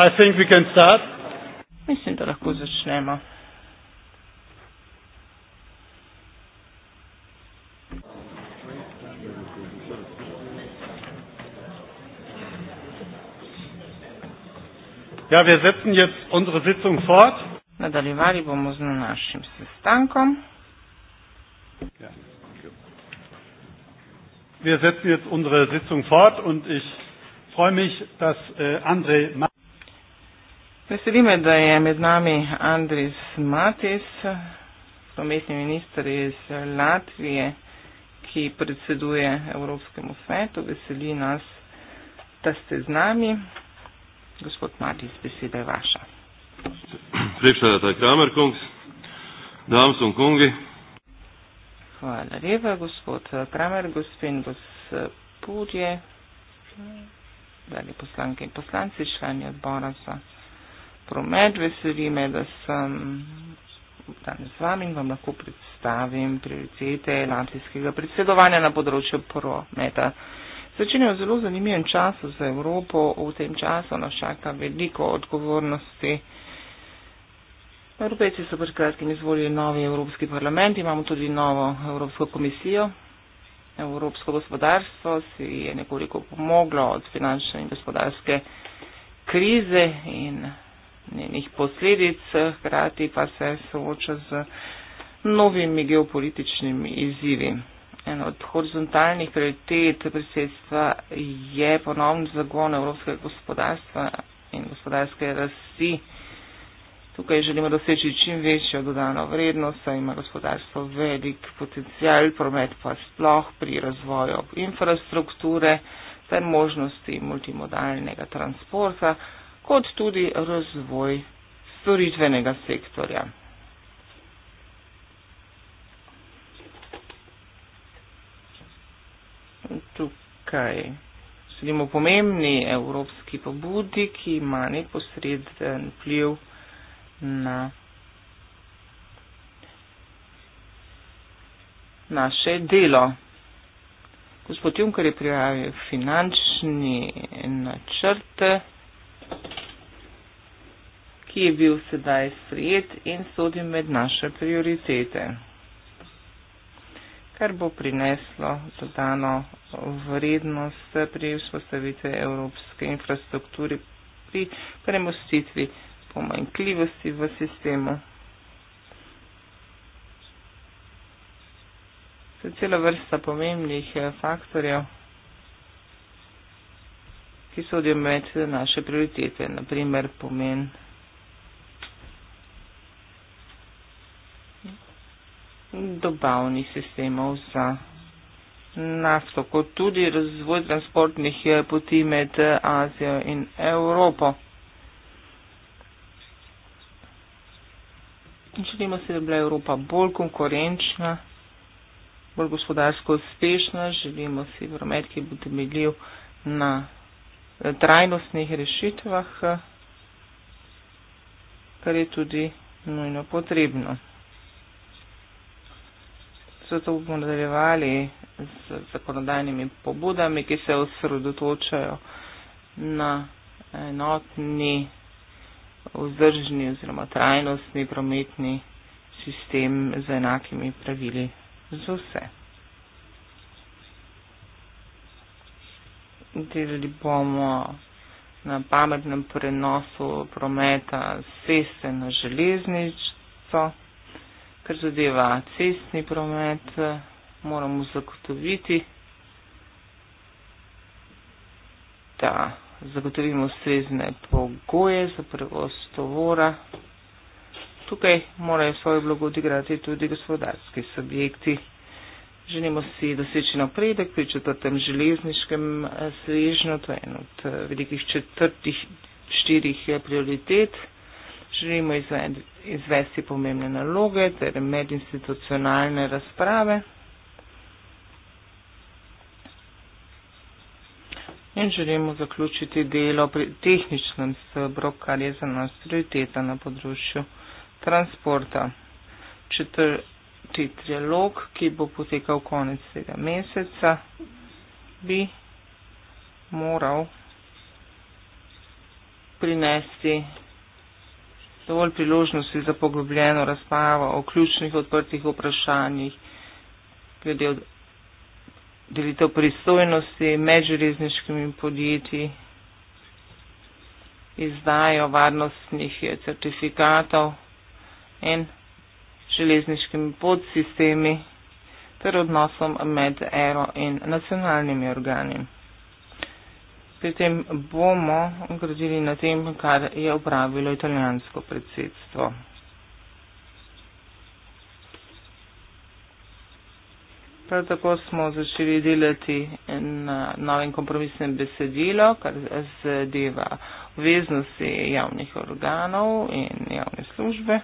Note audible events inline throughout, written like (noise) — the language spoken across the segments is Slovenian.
I think we can start. Mislim, da lahko začnemo. Ja, wir setzen jetzt unsere Sitzung fort. Nadaljevali bomo z našim sestankom. Ja. Wir setzen jetzt unsere Sitzung fort und ich freue mich, dass äh, André Veseli me, da je med nami Andris Matis, pomestni minister iz Latvije, ki predseduje Evropskemu svetu. Veseli nas, da ste z nami. Gospod Matis, beseda je vaša. Hvala lepa, gospod Kramer, gospod in gospodje, dragi poslanke in poslanci, člani odbora za. So promet, veseli me, da sem danes z vami in vam lahko predstavim prioritete latvijskega predsedovanja na področju prometa. Začenjajo zelo zanimivim časom za Evropo, v tem času nas čaka veliko odgovornosti. Evropejci so pred kratkim izvolili novi Evropski parlament, imamo tudi novo Evropsko komisijo. Evropsko gospodarstvo si je nekoliko pomoglo od finančne in gospodarske krize in njenih posledic, hkrati pa se sooča z novimi geopolitičnimi izzivi. En od horizontalnih prioritet predsedstva je ponovno zagon evropskega gospodarstva in gospodarske rasti. Tukaj želimo doseči čim večjo dodano vrednost, saj ima gospodarstvo velik potencial, promet pa sploh pri razvoju infrastrukture ter možnosti multimodalnega transporta, kot tudi razvoj storitvenega sektorja. Tukaj sedimo pomembni evropski pobudi, ki ima neposreden vpliv na naše delo. Gospod Junker je prijavil finančni načrte ki je bil sedaj sprejet in sodi med naše prioritete, kar bo prineslo dodano vrednost pri vzpostavitvi evropske infrastrukture pri premostitvi pomanjkljivosti v sistemu. Se cela vrsta pomembnih eh, faktorjev, ki sodijo med naše prioritete, naprimer pomen dobavnih sistemov za nafto, kot tudi razvoj transportnih eh, poti med eh, Azijo in Evropo. Želimo se, da bi bila Evropa bolj konkurenčna, bolj gospodarsko uspešna, želimo si promet, ki bo temeljil na eh, trajnostnih rešitvah, kar je tudi nujno potrebno zato bomo nadaljevali z zakonodajnimi pobudami, ki se osredotočajo na enotni, vzdržni oziroma trajnostni prometni sistem z enakimi pravili za vse. Delali bomo na pametnem prenosu prometa ceste na železnico kar zadeva cestni promet, moramo zagotoviti, da zagotovimo ustrezne pogoje za prevoz tovora. Tukaj morajo svojo vlogo odigrati tudi gospodarski subjekti. Želimo si doseči napredek pri četrtem železniškem eh, svežnju, to je en od eh, velikih četrtih, štirih eh, prioritet želimo izvesti pomembne naloge ter medinstitucionalne razprave. In želimo zaključiti delo pri tehničnem stebru, kar je za nas prioriteta na področju transporta. Četrti trilog, ki bo potekal konec tega meseca, bi moral prinesti dovolj priložnosti za poglobljeno razpravo o ključnih odprtih vprašanjih, glede od delitev pristojnosti med železniškimi podjetji, izdajo varnostnih certifikatov in železniškimi podsistemi ter odnosom med ERO in nacionalnimi organi. Pri tem bomo gradili na tem, kar je upravilo italijansko predsedstvo. Prav tako smo začeli delati na novem kompromisnem besedilo, kar zadeva obveznosti javnih organov in javne službe.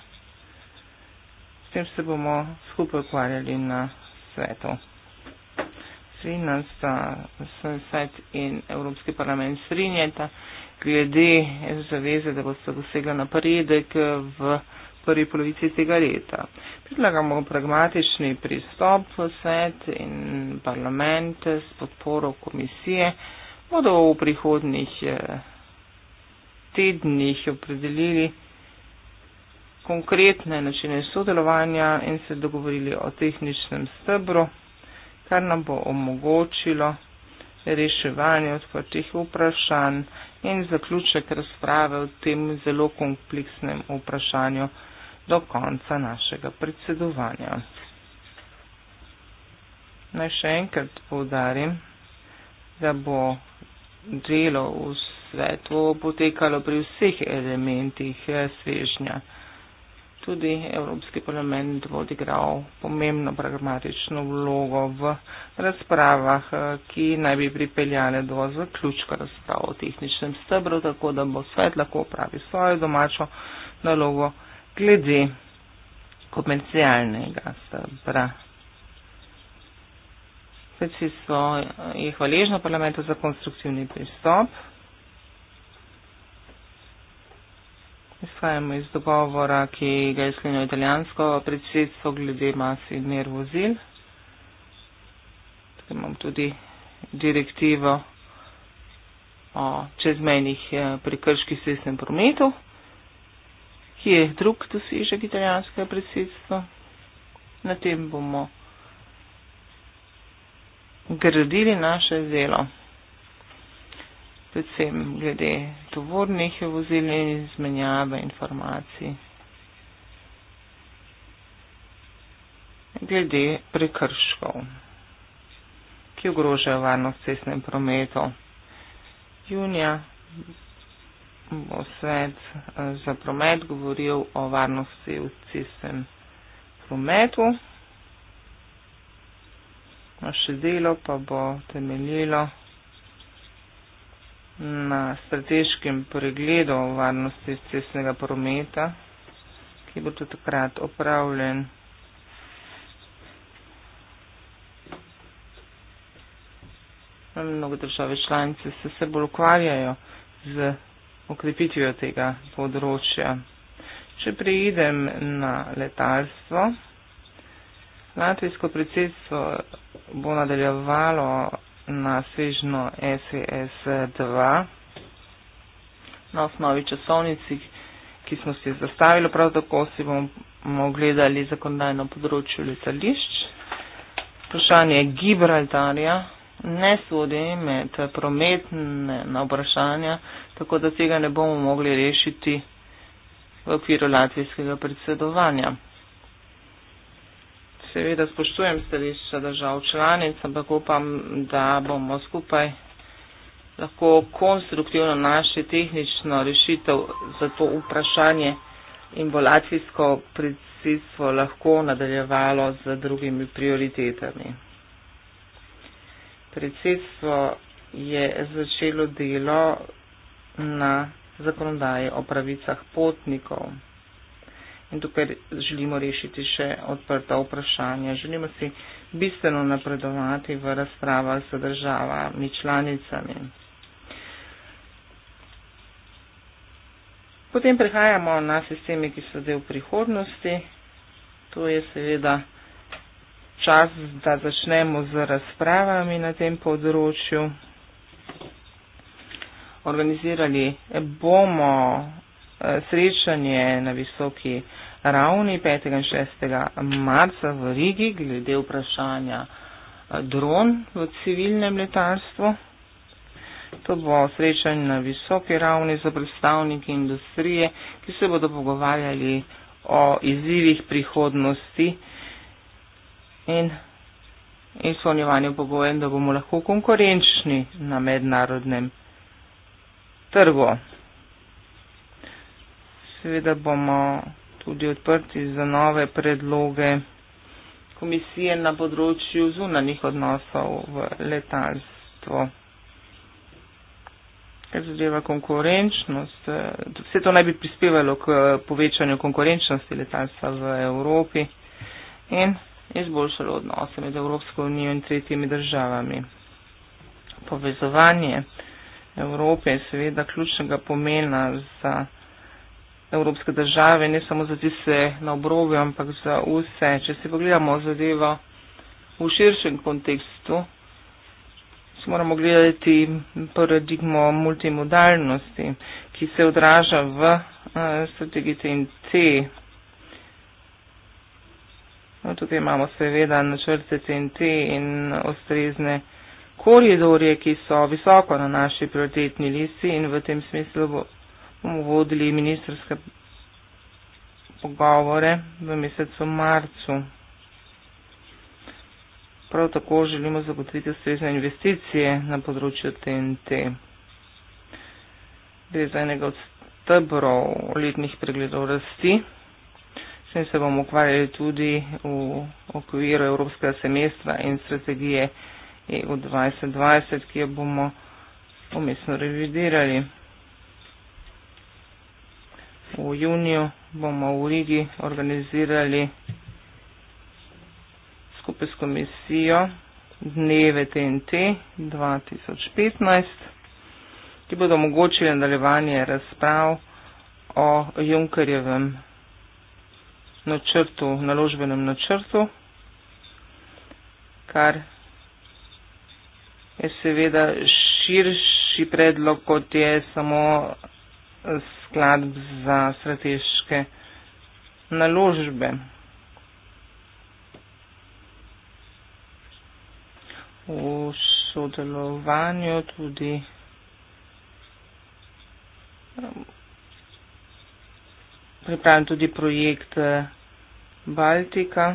S tem se bomo skupaj ukvarjali na svetu strinja, da se svet in Evropski parlament strinjata glede zaveze, da bo se dosegla napredek v prvi polovici tega leta. Predlagamo pragmatični pristop svet in parlament s podporo komisije. Bodo v prihodnih eh, tednih opredelili konkretne načine sodelovanja in se dogovorili o tehničnem stebru kar nam bo omogočilo reševanje odprtih vprašanj in zaključek razprave v tem zelo kompleksnem vprašanju do konca našega predsedovanja. Naj še enkrat povdarim, da bo delo v svetu potekalo pri vseh elementih svežnja tudi Evropski parlament odigral pomembno pragmatično vlogo v razpravah, eh, ki naj bi pripeljale do zaključka razprav o tehničnem stebru, tako da bo svet lahko opravil svojo domačo nalogo glede komercialnega stebra. Svetci so eh, je hvaležno parlamentu za konstruktivni pristop. izhajamo iz dogovora, ki ga je sklenilo italijansko predsedstvo glede mas in mer vozil. Tukaj imam tudi direktivo o čezmejnih eh, prekrških sestnem prometu, ki je drug dosežek italijanskega predsedstva. Na tem bomo gradili naše zelo predvsem glede tovornih vozil in izmenjave informacij. Glede prekrškov, ki ogrožajo varnost cestnem prometu. Junija bo svet eh, za promet govoril o varnosti v cestnem prometu. Naše delo pa bo temeljilo na strateškem pregledu varnosti cestnega prometa, ki bo tudi takrat opravljen. Mnogo države članice se vse bolj ukvarjajo z okrepitvijo tega področja. Če preidem na letalstvo, latvijsko predsedstvo bo nadaljevalo na sežno SES-2 na osnovi časovnici, ki smo si zastavili, prav tako si bomo ogledali zakonodajno področje letališč. Vprašanje Gibraltarja ne sodi med prometne na vprašanja, tako da tega ne bomo mogli rešiti v okviru latvijskega predsedovanja seveda spoštujem stališča držav članic, ampak upam, da bomo skupaj lahko konstruktivno našli tehnično rešitev za to vprašanje in bo latvijsko predsedstvo lahko nadaljevalo z drugimi prioritetami. Predsedstvo je začelo delo na zakonodaje o pravicah potnikov. In tukaj želimo rešiti še odprta vprašanja. Želimo si bistveno napredovati v razpravah z državami članicami. Potem prehajamo na sisteme, ki so del prihodnosti. To je seveda čas, da začnemo z razpravami na tem področju. Organizirali bomo eh, srečanje na visoki ravni 5. in 6. marca v Rigi glede vprašanja eh, dron v civilnem letarstvu. To bo srečanje na visoki ravni za predstavniki industrije, ki se bodo pogovarjali o izzivih prihodnosti in izpolnjevanju pogojev, da bomo lahko konkurenčni na mednarodnem trgu. Seveda bomo tudi odprti za nove predloge komisije na področju zunanih odnosov v letalstvo. Kar zadeva konkurenčnost, vse to naj bi prispevalo k povečanju konkurenčnosti letalstva v Evropi in izboljšalo odnose med Evropsko unijo in tretjimi državami. Povezovanje Evrope je seveda ključnega pomena za evropske države, ne samo za tiste na obrobju, ampak za vse. Če si pogledamo zadevo v širšem kontekstu, si moramo gledati paradigmo multimodalnosti, ki se odraža v eh, strategiji TNC. No, tukaj imamo seveda načrte TNT in ostrezne koridorje, ki so visoko na naši prioritetni listi in v tem smislu bomo vodili ministerske pogovore v mesecu marcu. Prav tako želimo zagotoviti ustrezne investicije na področju TNT. Gre za enega od stebrov letnih pregledov rasti. S tem se bomo ukvarjali tudi v okviru Evropskega semestra in strategije EU 2020, ki jo bomo umestno revidirali v juniju bomo v Rigi organizirali skupaj s komisijo Dneve TNT 2015, ki bodo omogočili nadaljevanje razprav o Junkerjevem načrtu, naložbenem načrtu, kar je seveda širši predlog, kot je samo s skladb za strateške naložbe. V sodelovanju tudi um, pripravljam tudi projekt eh, Baltika,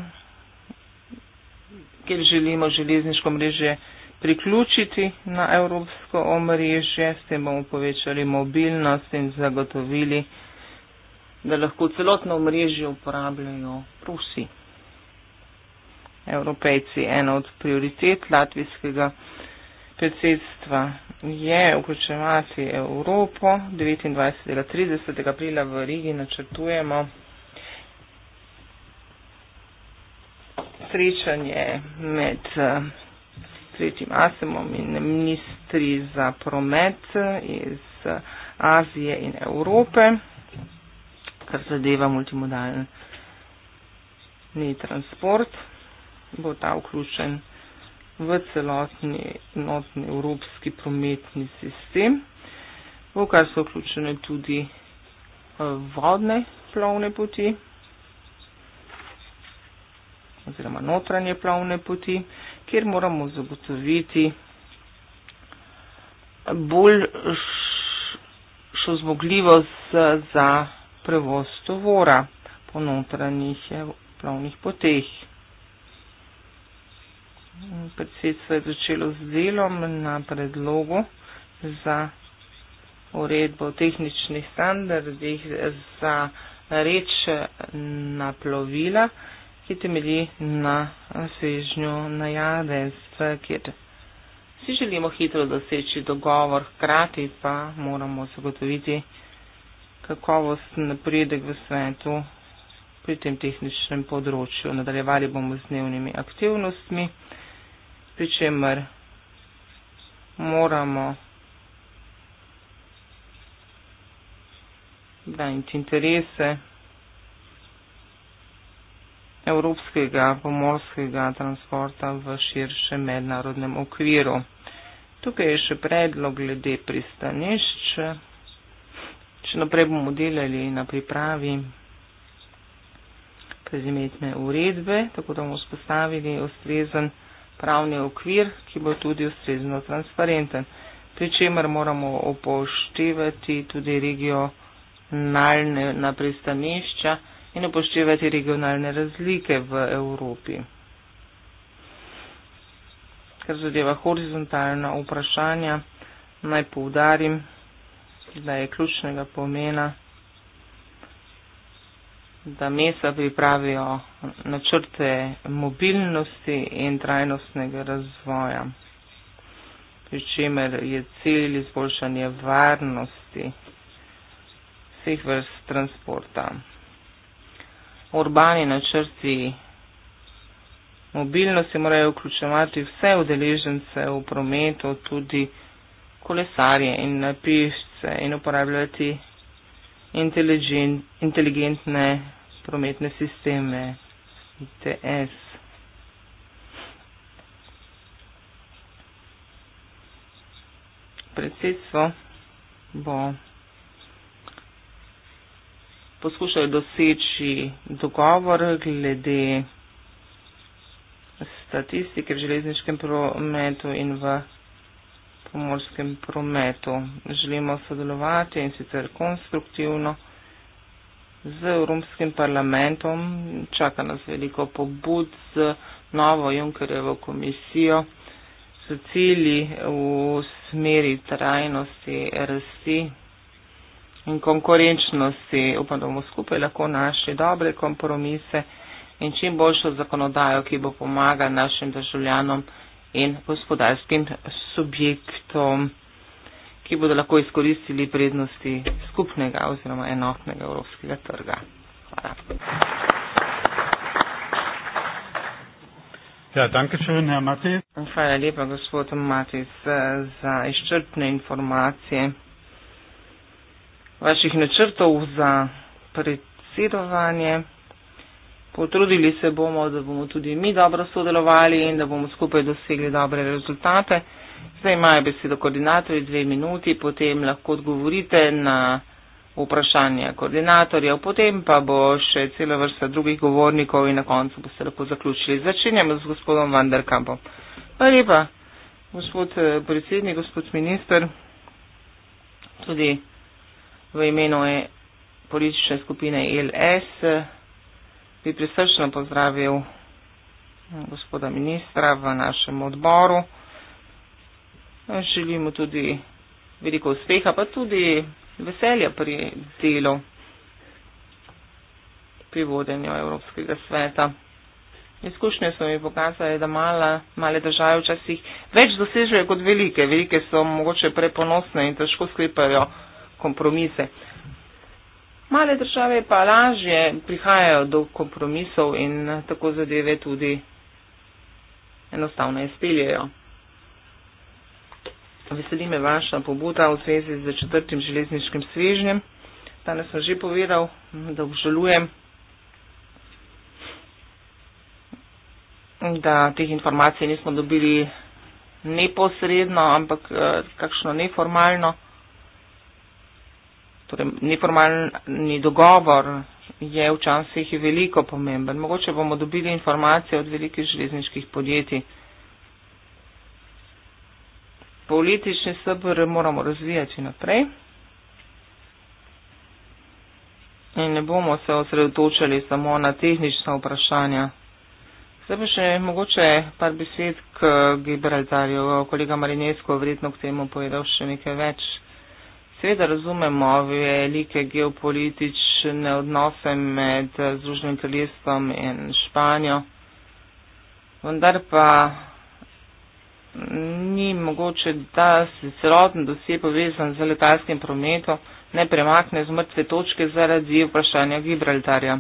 kjer želimo železniško mreže priključiti na evropsko omrežje, s tem bomo povečali mobilnost in zagotovili, da lahko celotno omrežje uporabljajo Rusi. Evropejci, ena od prioritet latvijskega predsedstva je vključevati Evropo. 29.30. aprila v Rigi načrtujemo srečanje med uh, tretjim Asimom in ministri za promet iz Azije in Evrope, kar zadeva multimodalni transport, bo ta vključen v celotni notni evropski prometni sistem, v kar so vključene tudi eh, vodne plovne poti oziroma notranje plovne poti kjer moramo zagotoviti boljšo zmogljivost za prevoz tovora po notranjih plovnih poteh. Predsedstvo je začelo z delom na predlogu za uredbo o tehničnih standardih za reč na plovila ki temelji na svežnju na jadest, kjer si želimo hitro doseči dogovor, hkrati pa moramo zagotoviti kakovost napredek v svetu pri tem tehničnem področju. Nadaljevali bomo z dnevnimi aktivnostmi, pri čemer moramo braniti interese evropskega pomorskega transporta v širšem mednarodnem okviru. Tukaj je še predlog glede pristanišč. Še naprej bomo delali na pripravi prezimetne uredbe, tako da bomo spostavili ustrezen pravni okvir, ki bo tudi ustrezno transparenten. Pri čemer moramo upoštevati tudi regionalne na pristanišča in upoštevati regionalne razlike v Evropi. Kar zadeva horizontalna vprašanja, naj poudarim, da je ključnega pomena, da mesta pripravijo načrte mobilnosti in trajnostnega razvoja, pri čemer je cilj izboljšanje varnosti vseh vrst transporta urbani načrti mobilnosti morajo vključevati vse udeležence v prometu, tudi kolesarje in napišce in uporabljati inteligentne prometne sisteme ITS. Predsedstvo bo poskušajo doseči dogovor glede statistike v železniškem prometu in v pomorskem prometu. Želimo sodelovati in sicer konstruktivno z Evropskim parlamentom. Čaka nas veliko pobud z novo Junkerjevo komisijo s cilji v smeri trajnosti rasti in konkurenčnosti. Upam, da bomo skupaj lahko našli dobre kompromise in čim boljšo zakonodajo, ki bo pomagala našim državljanom in gospodarskim subjektom, ki bodo lahko izkoristili prednosti skupnega oziroma enotnega evropskega trga. Hvala. Ja, dankeschön, Herr Matis. Hvala lepa, gospod Matis, za izčrpne informacije vaših načrtov za predsedovanje. Potrudili se bomo, da bomo tudi mi dobro sodelovali in da bomo skupaj dosegli dobre rezultate. Zdaj imajo besedo koordinatorji dve minuti, potem lahko odgovorite na vprašanje koordinatorjev, potem pa bo še cela vrsta drugih govornikov in na koncu boste lahko zaključili. Začenjamo z gospodom Vanderkampom. Hvala lepa, gospod eh, predsednik, gospod minister. Tudi v imenu e- politične skupine LS eh, bi prisrčno pozdravil eh, gospoda ministra v našem odboru. Eh, želimo tudi veliko uspeha, pa tudi veselja pri delu, pri vodenju Evropskega sveta. Izkušnje so mi pokazali, da mala, male države včasih več dosežejo kot velike. Velike so mogoče preponosne in težko sklepajo kompromise. Male države pa lažje prihajajo do kompromisov in tako zadeve tudi enostavno izpeljejo. Veseli me vaša pobuda v zvezi z četrtim železniškim svežnjem. Danes sem že povedal, da obžalujem, da teh informacij nismo dobili neposredno, ampak eh, kakšno neformalno. Torej, neformalni dogovor je včasih veliko pomemben. Mogoče bomo dobili informacije od velikih železniških podjetij. Politični SBR moramo razvijati naprej. In ne bomo se osredotočali samo na tehnična vprašanja. Zdaj pa še mogoče par besed k Gibraltarju. Kolega Marinesko je verjetno k temu povedal še nekaj več. Seveda razumemo velike geopolitične odnose med Združenim kraljestvom in Španijo, vendar pa ni mogoče, da se celoten dosje povezan z letalskim prometom ne premakne z mrtve točke zaradi vprašanja Gibraltarja.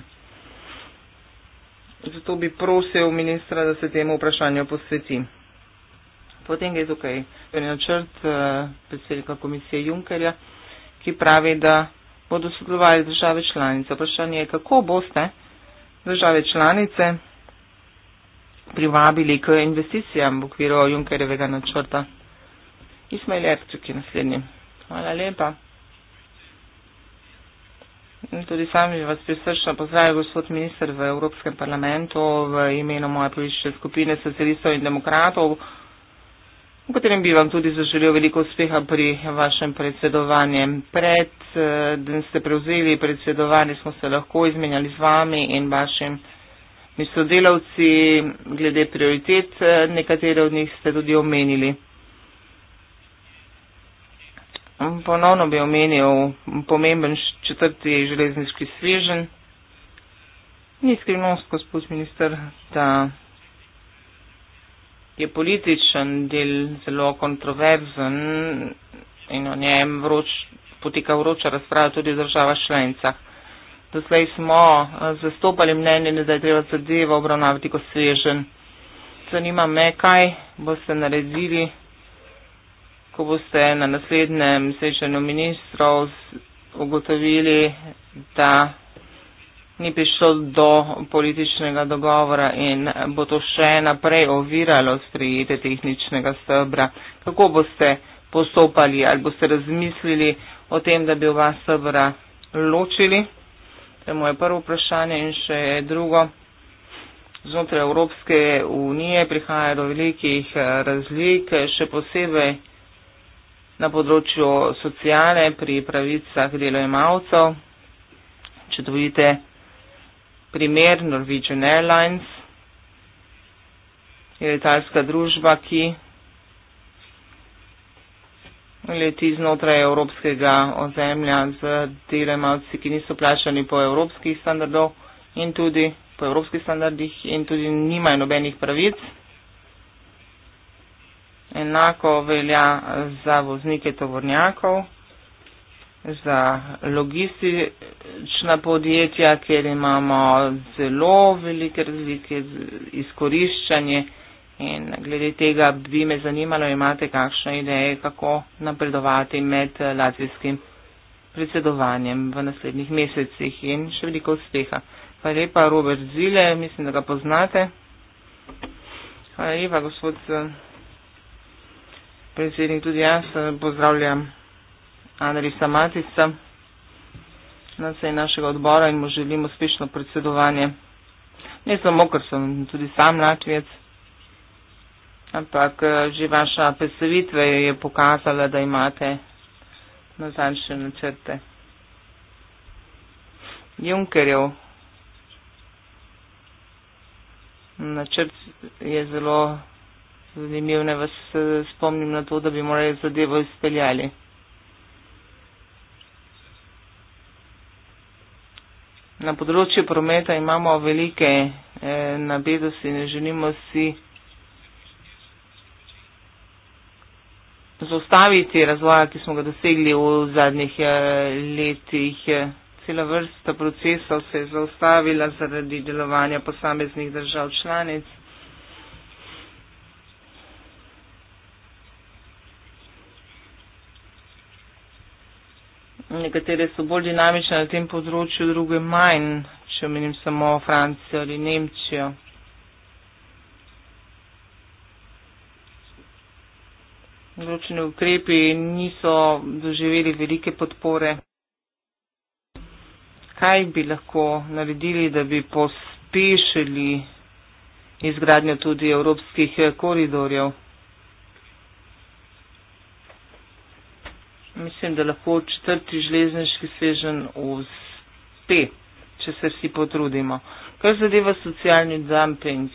Zato bi prosil ministra, da se temu vprašanju posveti. Potem gre tukaj načrt eh, predsednika komisije Junkerja, ki pravi, da bodo sodelovali države članice. Vprašanje je, kako boste države članice privabili k investicijam v okviru Junkerjevega načrta. Ismail je tukaj naslednji. Hvala lepa. In tudi sami vas prisrčno pozdravljam, gospod minister v Evropskem parlamentu, v imenu moje politične skupine socialistov in demokratov v katerem bi vam tudi zaželil veliko uspeha pri vašem predsedovanju. Pred, eh, da ste prevzeli predsedovanje, smo se lahko izmenjali z vami in vašim. Mi sodelavci, glede prioritet, eh, nekatere od njih ste tudi omenili. Ponovno bi omenil pomemben četrti železniški svežen. Ni skrivnost, gospod minister, da je političen del zelo kontroverzen in o njem vroč, poteka vroča razprava tudi v državah članicah. Doslej smo eh, zastopali mnenje, da je treba zadevo obravnavati kot svežen. Zanima me, kaj boste naredili, ko boste na naslednjem srečanju ministrov ugotovili, da ni prišlo do političnega dogovora in bo to še naprej oviralo sprejete tehničnega stebra. Kako boste postopali ali boste razmislili o tem, da bi oba stebra ločili? To je moje prvo vprašanje in še drugo. Znotraj Evropske unije prihaja do velikih eh, razlik, še posebej na področju socijale pri pravicah delojemalcev. Če dovolite, primer Norwegian Airlines, je letalska družba, ki leti znotraj evropskega ozemlja z delemalci, ki niso plačani po evropskih standardov in tudi po evropskih standardih in tudi nimajo nobenih pravic. Enako velja za voznike tovornjakov za logistična podjetja, kjer imamo zelo velike razlike izkoriščanje in glede tega bi me zanimalo, imate kakšne ideje, kako napredovati med latvijskim predsedovanjem v naslednjih mesecih in še veliko uspeha. Hvala lepa, Robert Zile, mislim, da ga poznate. Hvala lepa, gospod eh, predsednik, tudi jaz eh, pozdravljam. Andrisa Matica, na sej našega odbora in mu želim uspešno predsedovanje. Ne samo, ker sem tudi sam latvijec, ampak eh, že vaša predstavitve je pokazala, da imate nazajšnje načrte. Junkerjev načrt je zelo zanimiv, ne vas eh, spomnim na to, da bi morali zadevo izpeljali. Na področju prometa imamo velike eh, nabedosti, ne želimo si zaustaviti razvoja, ki smo ga dosegli v zadnjih eh, letih. Cela vrsta procesov se je zaustavila zaradi delovanja posameznih držav članic. nekatere so bolj dinamične na tem področju, druge manj, če menim samo Francijo ali Nemčijo. Določeni ukrepi niso doživeli velike podpore. Kaj bi lahko naredili, da bi pospešili izgradnjo tudi evropskih koridorjev? mislim, da lahko četrti železniški svežen uspe, če se vsi potrudimo. Kar zadeva socialni dumping,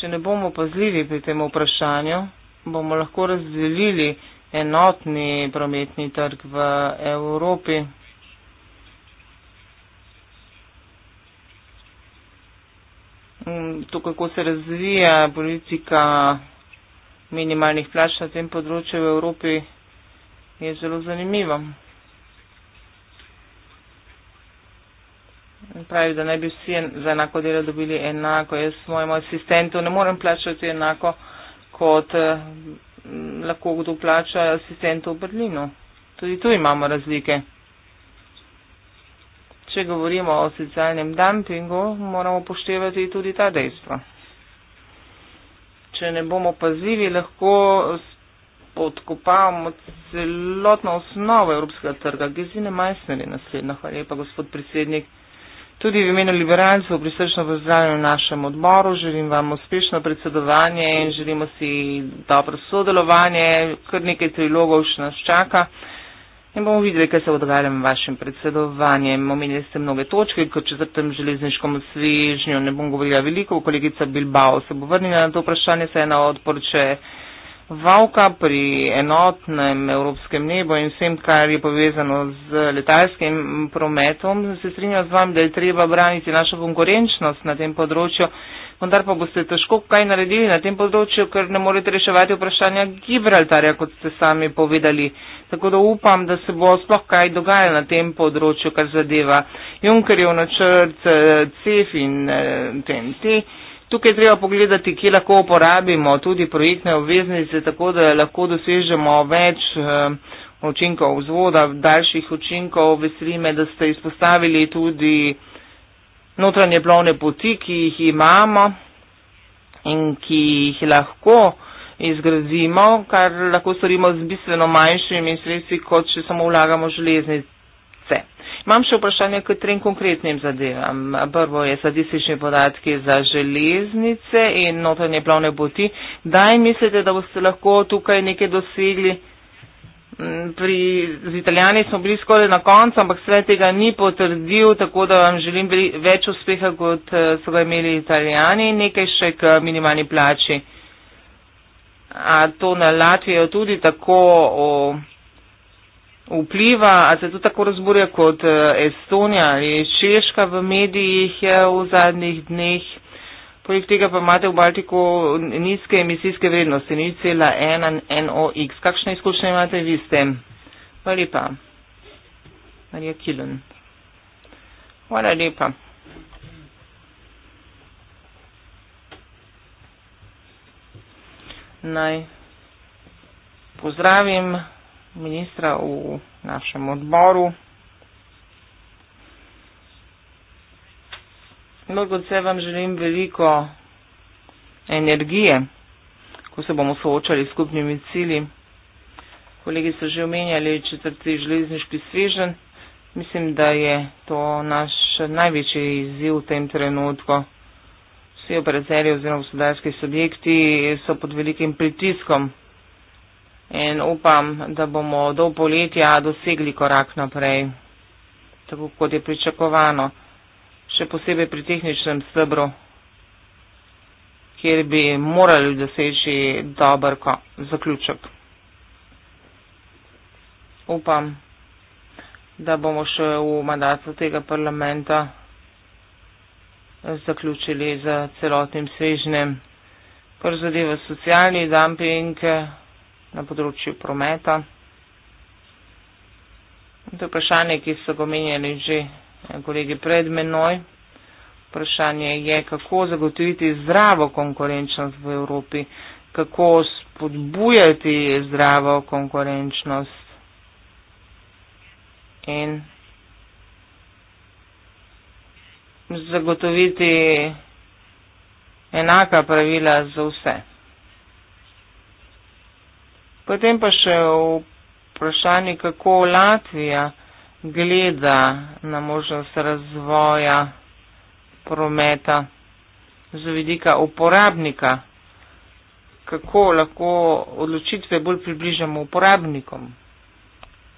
če ne bomo pazljivi pri tem vprašanju, bomo lahko razdelili enotni prometni trg v Evropi. Mm, to, kako se razvija politika minimalnih plač na tem področju v Evropi je zelo zanimiva. Pravi, da ne bi vsi za enako delo dobili enako. Jaz mojemu asistentu ne morem plačati enako, kot eh, lahko kdo plača asistentu v Berlinu. Tudi tu imamo razlike. Če govorimo o socialnem dumpingu, moramo poštevati tudi ta dejstva če ne bomo pazljivi, lahko podkopavamo celotno osnovo evropskega trga. Gezine Majsner je naslednja. Hvala lepa, gospod predsednik. Tudi v imenu liberalcev prisrčno pozdravljam v našem odboru. Želim vam uspešno predsedovanje in želimo si dobro sodelovanje. Kar nekaj trilogov še nas čaka in bomo videli, kaj se bo dogajalo v vašem predsedovanju. Omenili ste mnoge točke, kot če zatem železniškom svežnju ne bom govorila veliko, kolegica Bilbao se bo vrnila na to vprašanje, se ena odporče Vavka pri enotnem evropskem nebu in vsem, kar je povezano z letalskim prometom. Se strinjam z vami, da je treba braniti našo konkurenčnost na tem področju vendar pa boste težko kaj naredili na tem področju, ker ne morete reševati vprašanja Gibraltarja, kot ste sami povedali. Tako da upam, da se bo sploh kaj dogajalo na tem področju, kar zadeva Junkerjev načrt, eh, CEF in TNT. Eh, Tukaj treba pogledati, kje lahko uporabimo tudi projektne obveznice, tako da lahko dosežemo več eh, učinkov vzvoda, daljših učinkov. Veseli me, da ste izpostavili tudi notranje plovne poti, ki jih imamo in ki jih lahko izgradimo, kar lahko storimo z bistveno manjšimi sredstvi, kot če samo vlagamo železnice. Imam še vprašanje k trem konkretnim zadevam. Prvo je statistični podatki za železnice in notranje plovne poti. Daj mislite, da boste lahko tukaj nekaj dosegli? Mm, pri, z Italijani smo bili skoraj na koncu, ampak svet tega ni potrdil, tako da vam želim več uspeha, kot eh, so ga imeli Italijani, nekaj še k minimalni plači. A to na Latvijo tudi tako o, vpliva, a se to tako razburja kot eh, Estonija ali Češka v medijih v zadnjih dneh. Poleg tega pa imate v Baltiku nizke emisijske vrednosti, ni cela ena NOx. Kakšne izkušnje imate vi s tem? Hvala lepa. Marija Kilun. Hvala lepa. Naj pozdravim ministra v našem odboru. Bolj no, kot vse vam želim veliko energije, ko se bomo soočali s skupnimi cilji. Kolegi so že omenjali četrti železniški svežen. Mislim, da je to naš največji izziv v tem trenutku. Vsi operacerji oziroma gospodarski subjekti so pod velikim pritiskom in upam, da bomo do poletja dosegli korak naprej, tako kot je pričakovano še posebej pri tehničnem stebru, kjer bi morali doseči dober zaključek. Upam, da bomo še v mandatu tega parlamenta zaključili z celotnim svežnem, kar zadeva socialni dumping na področju prometa. To je vprašanje, ki so ga omenjali že kolegi pred menoj. Vprašanje je, kako zagotoviti zdravo konkurenčnost v Evropi, kako spodbujati zdravo konkurenčnost. In zagotoviti enaka pravila za vse. Potem pa še vprašanje, kako Latvija gleda na možnost razvoja prometa z vidika uporabnika, kako lahko odločitve bolj približamo uporabnikom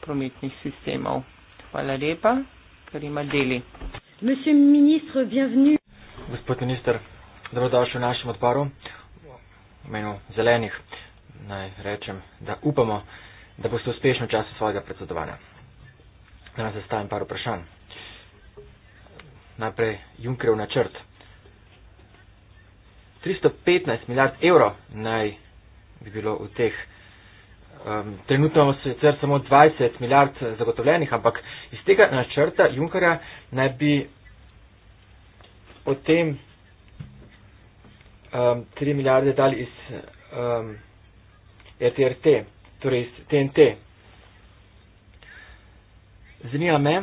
prometnih sistemov. Hvala lepa, ker ima deli. Minister, Gospod minister, dobrodošli v našem odboru. V imenu zelenih naj rečem, da upamo, da boste uspešni v času svojega predsedovanja danes zastavim par vprašanj. Najprej Junkerov načrt. 315 milijard evrov naj bi bilo v teh. Um, trenutno imamo sicer samo 20 milijard zagotovljenih, ampak iz tega načrta Junkerja naj bi potem um, ehm, 3 milijarde dali iz um, ehm, RTRT, torej iz TNT. Zanima me,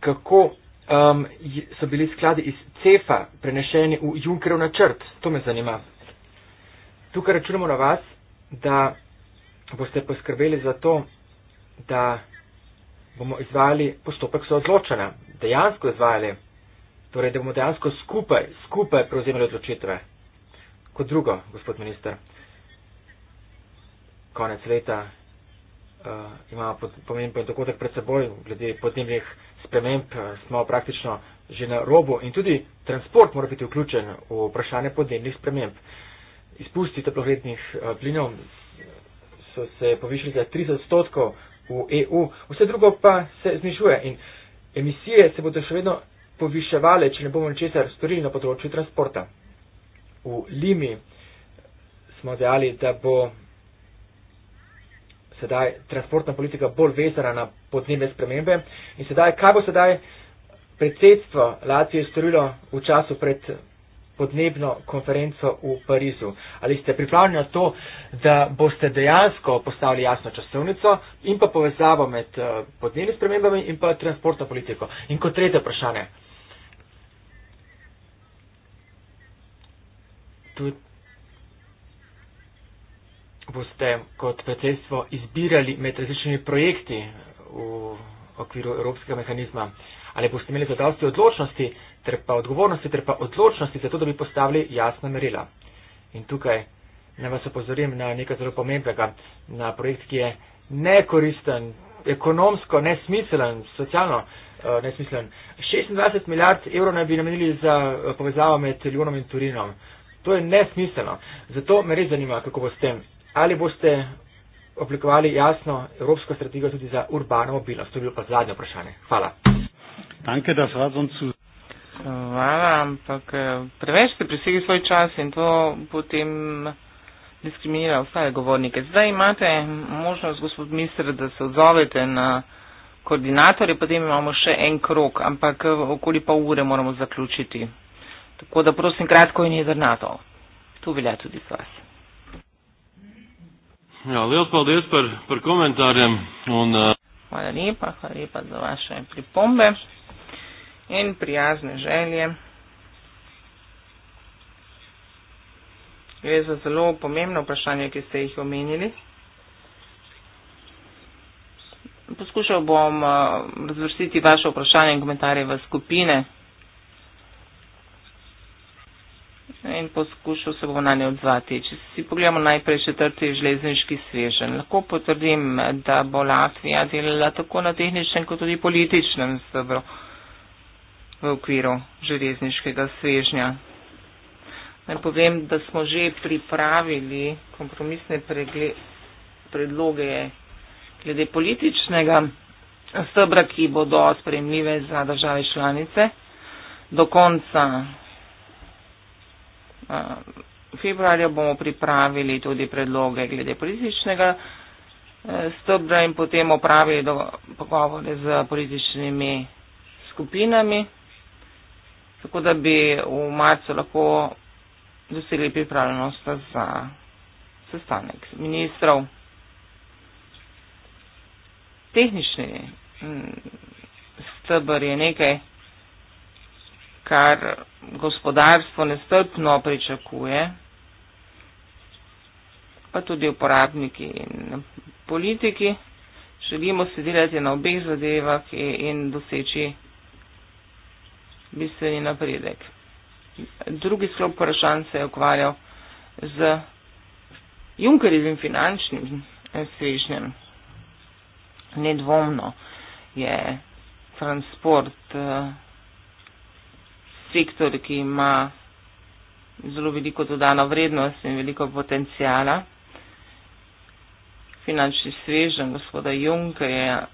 kako um, so bili skladi iz CEFA prenešeni v Junkerov načrt. To me zanima. Tukaj računamo na vas, da boste poskrbeli za to, da bomo izvajali postopek soodločanja, dejansko izvajali, torej da bomo dejansko skupaj, skupaj prevzemali odločitve. Kot drugo, gospod minister, konec leta uh, eh, imamo pomemben dogodek pred seboj, glede podnebnih sprememb uh, smo praktično že na robu in tudi transport mora biti vključen v vprašanje podnebnih sprememb. Izpusti toplogrednih eh, plinov uh, so se povišali za 30 odstotkov v EU, vse drugo pa se znižuje in emisije se bodo še vedno poviševale, če ne bomo ničesar storili na področju transporta. V Limi smo dejali, da bo sedaj transportna politika bolj vezana na podnebne spremembe. In sedaj, kaj bo sedaj predsedstvo Latvije storilo v času pred podnebno konferenco v Parizu? Ali ste pripravljeni na to, da boste dejansko postavili jasno časovnico in pa povezavo med eh, podnebnimi spremembami in pa transportno politiko? In kot tretje vprašanje. Tudi boste kot predsedstvo izbirali med različnimi projekti v okviru evropskega mehanizma? Ali boste imeli zadosti odločnosti, ter pa odgovornosti, ter pa odločnosti za to, da bi postavili jasna merila? In tukaj naj vas opozorim na nekaj zelo pomembnega, na projekt, ki je nekoristen, ekonomsko nesmiselen, socialno uh, eh, nesmiselen. 26 milijard evrov naj bi namenili za eh, povezavo med Ljubljano in Turinom. To je nesmiselno. Zato me res zanima, kako bo s tem ali boste oblikovali jasno evropsko strategijo tudi za urbano mobilnost? To je bilo pa zadnje vprašanje. Hvala. Danke, da so razum cu. Hvala, ampak eh, preveč ste presegli svoj čas in to potem diskriminira ostale govornike. Zdaj imate možnost, gospod minister, da se odzovete na koordinatorje, potem imamo še en krok, ampak eh, okoli pol ure moramo zaključiti. Tako da prosim kratko in jedrnato. To velja tudi za vas. Jā, liels paldies par, par komentāriem. Un, uh... Hvala lepa, hvala lepa za vaše pripombe in prijazne želje. Gre za zelo pomembno vprašanje, ki ste jih omenili. Poskušal bom uh, razvrstiti vaše vprašanje in komentarje v skupine, in poskušal se bomo na ne odzvati. Če si pogledamo najprej četrti železniški svežen, lahko potrdim, da bo Latvija delala tako na tehničnem kot tudi političnem stebru v okviru železniškega svežnja. Naj povem, da smo že pripravili kompromisne predloge glede političnega stebra, ki bodo spremljive za države članice. Do konca Eh, februarja bomo pripravili tudi predloge glede političnega eh, stebra in potem opravili pogovore z političnimi skupinami, tako da bi v marcu lahko dosegli pripravljenost za sestanek ministrov. Tehnični mm, stebr je nekaj, kar gospodarstvo nestrpno pričakuje, pa tudi uporabniki in politiki. Želimo se delati na obeh zadevah in doseči bistveni napredek. Drugi sklop vprašanj se je ukvarjal z Junkerjevim finančnim svežnjem. Nedvomno je transport. Uh, sektor, ki ima zelo veliko dodano vrednost in veliko potencijala. Finančni svežen gospoda Junkerja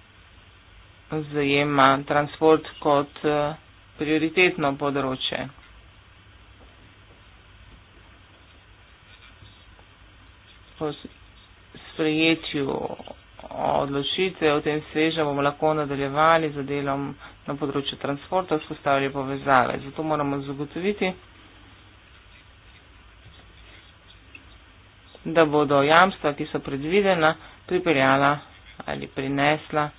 zajema transport kot eh, prioritetno področje. Po sprejetju odločitve v tem svežem bomo lahko nadaljevali z delom na področju transporta, vzpostavili povezave. Zato moramo zagotoviti, da bodo jamstva, ki so predvidena, pripeljala ali prinesla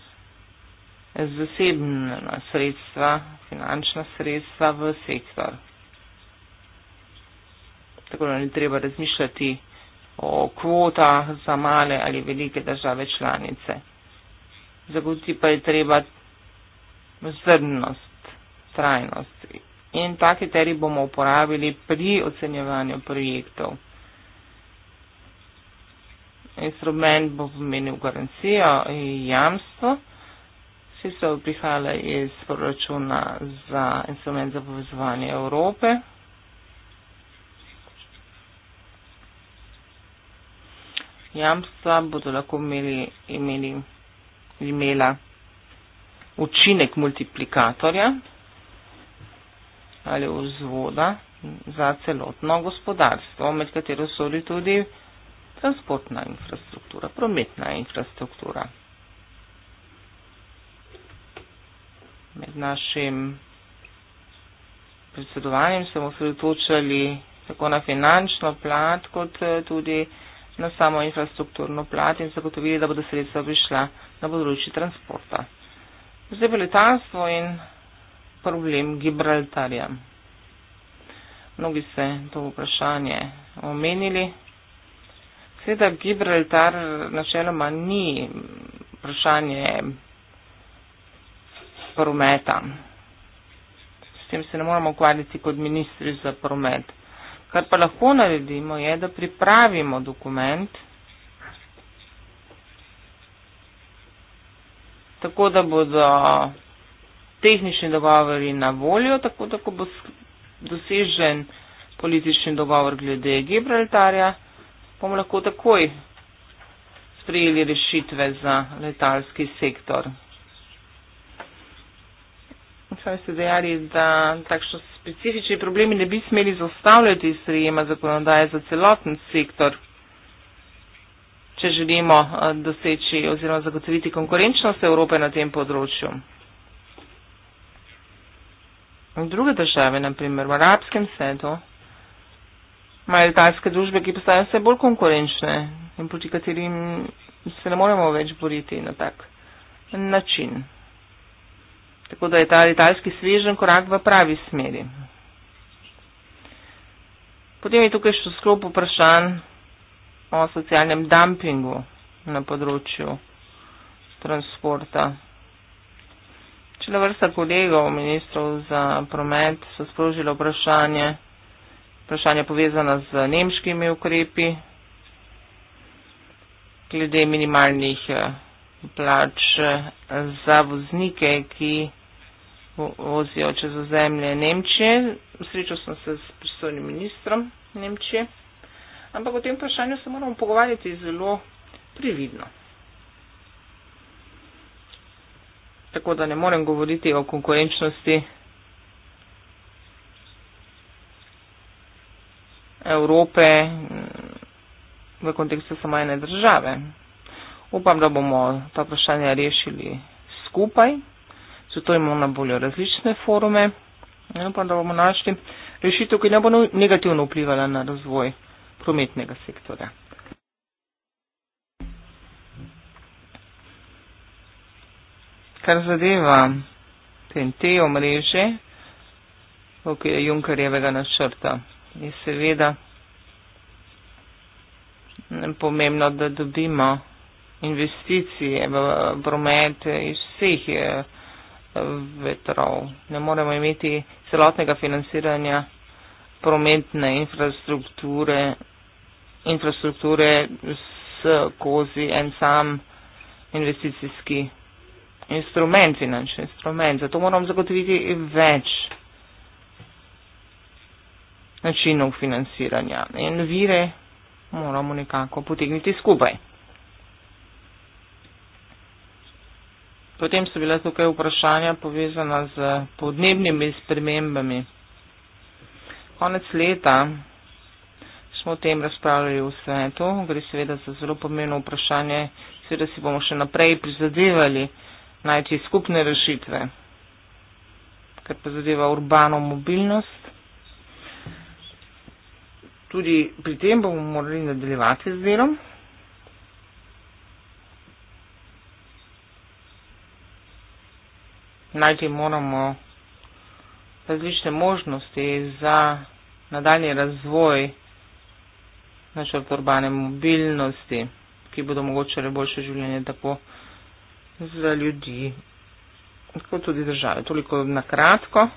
zasebna sredstva, finančna sredstva v sektor. Tako da ni treba razmišljati o kvotah za male ali velike države članice. Zagotiti pa je treba zrdnost, trajnost. In ta kriterij bomo uporabili pri ocenjevanju projektov. Instrument bo pomenil garancijo in jamstvo. Vsi so prihajali iz proračuna za instrument za povezovanje Evrope, jamstva bodo lahko imeli, imeli, imela učinek multiplikatorja ali vzvoda za celotno gospodarstvo, med katero sodi tudi transportna infrastruktura, prometna infrastruktura. Med našim predsedovanjem se bomo sredotočali tako na finančno plat, kot eh, tudi na na samo infrastrukturno plat in zagotovili, da bodo sredstva prišla na področji transporta. Zdaj pa letalstvo in problem Gibraltarja. Mnogi ste to vprašanje omenili. Seveda Gibraltar načeloma ni vprašanje prometa. S tem se ne moramo ukvarjati kot ministri za promet. Kar pa lahko naredimo je, da pripravimo dokument, tako da bodo tehnični dogovori na voljo, tako da ko bo dosežen politični dogovor glede Gibraltarja, bomo lahko takoj sprejeli rešitve za letalski sektor. Sami ste dejali, da takšno specifični problemi ne bi smeli zastavljati sprejema zakonodaje za celoten sektor, če želimo eh, doseči oziroma zagotoviti konkurenčnost Evrope na tem področju. Druge države, naprimer v arabskem svetu, imajo letalske družbe, ki postajajo vse bolj konkurenčne in proti katerim se ne moremo več boriti na tak način. Tako da je ta letalski svežen korak v pravi smeri. Potem je tukaj še sklop vprašanj o socialnem dumpingu na področju transporta. Čela vrsta kolegov, ministrov za promet, so sprožili vprašanje, vprašanje povezano z nemškimi ukrepi glede minimalnih eh, plač eh, za voznike, ki vozijo čez ozemlje Nemčije. Srečal sem se s pristojnim ministrom Nemčije. Ampak o tem vprašanju se moramo pogovarjati zelo prividno. Tako da ne morem govoriti o konkurenčnosti Evrope mm, v kontekstu samo ene države. Upam, da bomo ta vprašanja rešili skupaj. Zato imamo na voljo različne forume. Upam, da bomo našli rešitev, ki ne bo negativno vplivala na razvoj prometnega sektorja. Kar zadeva TNT omrežje, v okviru Junkarjevega načrta, je seveda pomembno, da dobimo investicij v promet iz vseh eh, vetrov. Ne moremo imeti celotnega financiranja prometne infrastrukture, infrastrukture s kozi en sam investicijski instrument, finančni instrument. Zato moramo zagotoviti več načinov financiranja in vire moramo nekako potegniti skupaj. Potem so bila tukaj vprašanja povezana z podnebnimi spremembami. Konec leta smo o tem razpravljali v svetu. Gre seveda za zelo pomembno vprašanje. Seveda si bomo še naprej prizadevali najti skupne rešitve, kar pa zadeva urbano mobilnost. Tudi pri tem bomo morali nadaljevati z delom. najprej moramo različne možnosti za nadaljni razvoj načrt urbane mobilnosti, ki bodo omogočale boljše življenje tako za ljudi, kot tudi države. Toliko na kratko.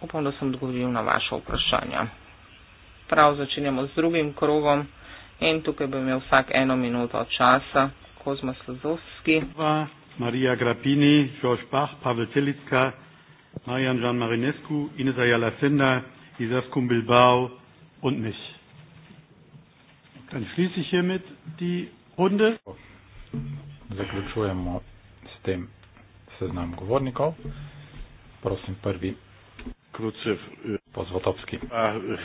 Upam, da sem odgovoril na vaše vprašanja. Prav začenjamo z drugim krogom in tukaj bo imel vsak eno minuto časa. Kozmas Lozovski. Marija Grapini, Žož Bach, Pavel Celicka, Marjan Jean Marinescu, Ineza Jalasenda, Izaskum Bilbao und mich. Dann schließe ich hiermit die Runde. Zaključujemo s tem seznam govornikov. Prosim, prvi. Krucev. Eh. Pozvotovski. Ah, eh.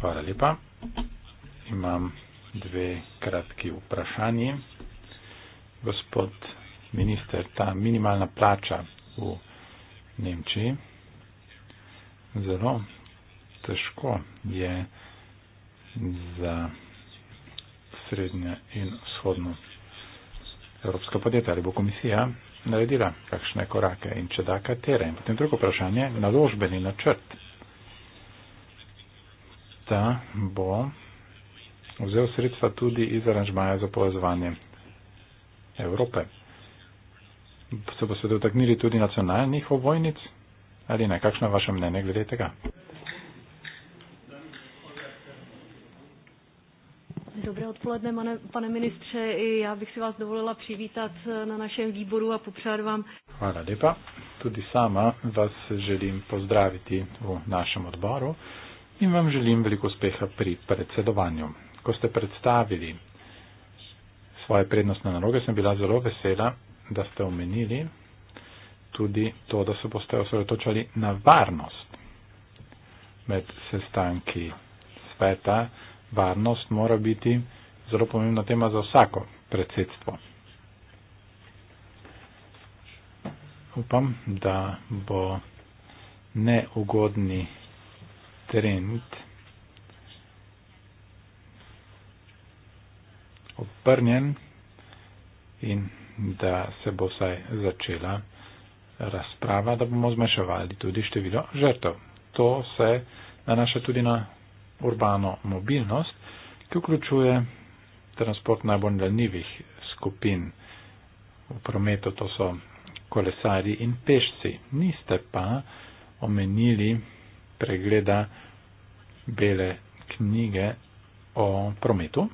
Hvala lepa. Imam dve kratki vprašanji. Gospod minister, ta minimalna plača v Nemčiji zelo težko je za srednje in vzhodno evropska podjetja ali bo komisija naredila kakšne korake in če da katere. In potem drugo vprašanje, naložbeni načrt. Ta bo vzel sredstva tudi iz aranžmaja za povezovanje Evrope. Se pa se dotaknili tudi nacionalnih ovojnic ali ne? Kakšno je vaše mnenje glede tega? Dobré odpoledne, pane ministře, i já bych si vás dovolila přivítat eh, na našem výboru a popřát vám. Hvala lepa. Tudi sama vas želim pozdraviti v našem odboru in vam želim veliko uspeha pri predsedovanju ko ste predstavili svoje prednostne naloge, sem bila zelo vesela, da ste omenili tudi to, da se boste osredotočali na varnost med sestanki sveta. Varnost mora biti zelo pomembna tema za vsako predsedstvo. Upam, da bo neugodni trend obrnjen in da se bo vsaj začela razprava, da bomo zmanjševali tudi število žrtev. To se nanaša tudi na urbano mobilnost, ki vključuje transport najbolj ranljivih skupin v prometu, to so kolesari in pešci. Niste pa omenili pregleda bele knjige o prometu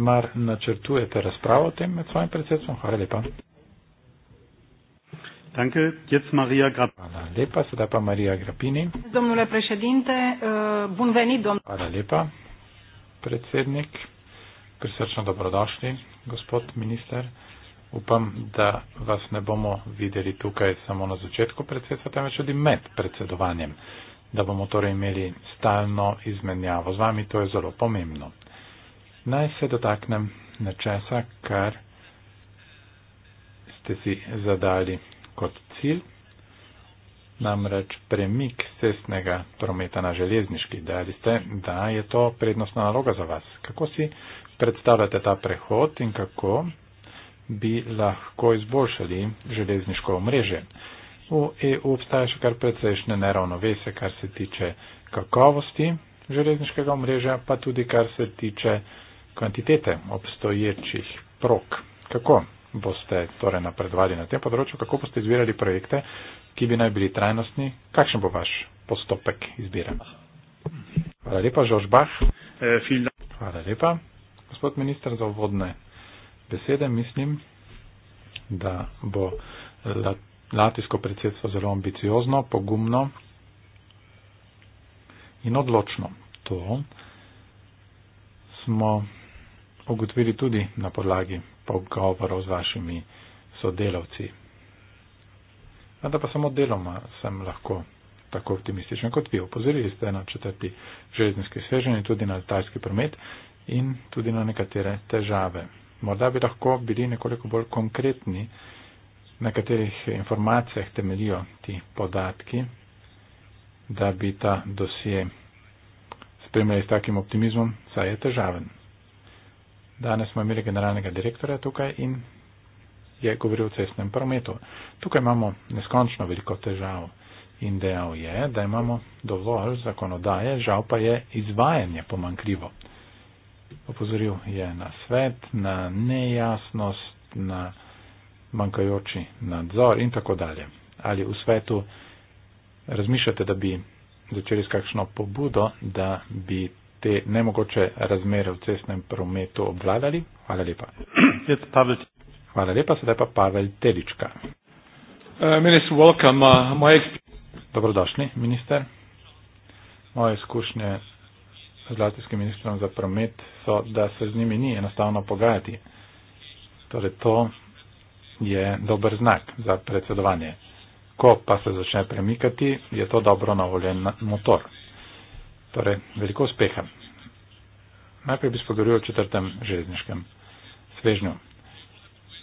mar načrtujete razpravo o tem med svojim predsedstvom? Hvala lepa. Danke, jetzt Maria Grapp. Hvala lepa, sedaj pa Marija Grapini. Domnule prešedinte, uh, eh, bun veni dom. Hvala lepa, predsednik. Prisrčno dobrodošli, gospod minister. Upam, da vas ne bomo videli tukaj samo na začetku predsedstva, temveč tudi med predsedovanjem, da bomo torej imeli stalno izmenjavo z vami, to je zelo pomembno. Naj se dotaknem nečesa, kar ste si zadali kot cilj, namreč premik cestnega prometa na železniški. Dali ste, da je to prednostna naloga za vas. Kako si predstavljate ta prehod in kako bi lahko izboljšali železniško omrežje? V EU obstaja še kar precejšnje neravnovese, kar se tiče kakovosti železniškega omrežja, pa tudi kar se tiče kvantitete obstoječih prog. Kako boste torej napredovali na tem področju, kako boste izbirali projekte, ki bi naj bili trajnostni, kakšen bo vaš postopek izbire? Hvala lepa, Žož Bah. Hvala lepa, gospod minister, za uvodne besede. Mislim, da bo latvijsko predsedstvo zelo ambiciozno, pogumno in odločno. To smo ugotovili tudi na podlagi pogovorov z vašimi sodelavci. Vendar pa samo deloma sem lahko tako optimističen kot vi. Opozorili ste na četrti železniški svežen in tudi na letalski promet in tudi na nekatere težave. Morda bi lahko bili nekoliko bolj konkretni, na katerih informacijah temelijo ti podatki, da bi ta dosje spremljali s takim optimizmom, saj je težaven. Danes smo imeli generalnega direktorja tukaj in je govoril o cestnem prometu. Tukaj imamo neskončno veliko težav in dejal je, da imamo dovolj zakonodaje, žal pa je izvajanje pomankljivo. Opozoril je na svet, na nejasnost, na manjkajoči nadzor in tako dalje. Ali v svetu razmišljate, da bi začeli s kakšno pobudo, da bi te nemogoče razmere v cestnem prometu obvladali. Hvala lepa. Hvala lepa, sedaj pa Pavel Telička. Uh, uh, Dobrodošli, minister. Moje izkušnje z latinskim ministrom za promet so, da se z njimi ni enostavno pogajati. Torej, to je dober znak za predsedovanje. Ko pa se začne premikati, je to dobro navoljen motor. Torej, veliko uspeha. Najprej bi spogovoril o četrtem železniškem svežnju.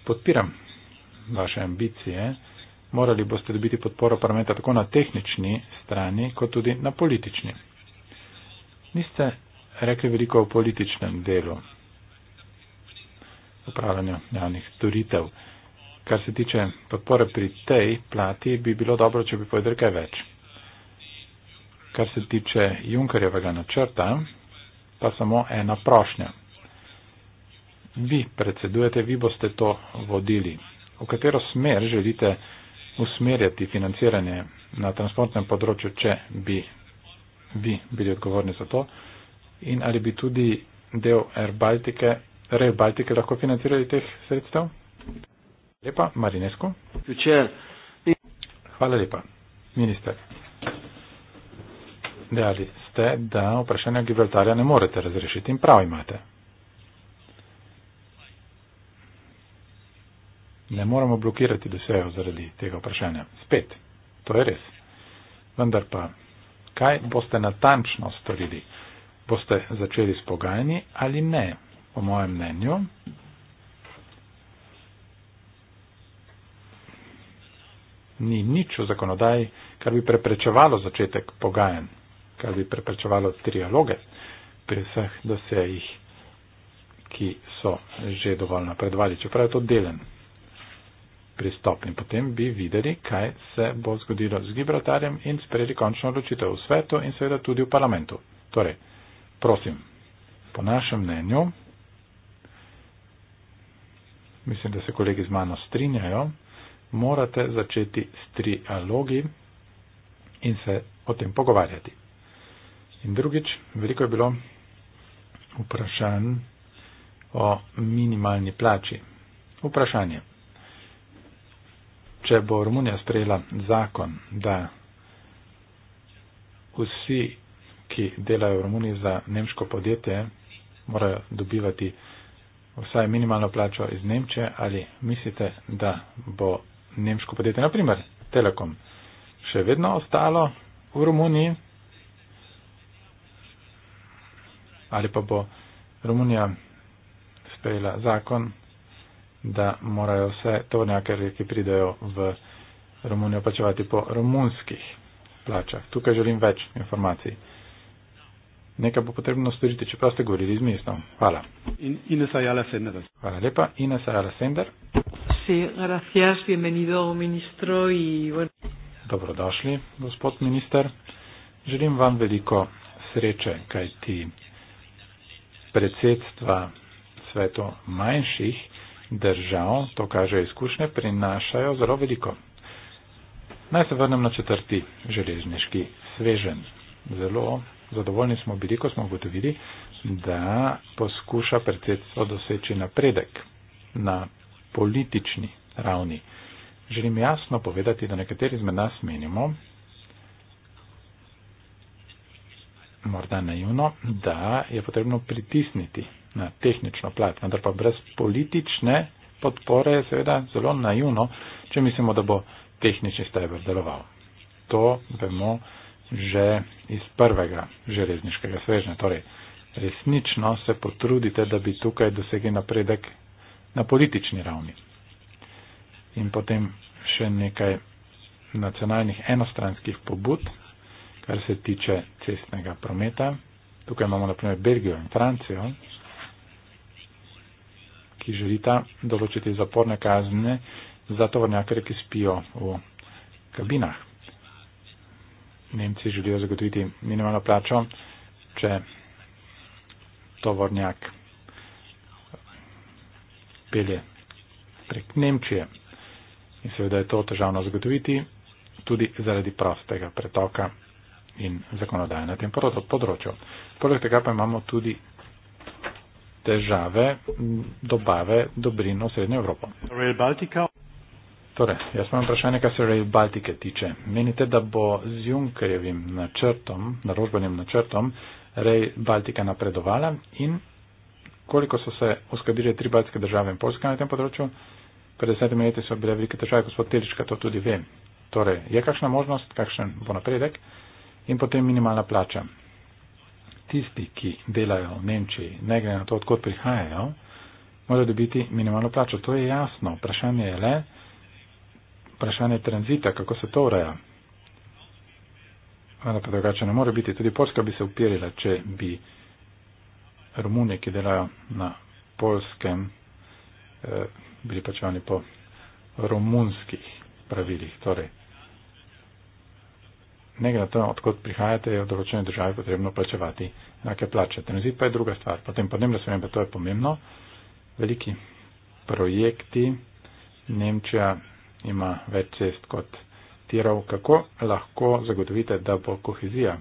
Podpiram vaše ambicije. Morali boste dobiti podporo parlamenta tako na tehnični strani, kot tudi na politični. Niste rekli veliko o političnem delu upravljanja javnih storitev. Kar se tiče podpore pri tej plati, bi bilo dobro, če bi povedali kaj več. Kar se tiče Junkerjevega načrta, pa samo ena prošnja. Vi predsedujete, vi boste to vodili. V katero smer želite usmerjati financiranje na transportnem področju, če bi vi bili odgovorni za to? In ali bi tudi del Air Baltike, Rail Baltike lahko financirali teh sredstev? Lepa, Marinesko. Hvala lepa, minister dejali ste, da vprašanja Gibraltarja ne morete razrešiti in prav imate. Ne moramo blokirati dosejo zaradi tega vprašanja. Spet, to je res. Vendar pa, kaj boste natančno storili? Boste začeli s pogajanji ali ne? Po mojem mnenju, ni nič v zakonodaji, kar bi preprečevalo začetek pogajanj kar bi preprečevalo trialoge pri vseh dosejih, ki so že dovolj napredovali, čeprav je to delen pristop in potem bi videli, kaj se bo zgodilo z Gibraltarjem in sprejeli končno odločitev v svetu in seveda tudi v parlamentu. Torej, prosim, po našem mnenju, mislim, da se kolegi z mano strinjajo, morate začeti s trialogi in se o tem pogovarjati. In drugič, veliko je bilo vprašanj o minimalni plači. Vprašanje. Če bo Romunija strela zakon, da vsi, ki delajo v Romuniji za nemško podjetje, morajo dobivati vsaj minimalno plačo iz Nemčije, ali mislite, da bo nemško podjetje, naprimer Telekom, še vedno ostalo v Romuniji? ali pa bo Romunija sprejela zakon, da morajo vse tovrnjakarje, ki pridejo v Romunijo, plačevati po romunskih plačah. Tukaj želim več informacij. Nekaj bo potrebno storiti, čeprav ste govorili z ministrom. Hvala. In, Hvala lepa. Ines Ayala Sender. Dobrodošli, gospod minister. Želim vam veliko sreče, kaj ti predsedstva sveto manjših držav, to kaže izkušnje, prinašajo zelo veliko. Naj se vrnem na četrti železniški svežen. Zelo zadovoljni smo bili, ko smo ugotovili, da poskuša predsedstvo doseči napredek na politični ravni. Želim jasno povedati, da nekateri izmed nas menimo, morda naivno, da je potrebno pritisniti na tehnično plat, vendar pa brez politične podpore je seveda zelo naivno, če mislimo, da bo tehnični stebr deloval. To vemo že iz prvega železniškega svežnja. Torej, resnično se potrudite, da bi tukaj dosegli napredek na politični ravni. In potem še nekaj nacionalnih enostranskih pobud, kar se tiče cestnega prometa. Tukaj imamo naprimer Belgijo in Francijo, ki želita določiti zaporne kazne za tovornjakere, ki spijo v kabinah. Nemci želijo zagotoviti minimalno plačo, če tovornjak pelje prek Nemčije. In seveda je to težavno zagotoviti tudi zaradi prostega pretoka in zakonodaje na tem področju. Poleg tega pa imamo tudi težave dobave dobrin v Srednjo Evropo. Rail Baltica. Torej, jaz imam vprašanje, kar se Rail Baltike tiče. Menite, da bo z Junkerjevim načrtom, naročbenim načrtom, Rail Baltika napredovala in koliko so se uskladile tri baltske države in Poljska na tem področju? Pred desetimi leti so bile velike države, gospod Telička to tudi ve. Torej, je kakšna možnost, kakšen bo napredek? in potem minimalna plača. Tisti, ki delajo v Nemčiji, ne glede na to, odkot prihajajo, morajo dobiti minimalno plačo. To je jasno. Vprašanje je le, vprašanje tranzita, kako se to ureja. Vendar pa drugače ne more biti. Tudi Polska bi se upirila, če bi Romuni, ki delajo na polskem, eh, bili plačevani po romunskih pravilih. Torej, ne glede na to, odkot prihajate, je v določene države potrebno plačevati enake plače. Tranzit pa je druga stvar. Potem podnebne spremembe, to je pomembno. Veliki projekti, Nemčija ima več cest kot tirov. Kako lahko zagotovite, da bo kohezija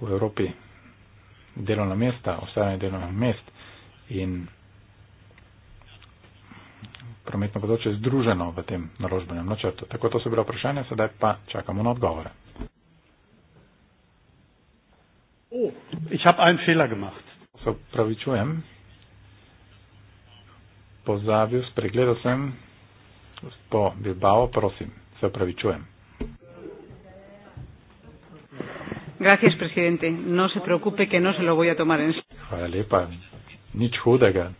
v Evropi delovna mesta, ostajanje delovnih mest in prometno področje združeno v tem naložbenem načrtu. Tako to so bila vprašanja, sedaj pa čakamo na odgovore. Ich habe einen Fehler gemacht. Opravičujem. Pozabil, spregledal sem. Po Bilbao, prosim, se opravičujem. Gracias, presidente. No se preocupe que no se lo voy a tomar en Hvala lepa. Nič hudega.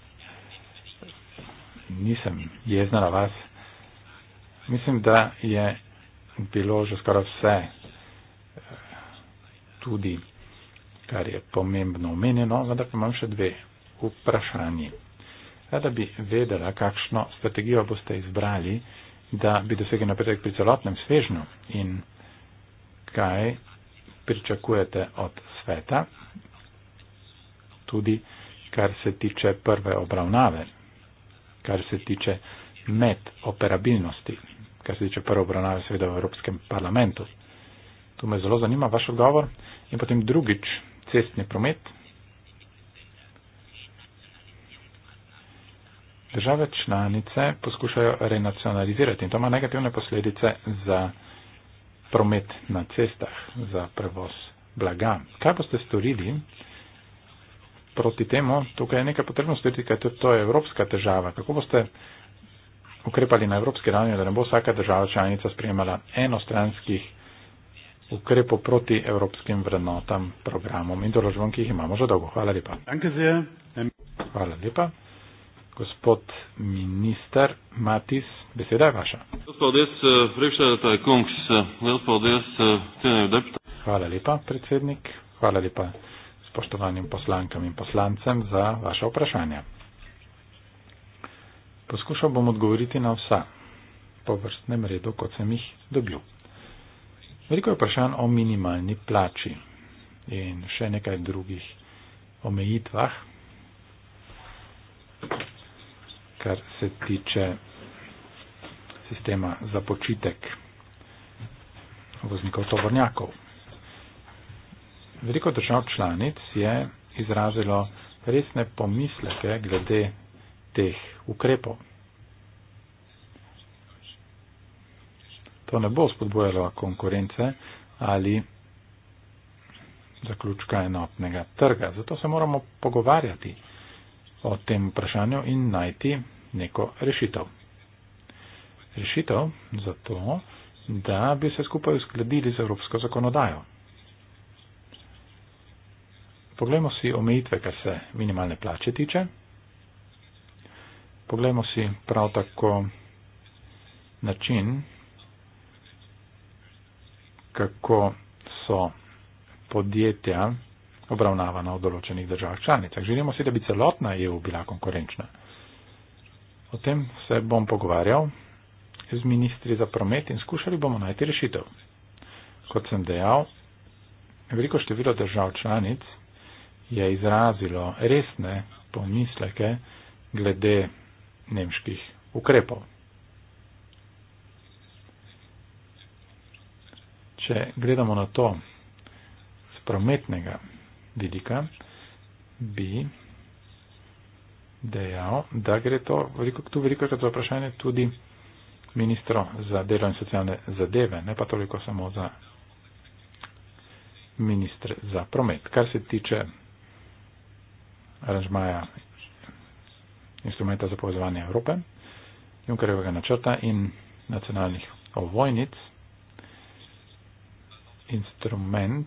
Nisem jezna na vas. Mislim, da je bilo že skoraj vse eh, tudi kar je pomembno omenjeno, vendar pa imam še dve vprašanji. Rada bi vedela, kakšno strategijo boste izbrali, da bi dosegli napredek pri celotnem svežnju in kaj pričakujete od sveta, tudi kar se tiče prve obravnave, kar se tiče med operabilnosti, kar se tiče prve obravnave seveda v Evropskem parlamentu. Tu me zelo zanima vaš odgovor. In potem drugič, cestni promet. Države članice poskušajo renacionalizirati in to ima negativne posledice za promet na cestah, za prevoz blaga. Kaj boste storili proti temu? Tukaj je nekaj potrebno storiti, kaj to, to je evropska težava. Kako boste ukrepali na evropski ravni, da ne bo vsaka država članica sprejemala enostranskih ukrepov proti evropskim vrednotam, programom in doložbam, ki jih imamo že dolgo. Hvala lepa. Hvala lepa. Gospod minister Matis, beseda je vaša. Eh, eh, eh, Hvala lepa, predsednik. Hvala lepa spoštovanim poslankam in poslancem za vaše vprašanje. Poskušal bom odgovoriti na vsa po vrstnem redu, kot sem jih dobil. Veliko je vprašanj o minimalni plači in še nekaj drugih omejitvah, kar se tiče sistema za počitek voznikov tovornjakov. Veliko držav članic je izrazilo resne pomisleke glede teh ukrepov. To ne bo spodbojalo konkurence ali zaključka enotnega trga. Zato se moramo pogovarjati o tem vprašanju in najti neko rešitev. Rešitev za to, da bi se skupaj uskladili z evropsko zakonodajo. Poglejmo si omejitve, kar se minimalne plače tiče. Poglejmo si prav tako način, kako so podjetja obravnavana v določenih državah članicah. Želimo si, da bi celotna EU bila konkurenčna. O tem se bom pogovarjal z ministri za promet in skušali bomo najti rešitev. Kot sem dejal, veliko število držav članic je izrazilo resne pomisleke glede nemških ukrepov. če gledamo na to z prometnega vidika, bi dejal, da gre to, veliko, tu veliko krat za vprašanje tudi ministro za delo in socialne zadeve, ne pa toliko samo za ministr za promet. Kar se tiče aranžmaja instrumenta za povezovanje Evrope, Junkerjevega načrta in nacionalnih ovojnic, instrument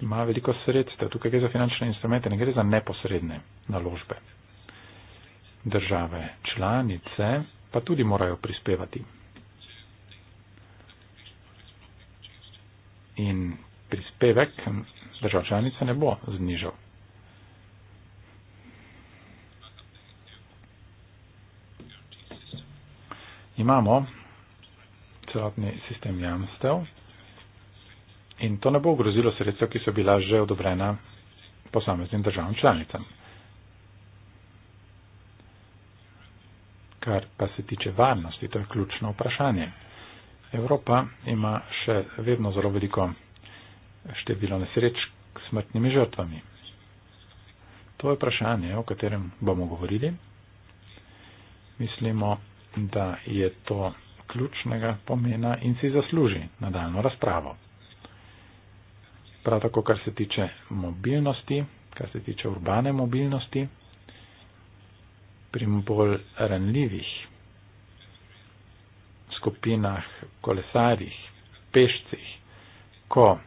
ima veliko sredstev. Tukaj gre za finančne instrumente, ne gre za neposredne naložbe. Države članice pa tudi morajo prispevati. In prispevek država članica ne bo znižal. Imamo celotni sistem jamstev. In to ne bo ogrozilo sredstev, ki so bila že odobrena posameznim državam članicam. Kar pa se tiče varnosti, to je ključno vprašanje. Evropa ima še vedno zelo veliko število nesreč s smrtnimi žrtvami. To je vprašanje, o katerem bomo govorili. Mislimo, da je to ključnega pomena in si zasluži nadaljno razpravo. Prav tako, kar se tiče mobilnosti, kar se tiče urbane mobilnosti, pri bolj ranljivih skupinah, kolesarjih, pešcih, ko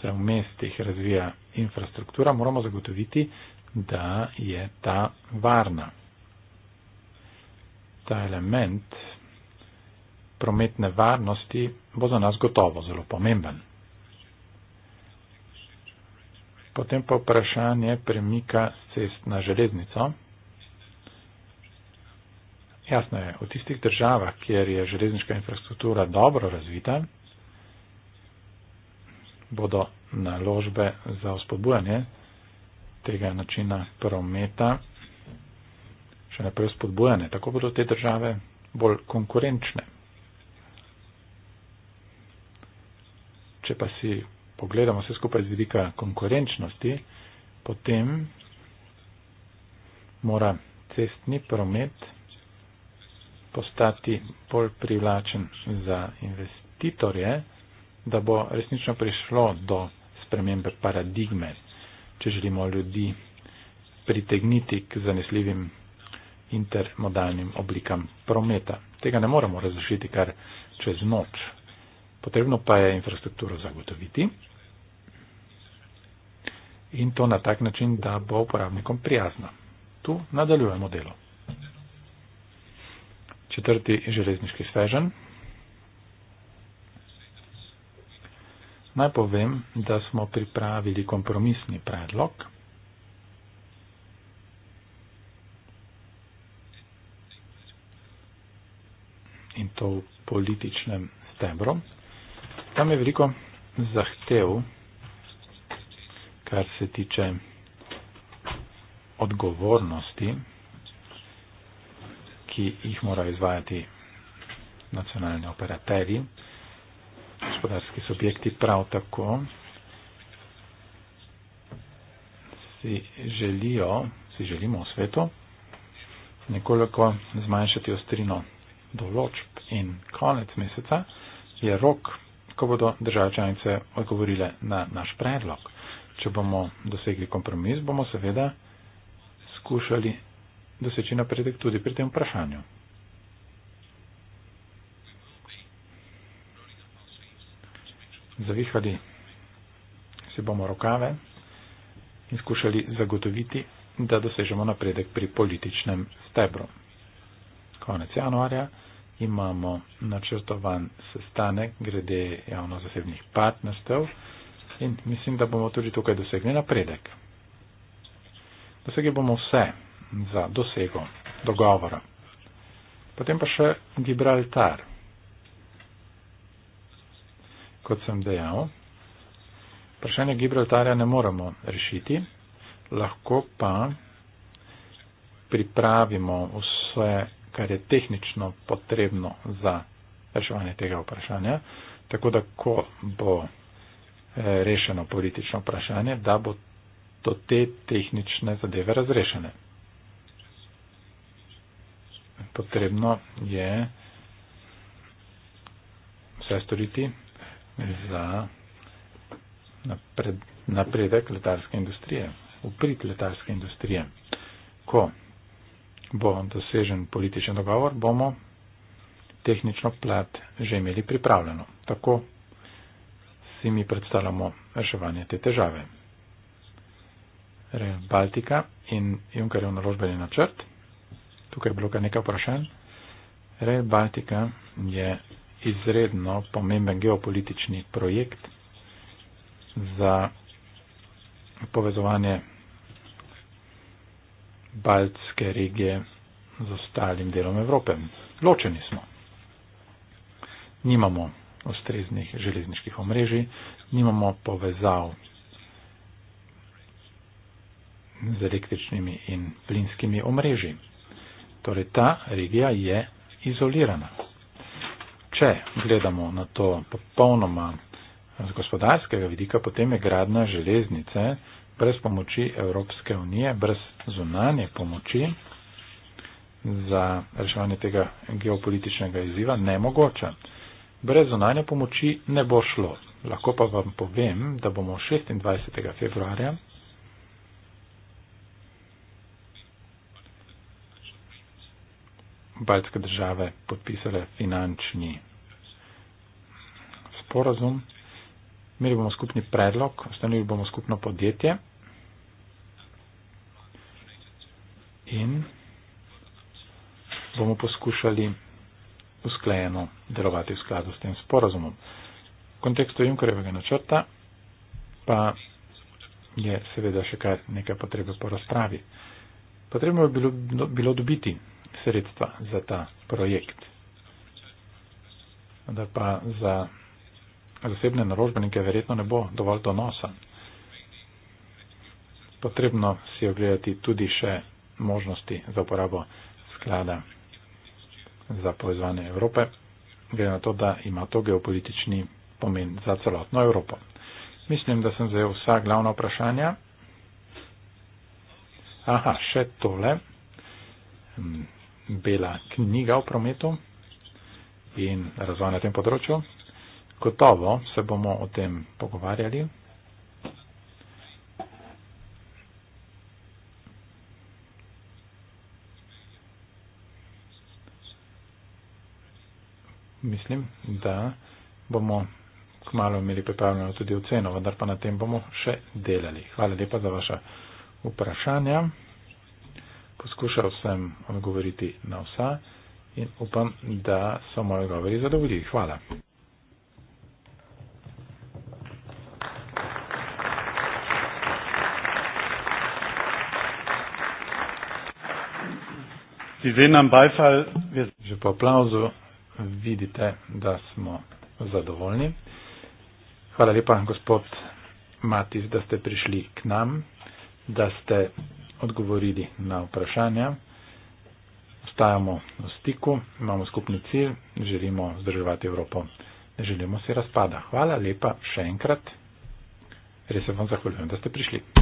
se v mestih razvija infrastruktura, moramo zagotoviti, da je ta varna. Ta element prometne varnosti bo za nas gotovo zelo pomemben. Potem pa vprašanje premika cest na železnico. Jasno je, v tistih državah, kjer je železniška infrastruktura dobro razvita, bodo naložbe za vzpodbujanje tega načina prometa še naprej vzpodbujane. Tako bodo te države bolj konkurenčne. če pa si pogledamo vse skupaj z vidika konkurenčnosti, potem mora cestni promet postati bolj privlačen za investitorje, da bo resnično prišlo do spremembe paradigme, če želimo ljudi pritegniti k zanesljivim intermodalnim oblikam prometa. Tega ne moremo razrešiti kar čez noč. Potrebno pa je infrastrukturo zagotoviti in to na tak način, da bo uporabnikom prijazna. Tu nadaljujemo delo. Četrti železniški svežen. Naj povem, da smo pripravili kompromisni predlog. In to v političnem stebru, tam je veliko zahtev, kar se tiče odgovornosti, ki jih morajo izvajati nacionalni operaterji, gospodarski subjekti prav tako si želijo, si želimo v svetu nekoliko zmanjšati ostrino določb in konec meseca je rok ko bodo države članice odgovorile na naš predlog. Če bomo dosegli kompromis, bomo seveda skušali doseči napredek tudi pri tem vprašanju. Zavihali se bomo rokave in skušali zagotoviti, da dosežemo napredek pri političnem stebru. Konec januarja imamo načrtovan sestanek grede javno-zasebnih partnerstev in mislim, da bomo tudi tukaj dosegli napredek. Dosegli bomo vse za dosego dogovora. Potem pa še Gibraltar. Kot sem dejal, vprašanje Gibraltarja ne moremo rešiti, lahko pa pripravimo vse kar je tehnično potrebno za reševanje tega vprašanja. Tako da, ko bo eh, rešeno politično vprašanje, da bo do te tehnične zadeve razrešene. Potrebno je vse storiti za napredek letalske industrije, uprit letalske industrije. Ko bo dosežen političen dogovor, bomo tehnično plat že imeli pripravljeno. Tako si mi predstavljamo reševanje te težave. Re, Baltika in Junkerjev naložbeni načrt. Tukaj je bilo kar nekaj vprašanj. Re, Baltika je izredno pomemben geopolitični projekt za povezovanje Baltske regije z ostalim delom Evrope. Ločeni smo. Nimamo ustreznih železniških omrežij, nimamo povezav z električnimi in plinskimi omrežji. Torej ta regija je izolirana. Če gledamo na to popolnoma z gospodarskega vidika, potem je gradna železnice eh, brez pomoči Evropske unije, brez zunanje pomoči za reševanje tega geopolitičnega izziva nemogoča. Brez zunanje pomoči ne bo šlo. Lahko pa vam povem, da bomo 26. februarja baltske države podpisale finančni sporazum imeli bomo skupni predlog, ustanovili bomo skupno podjetje in bomo poskušali usklajeno delovati v skladu s tem sporazumom. V kontekstu Junkerjevega načrta pa je seveda še kar nekaj potrebe po razpravi. Potrebno je bilo, bilo dobiti sredstva za ta projekt. Da pa za zasebne naložbenike verjetno ne bo dovolj donosa. Potrebno si je ogledati tudi še možnosti za uporabo sklada za povezovanje Evrope, glede na to, da ima to geopolitični pomen za celotno Evropo. Mislim, da sem zajel vsa glavna vprašanja. Aha, še tole. Mm, bela knjiga o prometu in razvoju na tem področju. Gotovo se bomo o tem pogovarjali. Mislim, da bomo kmalo imeli pripravljeno tudi oceno, vendar pa na tem bomo še delali. Hvala lepa za vaša vprašanja. Poskušal sem odgovoriti na vsa in upam, da so moje govori zadovoljili. Hvala. Vsi zdaj nam bajfal, jaz že po aplauzu vidite, da smo zadovoljni. Hvala lepa, gospod Matis, da ste prišli k nam, da ste odgovorili na vprašanja. Ostajamo v stiku, imamo skupni cilj, želimo zdrževati Evropo, ne želimo se razpada. Hvala lepa še enkrat. Res se vam zahvaljujem, da ste prišli.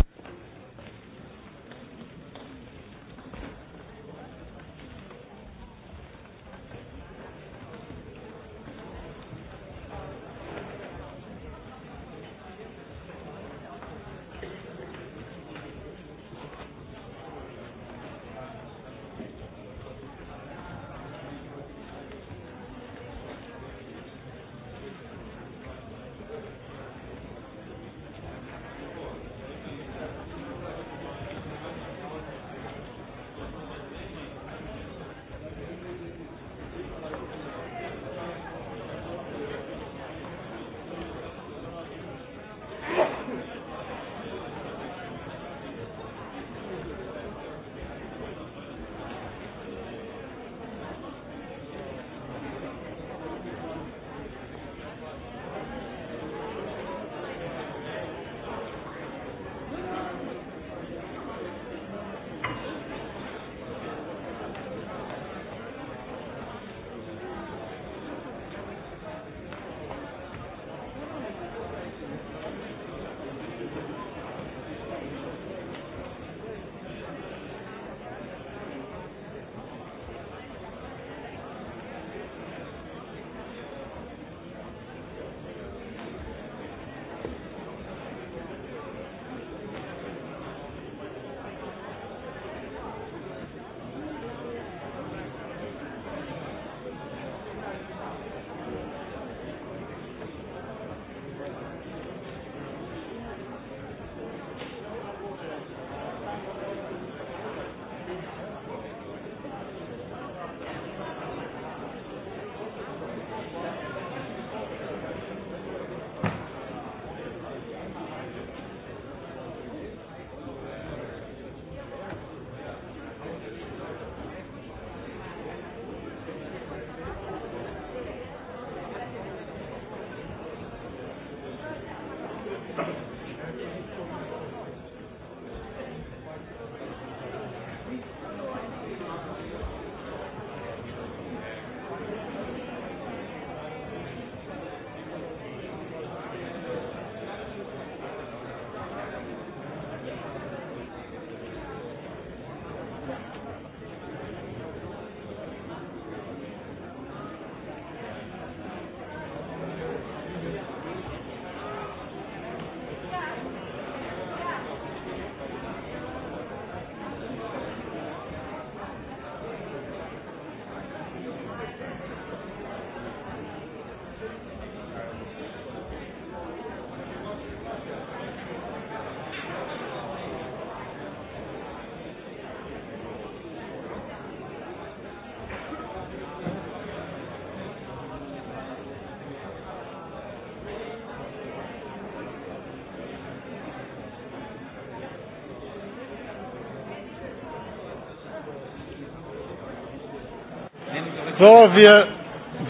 So, wir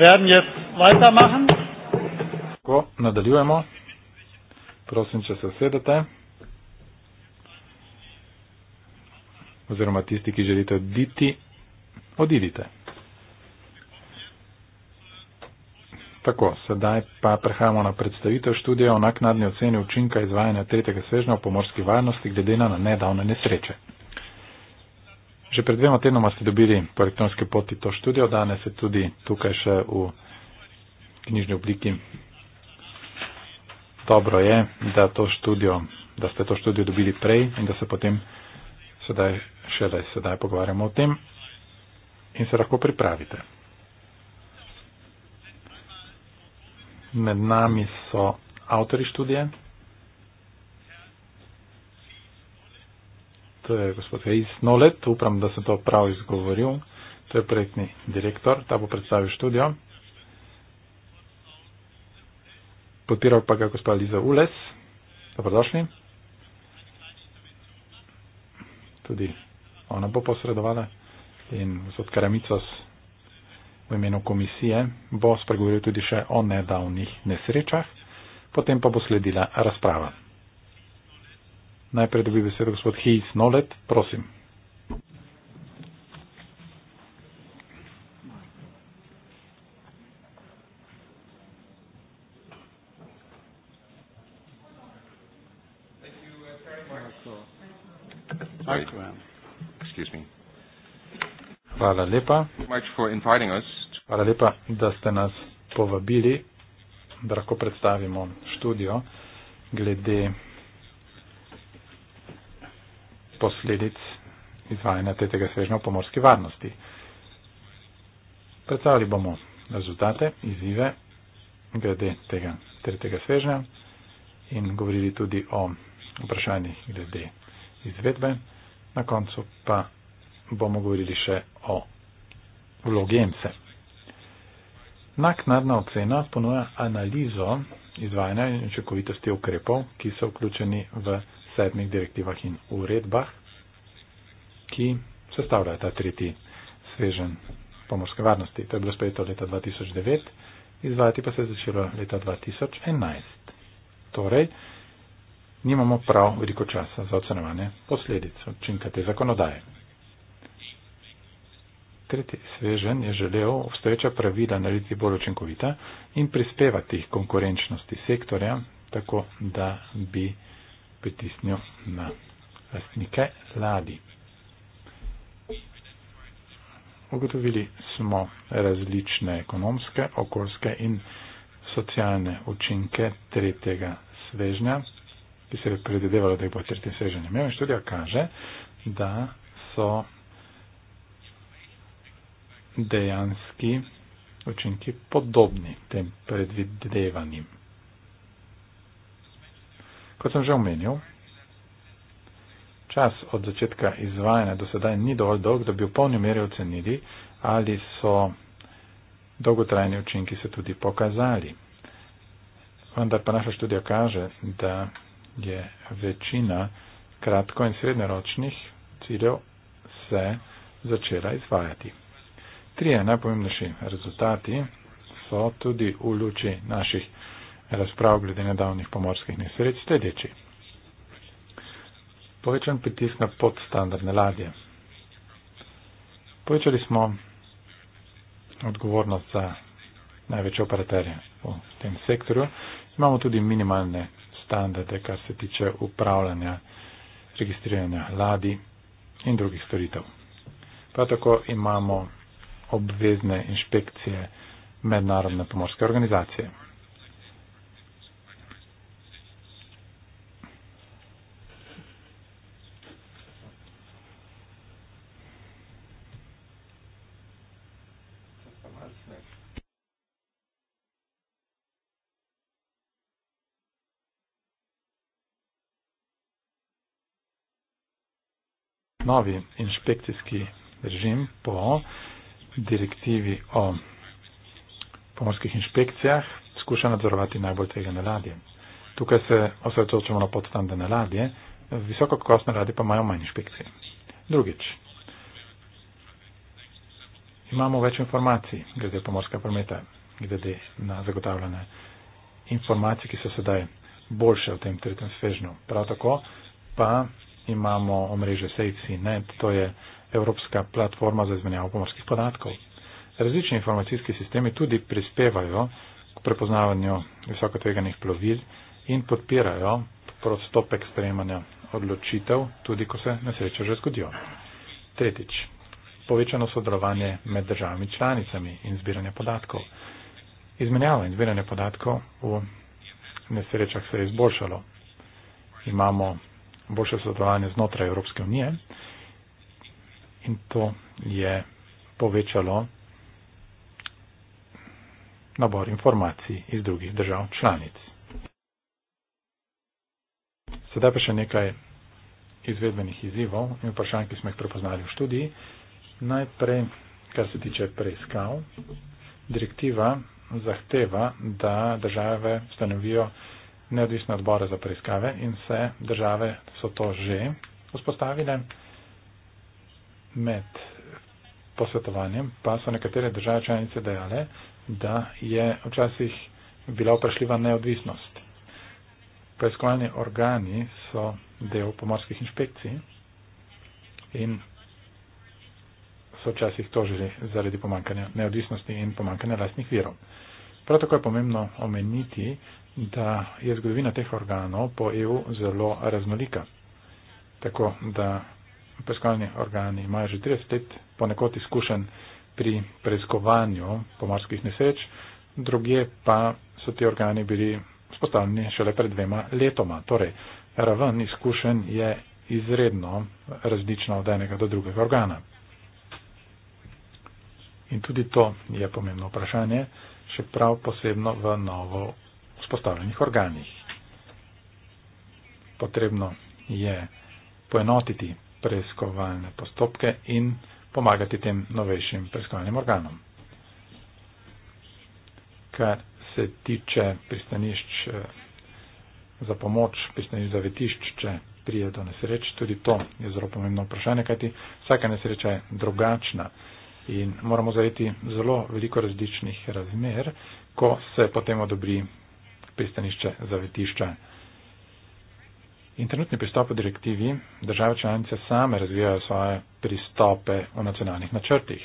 werden jetzt weitermachen. Ko nadaljujemo, prosim, če se sedete. Oziroma tisti, ki želite oditi, odidite. Tako, sedaj pa prehajamo na predstavitev študija o naknadni oceni učinka izvajanja tretjega svežnja o pomorski varnosti glede na nedavne nesreče. Že pred dvema tednoma ste dobili po elektronski poti to študijo, danes je tudi tukaj še v knjižni obliki. Dobro je, da, to študijo, da ste to študijo dobili prej in da se potem sedaj, šele sedaj pogovarjamo o tem in se lahko pripravite. Med nami so avtori študije, to je gospod Heiz Nolet, upam, da sem to prav izgovoril, to je projektni direktor, ta bo predstavil študijo. Podpiral pa ga gospod Liza Ules, dobrodošli. Tudi ona bo posredovala in gospod Karamicos v imenu komisije bo spregovoril tudi še o nedavnih nesrečah, potem pa bo sledila razprava. Najprej dobi besedo gospod Hijs Nolet, prosim. Uh, Hvala lepa. Hvala lepa, da ste nas povabili, da lahko predstavimo študijo glede posledic izvajanja tretjega svežnja o pomorski varnosti. Predstavili bomo rezultate, izzive glede tega tretjega svežnja in govorili tudi o vprašanjih glede izvedbe. Na koncu pa bomo govorili še o vlogi EMSE. Naknadna ocena ponuja analizo izvajanja in učinkovitosti ukrepov, ki so vključeni v sedmih direktivah in uredbah, ki sestavljajo ta tretji svežen pomorske varnosti. To je bilo sprejeto leta 2009, izvajati pa se je začelo leta 2011. Torej, nimamo prav veliko časa za ocenovanje posledic učinka te zakonodaje. Tretji svežen je želel obstoječa pravila narediti bolj učinkovita in prispevati konkurenčnosti sektorja, tako da bi pritisnil na lastnike ladi. Ugotovili smo različne ekonomske, okoljske in socialne učinke tretjega svežnja, ki se je predvidevalo, da bo tretje svežnje imel. Študija kaže, da so dejanski učinki podobni tem predvidevanim. Kot sem že omenil, čas od začetka izvajanja do sedaj ni dovolj dolg, da bi v polni meri ocenili, ali so dolgotrajni učinki se tudi pokazali. Vendar pa naša študija kaže, da je večina kratko- in srednjeročnih ciljev se začela izvajati. Trije najpomembnejši rezultati so tudi v luči naših razprav glede nedavnih pomorskih nesreč sledeči. Povečan pritisk na podstandardne ladje. Povečali smo odgovornost za največje operaterje v tem sektorju. Imamo tudi minimalne standarde, kar se tiče upravljanja, registriranja ladi in drugih storitev. Prav tako imamo obvezne inšpekcije mednarodne pomorske organizacije. novi inšpekcijski režim po direktivi o pomorskih inšpekcijah skuša nadzorovati najbolj tvegane ladje. Tukaj se osredotočamo na podstandene ladje, visoko kakostne ladje pa imajo manj inšpekcij. Drugič, imamo več informacij glede pomorskega prometa, glede na zagotavljanje informacij, ki so sedaj boljše v tem tretjem svežnju. Prav tako pa imamo omrežje SafeSeaNet, to je evropska platforma za izmenjavo pomorskih podatkov. Različni informacijski sistemi tudi prispevajo k prepoznavanju visokotveganih plovil in podpirajo prostopek sprejemanja odločitev, tudi ko se nesreče že zgodijo. Tretjič, povečano sodelovanje med državami članicami in zbiranje podatkov. Izmenjava in zbiranje podatkov v nesrečah se je izboljšalo. Imamo boljše sodelovanje znotraj Evropske unije in to je povečalo nabor informacij iz drugih držav članic. Sedaj pa še nekaj izvedbenih izzivov in vprašanj, ki smo jih prepoznali v študiji. Najprej, kar se tiče preiskav, direktiva zahteva, da države ustanovijo neodvisne odbore za preiskave in vse države so to že vzpostavile. Med posvetovanjem pa so nekatere države članice dejale, da je včasih bila vprašljiva neodvisnost. Preiskovalni organi so del pomorskih inšpekcij in so včasih tožili zaradi pomankanja neodvisnosti in pomankanja lastnih virov. Prav tako je pomembno omeniti, da je zgodovina teh organov po EU zelo raznolika. Tako da preiskovalni organi imajo že 30 let ponekod izkušen pri preiskovanju pomorskih neseč, druge pa so ti organi bili spostavljeni šele pred dvema letoma. Torej, raven izkušen je izredno različna od enega do drugega organa. In tudi to je pomembno vprašanje, še prav posebno v novo spostavljenih organih. Potrebno je poenotiti preiskovalne postopke in pomagati tem novejšim preiskovalnim organom. Kar se tiče pristanišč eh, za pomoč, pristanišč za vetišč, če prije do nesreč, tudi to je zelo pomembno vprašanje, kajti vsaka nesreča je drugačna in moramo zajeti zelo veliko različnih razmer, ko se potem odobri pristanišče zavetišča. In trenutni pristop v direktivi države članice same razvijajo svoje pristope v nacionalnih načrtih.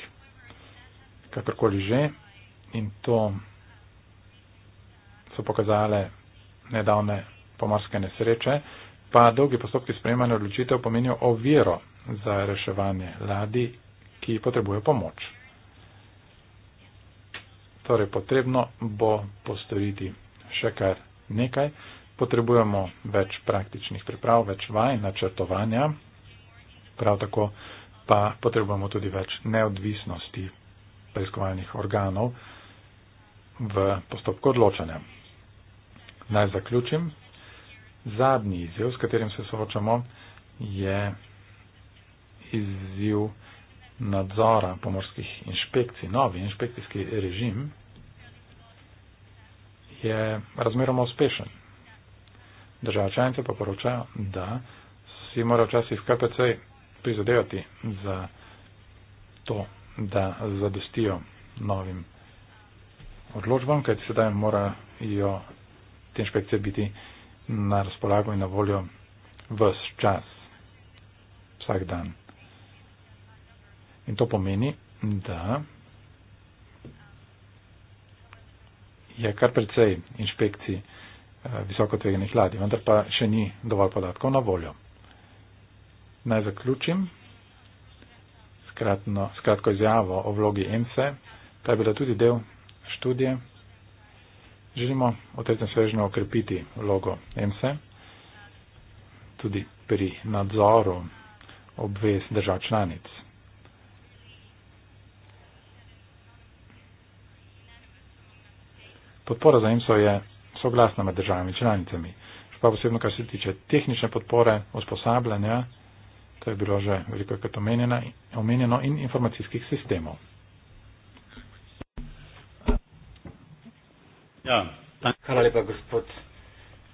Kakorkoli že, in to so pokazale nedavne pomorske nesreče, pa dolgi postopki sprejemanja odločitev pomenijo oviro za reševanje ladi, ki potrebuje pomoč. Torej, potrebno bo postoriti še kar nekaj. Potrebujemo več praktičnih priprav, več vaj, načrtovanja, prav tako pa potrebujemo tudi več neodvisnosti preiskovalnih organov v postopku odločanja. Naj zaključim. Zadnji izjev, s katerim se soočamo, je izjev nadzora pomorskih inšpekcij. Novi inšpekcijski režim je razmeroma uspešen. Država članica pa poroča, da si mora včasih KPC prizadevati za to, da zadostijo novim odločbam, kajti sedaj morajo te inšpekcije biti na razpolago in na voljo vse čas, vsak dan. In to pomeni, da je kar precej inšpekcij eh, visoko tveganih ladij, vendar pa še ni dovolj podatkov na voljo. Naj zaključim skratno, skratko izjavo o vlogi EMSE, ta je bila tudi del študije. Želimo v tretjem svežnju okrepiti vlogo EMSE, tudi pri nadzoru obvez držav članic. Podpora za IMSO je soglasna med državami članicami. Še pa posebno, kar se tiče tehnične podpore, usposabljanja, to je bilo že veliko krat omenjeno, in informacijskih sistemov. Ja, Hvala lepa, gospod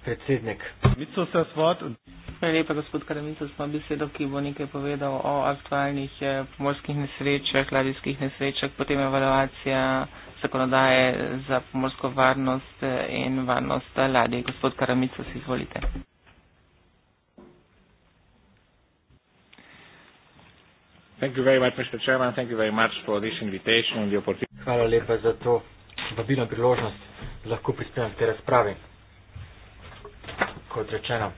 predsednik. Hvala lepa, gospod Karamica, smo besedo, ki bo nekaj povedal o aktualnih eh, pomorskih nesrečah, ladijskih nesrečah, potem evaluacija zakonodaje za pomorsko varnost eh, in varnost eh, ladje. Gospod Karamico, si izvolite. Hvala lepa za to vabilo priložnost, da lahko prispevam k tej razpravi. Kot rečeno,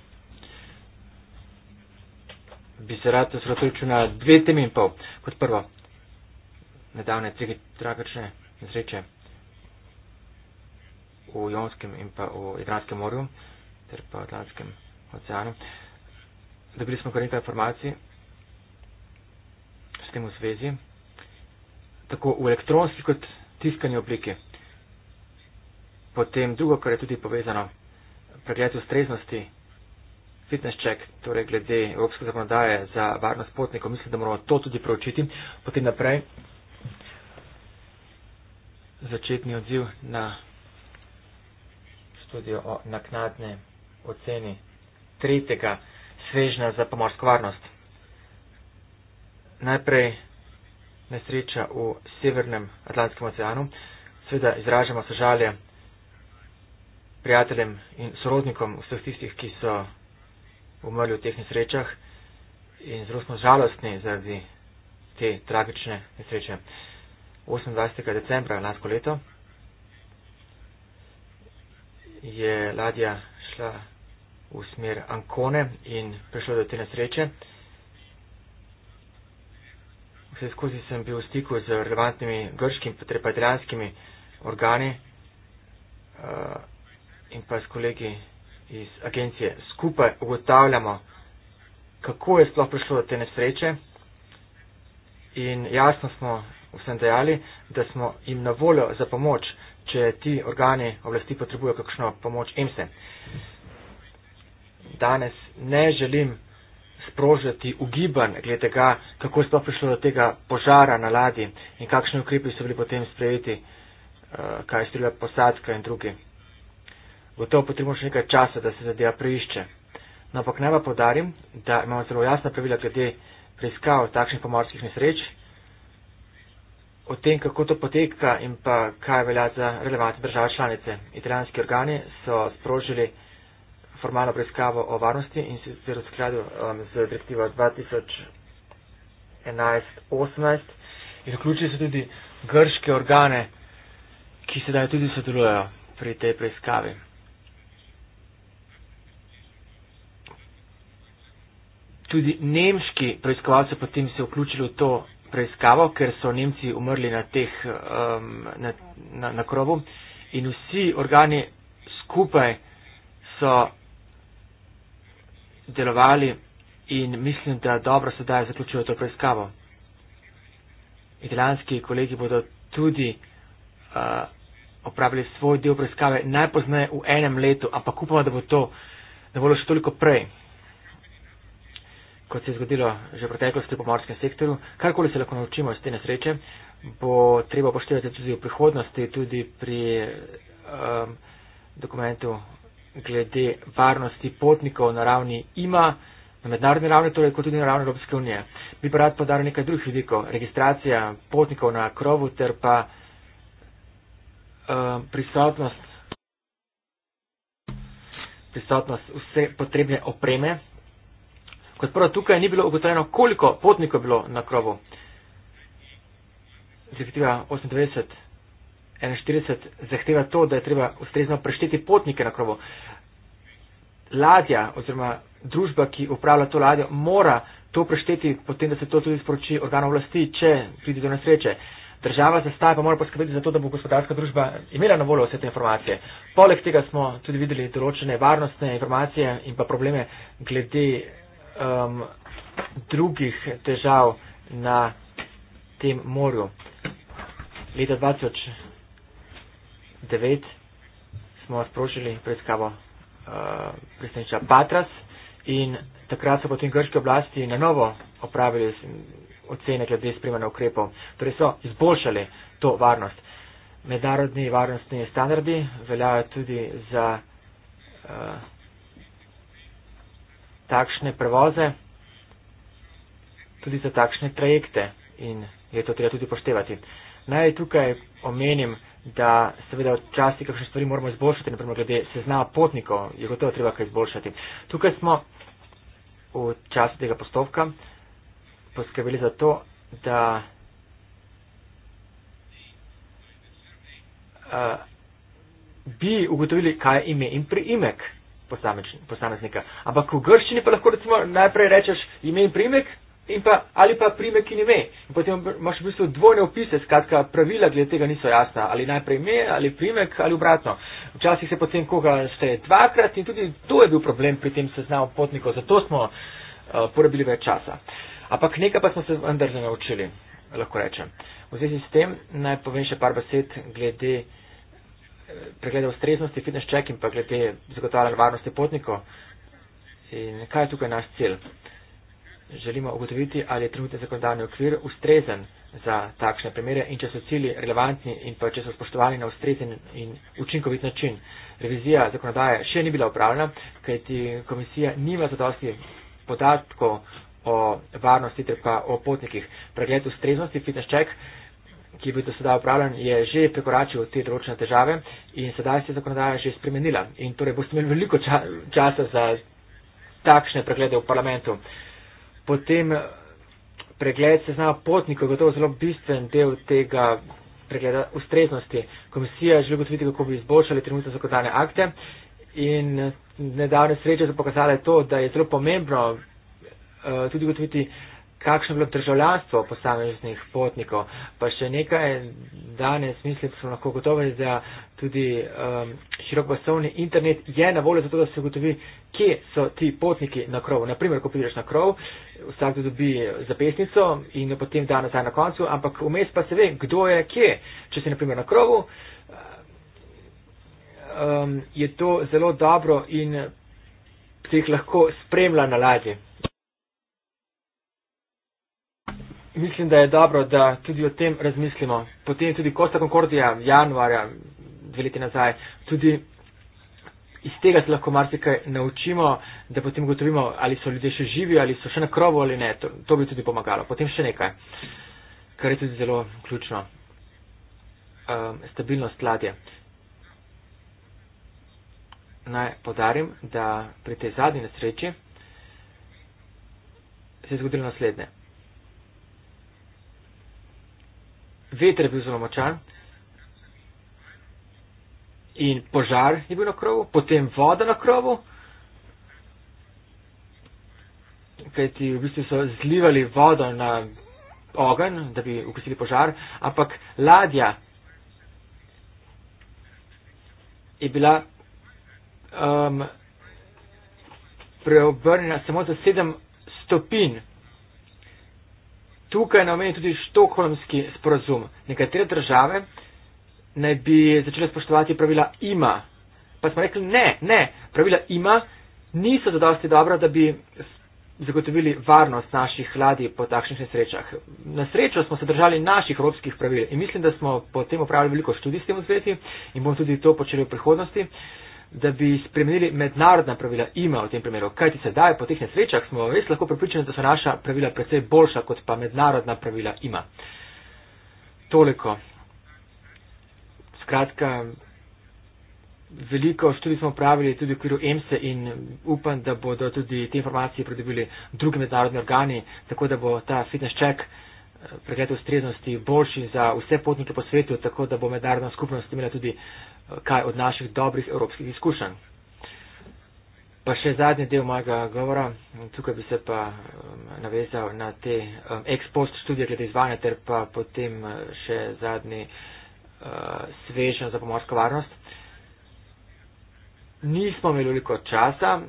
bi se rad osredotočil na dve temi in pol. Kot prvo, nedavne tragične nesreče v Jonskem in pa v Jadranskem morju ter pa v Atlantskem oceanu. Dobili smo kar nekaj informacij s tem v zvezi, tako v elektronski kot tiskani obliki. Potem drugo, kar je tudi povezano, pregled ustreznosti, fitness check, torej glede evropske zakonodaje za varnost potnikov, mislim, da moramo to tudi preučiti. Potem naprej, začetni odziv na študijo o naknadne oceni tretjega svežna za pomorsko varnost. Najprej nesreča v Severnem Atlantskem oceanu. Sveda izražamo sožalje prijateljem in sorodnikom vseh tistih, ki so umrli v teh nesrečah in zelo smo žalostni zaradi te tragične nesreče. 28. decembra lansko leto je ladja šla v smer Ankone in prišlo do te nesreče. Vse skozi sem bil v stiku z relevantnimi grškimi, potrebno pa italijanskimi organi uh, in pa s kolegi iz agencije. Skupaj ugotavljamo, kako je sploh prišlo do te nesreče in jasno smo vsem dejali, da smo jim na voljo za pomoč, če ti organi oblasti potrebujo kakšno pomoč emse. Danes ne želim sprožiti ugiban glede tega, kako je sploh prišlo do tega požara na ladji in kakšni ukrepi so bili potem sprejeti, eh, kaj je storila posadka in drugi. Gotovo potrebujemo še nekaj časa, da se zadeva preišče. No, ampak naj pa podarim, da imamo zelo jasna pravila glede preiskav takšnih pomorskih nesreč o tem, kako to poteka in pa kaj velja za relevantne države članice. Italijanski organi so sprožili formalno preiskavo o varnosti in sicer v skladu um, z direktivo 2011-18 in vključili so tudi grške organe, ki sedaj tudi sodelujejo pri tej preiskavi. Tudi nemški preiskovalci potem se vključili v to preiskavo, ker so Nemci umrli na, teh, um, na, na, na krovu in vsi organi skupaj so delovali in mislim, da dobro sedaj zaključujo to preiskavo. Italijanski kolegi bodo tudi uh, opravili svoj del preiskave najpozneje v enem letu, ampak upamo, da bo to na voljo še toliko prej, kot se je zgodilo že v preteklosti v pomorskem sektorju. Karkoli se lahko naučimo iz te nesreče, bo treba poštevati tudi v prihodnosti, tudi pri um, dokumentu glede varnosti potnikov na ravni ima, na mednarodni ravni, torej kot tudi na ravni Evropske unije. Bi pa rad podaril nekaj drugih vidikov. Registracija potnikov na krovu ter pa um, prisotnost, prisotnost vse potrebne opreme Kot prvo, tukaj ni bilo ugotovljeno, koliko potnikov je bilo na krovu. Zahteva 98, 41 zahteva to, da je treba ustrezno prešteti potnike na krovu. Ladja oziroma družba, ki upravlja to ladjo, mora to prešteti, potem da se to tudi sporoči organom vlasti, če pride do nesreče. Država zastaja pa mora poskrbeti za to, da bo gospodarska družba imela na voljo vse te informacije. Poleg tega smo tudi videli določene varnostne informacije in pa probleme glede um, drugih težav na tem morju. Leta 2009 smo sprožili preiskavo uh, pristanišča Patras in takrat so potem grške oblasti na novo opravili ocene glede spremljanja ukrepov. Torej so izboljšali to varnost. Mednarodni varnostni standardi veljajo tudi za. Uh, takšne prevoze, tudi za takšne trajekte in je to treba tudi poštevati. Naj tukaj omenim, da seveda včasih kakšne stvari moramo izboljšati, naprimer glede seznama potnikov, je gotovo treba kaj izboljšati. Tukaj smo v času tega postopka poskrbeli za to, da uh, bi ugotovili, kaj je ime in priimek posameznika. Ampak v grščini pa lahko recimo najprej rečeš ime in primek in pa, ali pa primek in ime. In potem imaš v bistvu dvojne opise, skratka pravila glede tega niso jasna. Ali najprej ime ali primek ali obratno. Včasih se potem koga šteje dvakrat in tudi to je bil problem pri tem seznamu potnikov, zato smo uh, porabili več časa. Ampak nekaj pa smo se vendar naučili, lahko rečem. V zvezi s tem naj povem še par besed glede preglede ustreznosti fitness check in pa glede zagotavljanja varnosti potnikov. In kaj je tukaj naš cilj? Želimo ugotoviti, ali je trenutni zakonodajni okvir ustrezen za takšne primere in če so cilji relevantni in pa če so spoštovani na ustrezen in učinkovit način. Revizija zakonodaje še ni bila upravljena, kajti komisija nima zadosti podatkov o varnosti ter pa o potnikih. Pregled ustreznosti, fitness check ki je bil do sedaj upravljen, je že prekoračil te določene težave in sedaj se je zakonodaja že spremenila. In torej boste imeli veliko ča časa za takšne preglede v parlamentu. Potem eh, pregled seznama potnikov je gotovo zelo bistven del tega pregleda ustreznosti. Komisija želi gotoviti, kako bi izboljšali trenutno zakonodajne akte in eh, nedavne sreče so pokazale to, da je zelo pomembno uh, tudi gotoviti, uh, kakšno je bilo državljanstvo posameznih potnikov. Pa še nekaj danes, mislim, smo lahko gotovi, da tudi um, širokopasovni internet je na voljo zato, da se gotovi, kje so ti potniki na krovu. Naprimer, ko prideš na krov, vsak to dobi zapesnico in jo potem da nazaj na koncu, ampak vmes pa se ve, kdo je kje. Če si naprimer na krovu, um, je to zelo dobro in se jih lahko spremlja na ladji. mislim, da je dobro, da tudi o tem razmislimo. Potem tudi Costa Concordia januarja, dve leti nazaj, tudi iz tega se lahko marsikaj naučimo, da potem gotovimo, ali so ljudje še živi, ali so še na krovu ali ne. To, to bi tudi pomagalo. Potem še nekaj, kar je tudi zelo ključno. Um, stabilnost ladje. Naj podarim, da pri tej zadnji nesreči se je zgodilo naslednje. veter je bil zelo močan in požar je bil na krovu, potem voda na krovu, kajti v bistvu so zlivali vodo na ogen, da bi ugasili požar, ampak ladja je bila um, preobrnjena samo za sedem stopinj. Tukaj na omeni tudi Štokholmski sporazum. Nekatere države naj bi začele spoštovati pravila ima. Pa smo rekli, ne, ne, pravila ima niso zadosti dobra, da bi zagotovili varnost naših ladij po takšnih nesrečah. Na srečo smo se držali naših evropskih pravil in mislim, da smo potem upravili veliko študij s tem v zvezi in bom tudi to počeli v prihodnosti. Uh, da bi spremenili mednarodna pravila ime v tem primeru. Kaj ti sedaj po teh nesrečah smo res lahko pripričani, da so naša pravila precej boljša kot pa mednarodna pravila ime. Toliko. Skratka, veliko študij smo pravili tudi v okviru EMSE in upam, da bodo tudi te informacije pridobili drugi mednarodni organi, tako da bo ta fitness check eh, pregled ustreznosti boljši za vse potnike po svetu, tako da bo mednarodna skupnost imela tudi kaj od naših dobrih evropskih izkušenj. Pa še zadnji del mojega govora, tukaj bi se pa um, navezal na te um, ex post študije glede izvanja ter pa potem uh, še zadnji uh, svežen za pomorsko varnost. Nismo imeli veliko časa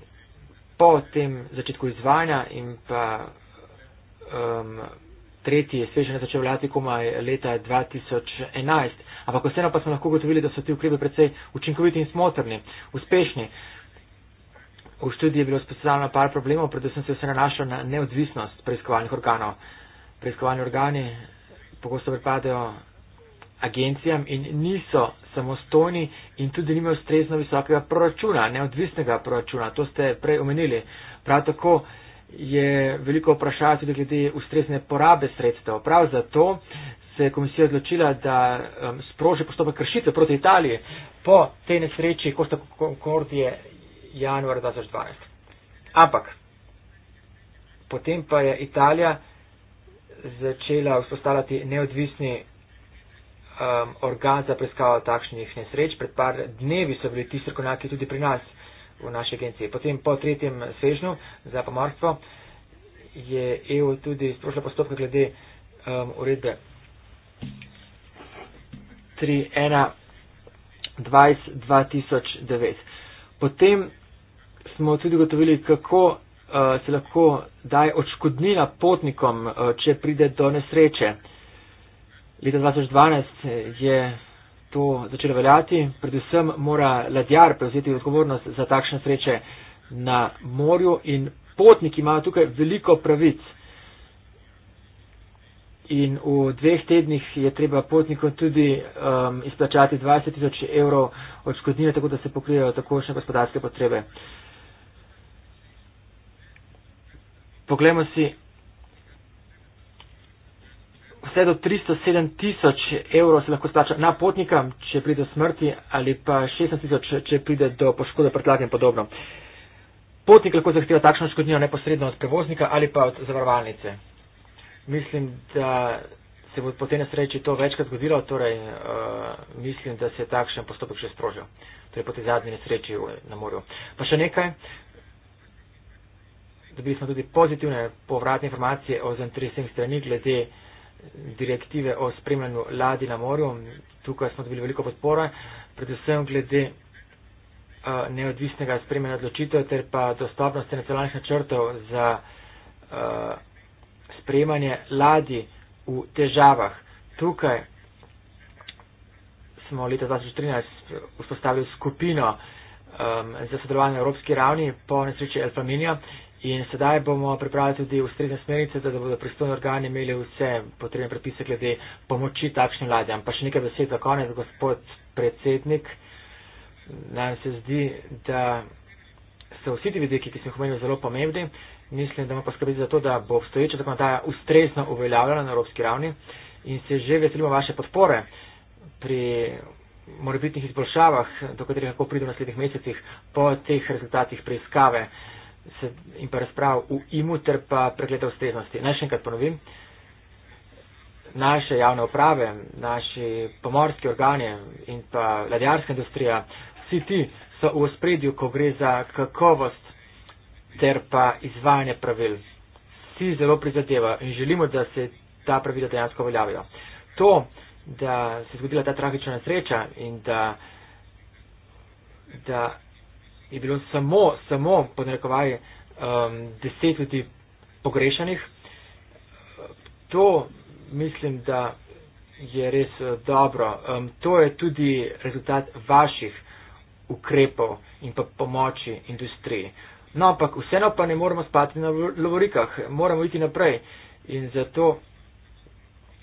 po tem začetku izvanja in pa um, tretji je svež začel vladati komaj leta 2011. Ampak vseeno pa smo lahko gotovili, da so ti ukrepi predvsej učinkoviti in smotrni, uspešni. V študiji je bilo spostavljeno par problemov, predvsem se je vse nanašalo na neodvisnost preiskovalnih organov. Preiskovalni organi pogosto pripadajo agencijam in niso samostojni in tudi nimajo ustrezno visokega proračuna, neodvisnega proračuna. To ste prej omenili. Prav tako je veliko vprašanj tudi glede ustrezne porabe sredstev. Prav zato se je komisija odločila, da um, sproži postopek kršitev proti Italiji po tej nesreči Kosta Concordije januar 2012. Ampak potem pa je Italija začela vzpostavljati neodvisni um, organ za preiskavo takšnih nesreč. Pred par dnevi so bili ti strokovnjaki tudi pri nas v naši agenciji. Potem po tretjem svežnju za pomorstvo je EU tudi sprožila postopke glede um, uredbe 3.1.2009. Potem smo tudi gotovili, kako uh, se lahko daje odškodnina potnikom, uh, če pride do nesreče. Leta 2012 je to začelo veljati. Predvsem mora ladjar prevzeti odgovornost za takšne sreče na morju in potniki imajo tukaj veliko pravic. In v dveh tednih je treba potnikom tudi um, izplačati 20 tisoč evrov odškodnine, tako da se pokrijejo takošne gospodarske potrebe. Poglejmo si vse do 307 tisoč evrov se lahko splača na potnika, če pride do smrti ali pa 16 tisoč, če pride do poškodbe prtljaka in podobno. Potnik lahko zahteva takšno škodnino neposredno od prevoznika ali pa od zavarovalnice. Mislim, da se bo po tej nesreči to večkrat zgodilo, torej uh, mislim, da se je takšen postopek še sprožil. Torej po tej zadnji nesreči na morju. Pa še nekaj. Dobili smo tudi pozitivne povratne informacije o zainteresnih strani glede uh, direktive o spremljanju ladi na morju. Tukaj smo dobili veliko podpore, predvsem glede uh, neodvisnega spremljanja odločitev ter pa dostopnosti nacionalnih načrtov za uh, eh, spremljanje ladi v težavah. Tukaj smo leta 2013 vzpostavili skupino um, za sodelovanje na evropski ravni po nesreči Elfaminija In sedaj bomo pripravili tudi ustrezne smernice, da bodo pristojni organi imeli vse potrebne predpise glede pomoči takšnim ladjam. Pa še nekaj besed za konec, gospod predsednik. Nam se zdi, da so vsi ti vidiki, ki smo jih omenili, zelo pomembni. Mislim, da moramo poskrbeti za to, da bo obstoječa zakonodaja ustrezno uveljavljena na evropski ravni in se že veselimo vaše podpore pri morebitnih izboljšavah, do katerih lahko pride v naslednjih mesecih po teh rezultatih preiskave se, in pa razprav v imu ter pa pregleda ustreznosti. Naj še enkrat ponovim, naše javne uprave, naši pomorski organi in pa ladjarska industrija, vsi ti so v spredju, ko gre za kakovost ter pa izvajanje pravil. Vsi zelo prizadevajo in želimo, da se ta pravila dejansko veljavijo. To, da se je zgodila ta tragična nesreča in da, da je bilo samo, samo podnarekovaje, um, deset ljudi pogrešanih. To mislim, da je res eh, dobro. Um, to je tudi rezultat vaših ukrepov in pa pomoči industriji. No, ampak vseeno pa ne moramo spati na lovorikah, moramo iti naprej. In zato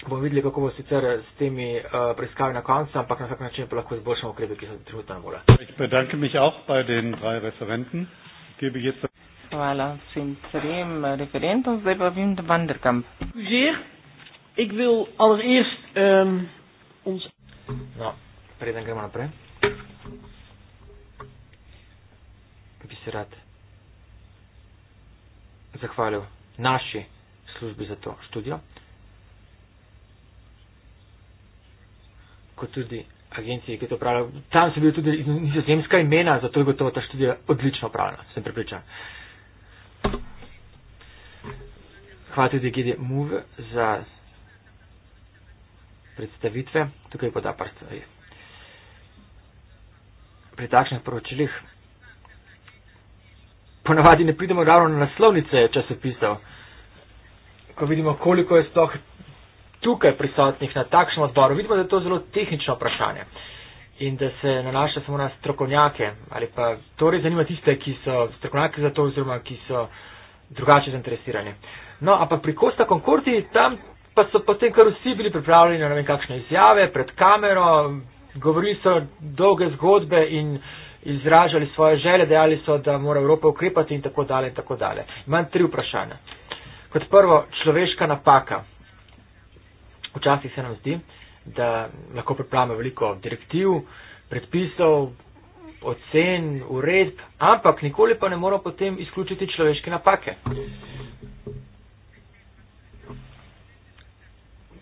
bomo videli, kako bo sicer s temi uh, eh, preiskavami na koncu, ampak na vsak način pa lahko izboljšamo ukrepe, ki so trenutno na voljo. Hvala vsem trem referentom, zdaj pa vim, da vendarkam. No, preden gremo naprej. Bi se rad zahvalil naši službi za to študijo. kot tudi agencije, ki to pravijo. Tam so bili tudi nizozemska imena, zato je gotovo ta študija odlično pravna, sem pripričan. Hvala tudi Gide Move za predstavitve. Tukaj bo da par stvari. Pri takšnih poročilih ponavadi ne pridemo ravno na naslovnice časopisov. Ko vidimo, koliko je stoh tukaj prisotnih na takšnem odboru, vidimo, da je to zelo tehnično vprašanje in da se nanaša samo na strokovnjake ali pa torej zanima tiste, ki so strokovnjaki za to oziroma ki so drugače zainteresirani. No, ampak pri Kosta Konkordi tam pa so potem kar vsi bili pripravljeni na ne vem kakšne izjave pred kamero, govorili so dolge zgodbe in izražali svoje želje, dejali so, da mora Evropa ukrepati in tako dalje in tako dalje. Imam tri vprašanja. Kot prvo, človeška napaka včasih se nam zdi, da lahko pripravimo veliko direktiv, predpisov, ocen, uredb, ampak nikoli pa ne moramo potem izključiti človeške napake.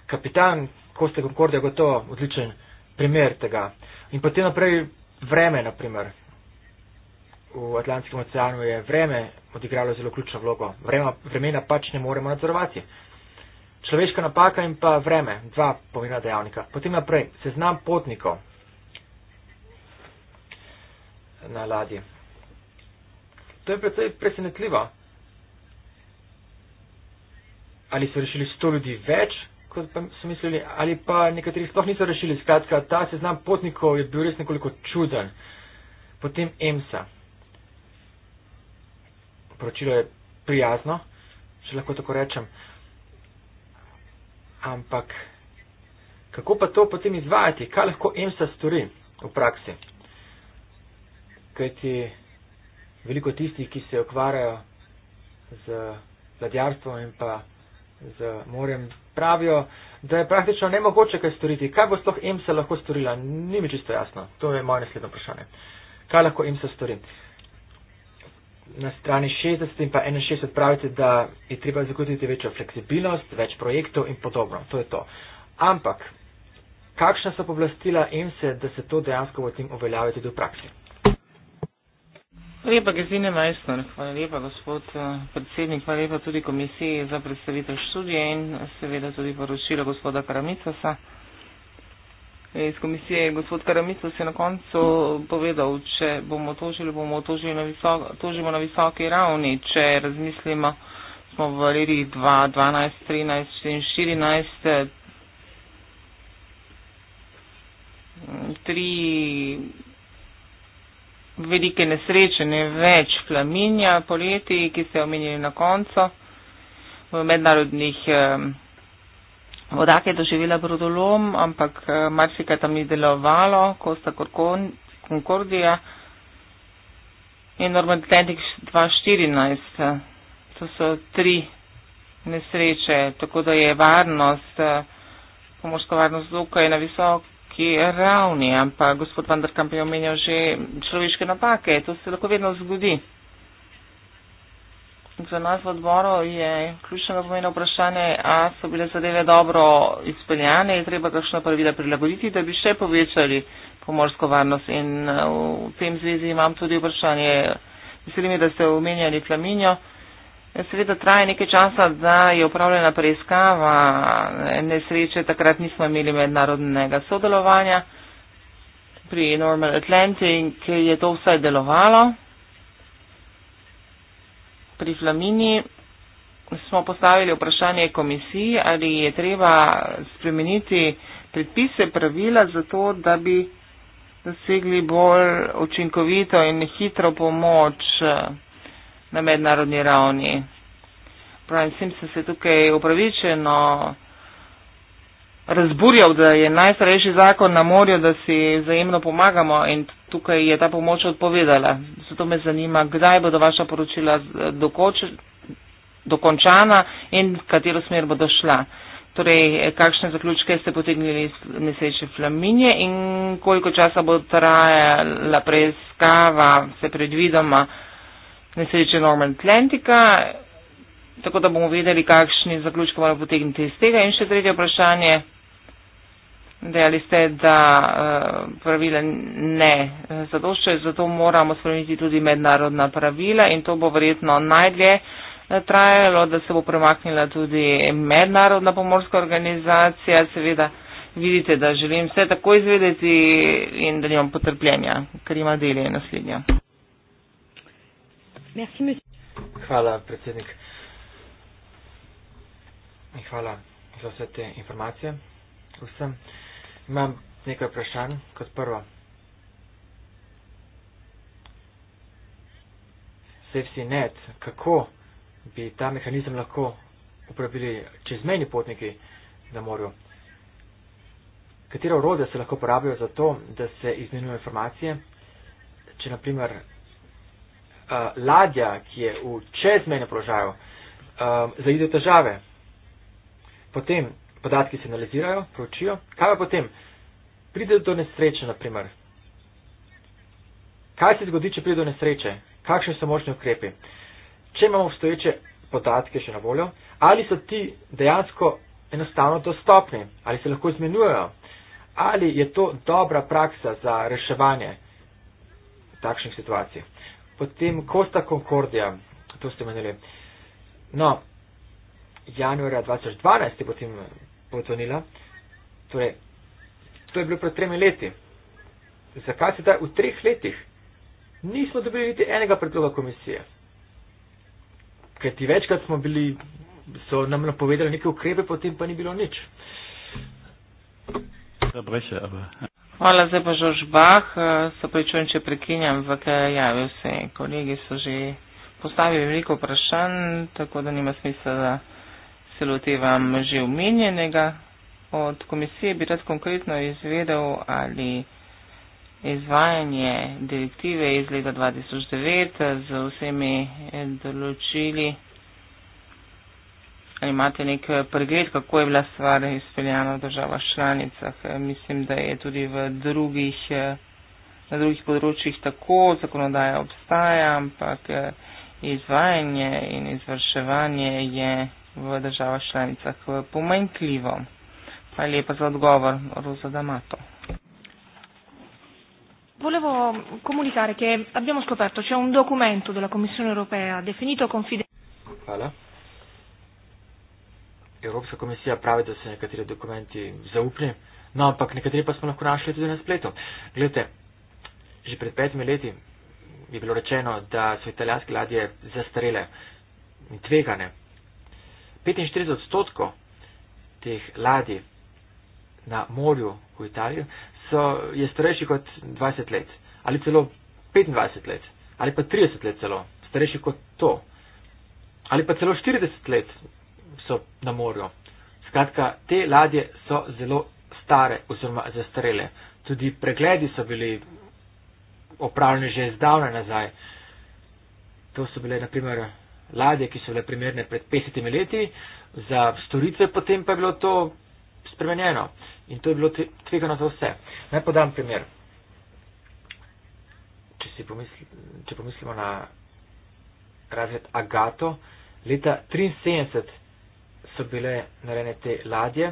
Kapitan Koste Concordia je gotovo odličen primer tega. In potem naprej vreme, naprimer. V Atlantskem oceanu je vreme odigralo zelo ključno vlogo. Vremena pač ne moremo nadzorovati človeška napaka in pa vreme, dva pomena dejavnika. Potem naprej, seznam potnikov na ladji. To je predvsej presenetljivo. Ali so rešili 100 ljudi več, kot pa so mislili, ali pa nekateri sploh niso rešili. Skratka, ta seznam potnikov je bil res nekoliko čuden. Potem EMSA. Poročilo je prijazno, če lahko tako rečem ampak kako pa to potem izvajati, kaj lahko EMSA stori v praksi? Kajti veliko tistih, ki se okvarjajo z ladjarstvom in pa z morem, pravijo, da je praktično nemogoče kaj storiti. Kaj bo sploh EMSA lahko storila? Ni mi čisto jasno. To je moje naslednje vprašanje. Kaj lahko EMSA stori? Uh, na strani 60 in pa 61 pravite, da je treba zagotoviti večjo fleksibilnost, več projektov in podobno. To je to. Ampak, kakšna so povlastila EMSE, da se to dejansko v tem uveljavi tudi v praksi? Lepa, Gazine Majstor, hvala lepa, gospod eh, predsednik, hvala lepa tudi komisiji za predstavitev študije in seveda tudi poročilo gospoda Karamicasa iz komisije gospod Karamislas je na koncu povedal, če bomo tožili, bomo tožili na visoko, tožimo na visoki ravni, če razmislimo, smo v redih 2, 12, 13 in 14, 3 velike nesreče, ne več plaminja poleti, ki ste omenili na koncu v mednarodnih eh, Voda je doživela brodolom, ampak eh, marsikaj tam ni delovalo, ko sta Concordia in Norman Atlantic 2014. To so tri nesreče, tako da je varnost, eh, pomorska varnost tukaj na visoki ravni, ampak gospod Vandrkamp je omenjal že človeške napake, to se lahko vedno zgodi za nas v odboru je ključnega pomena vprašanje, a so bile zadeve dobro izpeljane, je treba kakšno pravila prilagoditi, da bi še povečali pomorsko varnost. In v tem zvezi imam tudi vprašanje, mislim, da ste omenjali flaminjo. Seveda traje nekaj časa, da je upravljena preiskava nesreče, takrat nismo imeli mednarodnega sodelovanja pri Normal Atlantic, ker je to vse delovalo pri Flamini smo postavili vprašanje komisiji, ali je treba spremeniti predpise, pravila, zato da bi dosegli bolj učinkovito in hitro pomoč eh, na mednarodni ravni. Pravim, Simpson se tukaj upravičeno razburjal, da je najstarejši zakon na morju, da si vzajemno pomagamo in tukaj je ta pomoč odpovedala. Zato me zanima, kdaj bodo vaša poročila eh, dokoč, dokončana in v katero smer bodo šla. Torej, eh, kakšne zaključke ste potegnili iz neseče Flaminje in koliko časa bo trajala preiskava, se predvidoma, neseče Norman Atlantika, tako da bomo vedeli, kakšni zaključki moramo potegniti iz tega. In še tretje vprašanje, Dejali ste, da eh, pravila ne eh, zadoščajo, zato moramo spremeniti tudi mednarodna pravila in to bo verjetno najdlje eh, trajalo, da se bo premaknila tudi mednarodna pomorska organizacija. Seveda vidite, da želim vse tako izvedeti in da nimam potrpljenja, ker ima deli naslednja. Hvala, predsednik. In hvala za vse te informacije. Vsem. Imam nekaj vprašanj kot prvo. Safety net, kako bi ta mehanizem lahko uporabili čezmejni potniki na morju? Katera orodja se lahko uporabljajo za to, da se izmenjujejo informacije? Če naprimer uh, eh, ladja, ki je v čezmejnem položaju, uh, eh, zaide v težave, potem podatki se analizirajo, pročijo. Kaj pa potem? Pride do nesreče, naprimer. Kaj se zgodi, če pride do nesreče? Kakšne so možne ukrepe? Če imamo obstoječe podatke še na voljo, ali so ti dejansko enostavno dostopni, ali se lahko izmenjujejo, ali je to dobra praksa za reševanje takšnih situacij. Potem Costa Concordia, to ste menili. No, januarja 2012 je potem potonila. Torej, to je bilo pred tremi leti. Zakaj se da v treh letih nismo dobili niti enega predloga komisije? Ker ti večkrat smo bili, so nam napovedali neke ukrepe, potem pa ni bilo nič. Hvala za božoš bah, se pričujem, če prekinjam, v kaj javil se. Kolegi so že postavili veliko vprašanj, tako da nima smisla, da se lotevam že omenjenega. Od komisije bi rad konkretno izvedel, ali izvajanje direktive iz leta 2009 z vsemi določili, ali imate nek pregled, kako je bila stvar izpeljana v državah članicah. Mislim, da je tudi v drugih, na drugih področjih tako, zakonodaja obstaja, ampak izvajanje in izvrševanje je v državah članicah pomanjkljivo. Hvala lepa za odgovor, Rosa D'Amato. Volevo comunicare che abbiamo scoperto c'è un documento della Commissione europea definito confidenziale. No, že pred petimi leti je bilo rečeno, da so italijanske ladje zastarele in tvegane, 45 odstotkov teh ladij na morju v Italiji so, je starejši kot 20 let ali celo 25 let ali pa 30 let celo starejši kot to ali pa celo 40 let so na morju. Skratka, te ladje so zelo stare oziroma zastarele. Tudi pregledi so bili opravljeni že zdavne nazaj. To so bile, naprimer, ladje, ki so bile primerne pred 50 leti, za storitve potem pa je bilo to spremenjeno in to je bilo tvegano za vse. Naj podam primer. Če, pomisli, če pomislimo na razred Agato, leta 1973 so bile narejene te ladje,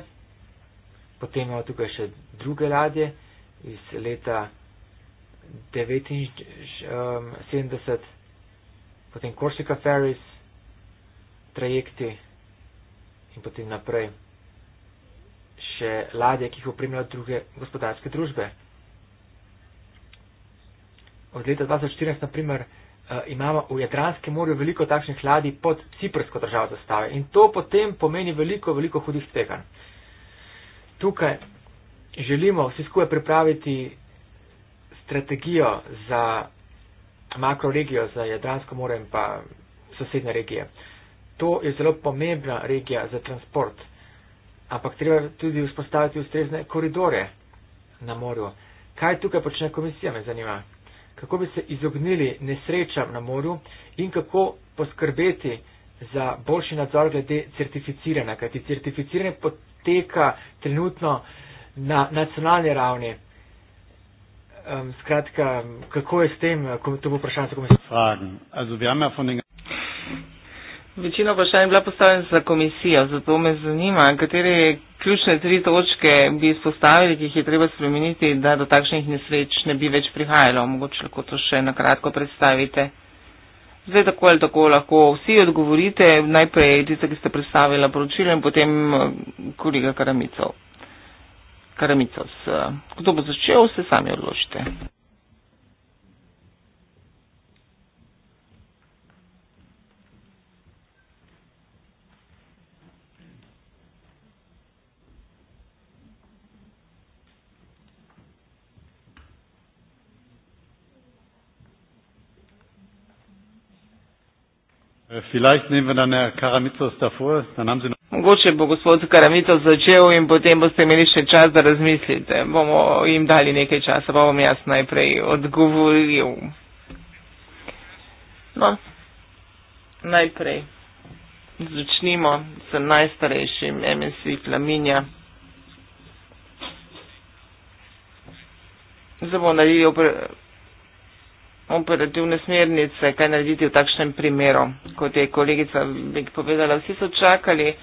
potem imamo tukaj še druge ladje iz leta 1979 potem Korsika Ferris, trajekti in potem naprej še ladje, ki jih opremljajo druge gospodarske družbe. Od leta 2014, naprimer, eh, imamo v Jadranskem morju veliko takšnih ladij pod ciprsko državo zastave in to potem pomeni veliko, veliko hudih tveganj. Tukaj želimo vsi skupaj pripraviti strategijo za makroregijo za Jadransko more in pa sosednje regije. To je zelo pomembna regija za transport, ampak treba tudi vzpostaviti ustrezne koridore na morju. Kaj tukaj počne komisija, me zanima? Kako bi se izognili nesrečam na morju in kako poskrbeti za boljši nadzor glede certificiranja, kajti certificiranje poteka trenutno na nacionalni ravni. Ähm, skratka, kako je s tem, ko to bo vprašanje za komisijo? Fragen. Also, wir haben ja von den... Večina vprašanj je bila postavljena za komisijo, zato me zanima, katere ključne tri točke bi izpostavili, ki jih je treba spremeniti, da do takšnih nesreč ne bi več prihajalo. Mogoče lahko to še na kratko predstavite. Zdaj tako ali tako lahko vsi odgovorite, najprej tiste, ki ste predstavili poročilo in potem eh, kolega Karamicov. Karamicov. Kdo bo začel, se sami odločite. Äh, Mogoče bo gospod Karamitov začel in potem boste imeli še čas, da razmislite. Bomo jim dali nekaj časa, pa bom jaz najprej odgovoril. No, najprej začnimo s najstarejšim MSI Flaminja. Zdaj bomo naredili operativne smernice, kaj narediti v takšnem primeru. Kot je kolegica Bek povedala, vsi so čakali, eh,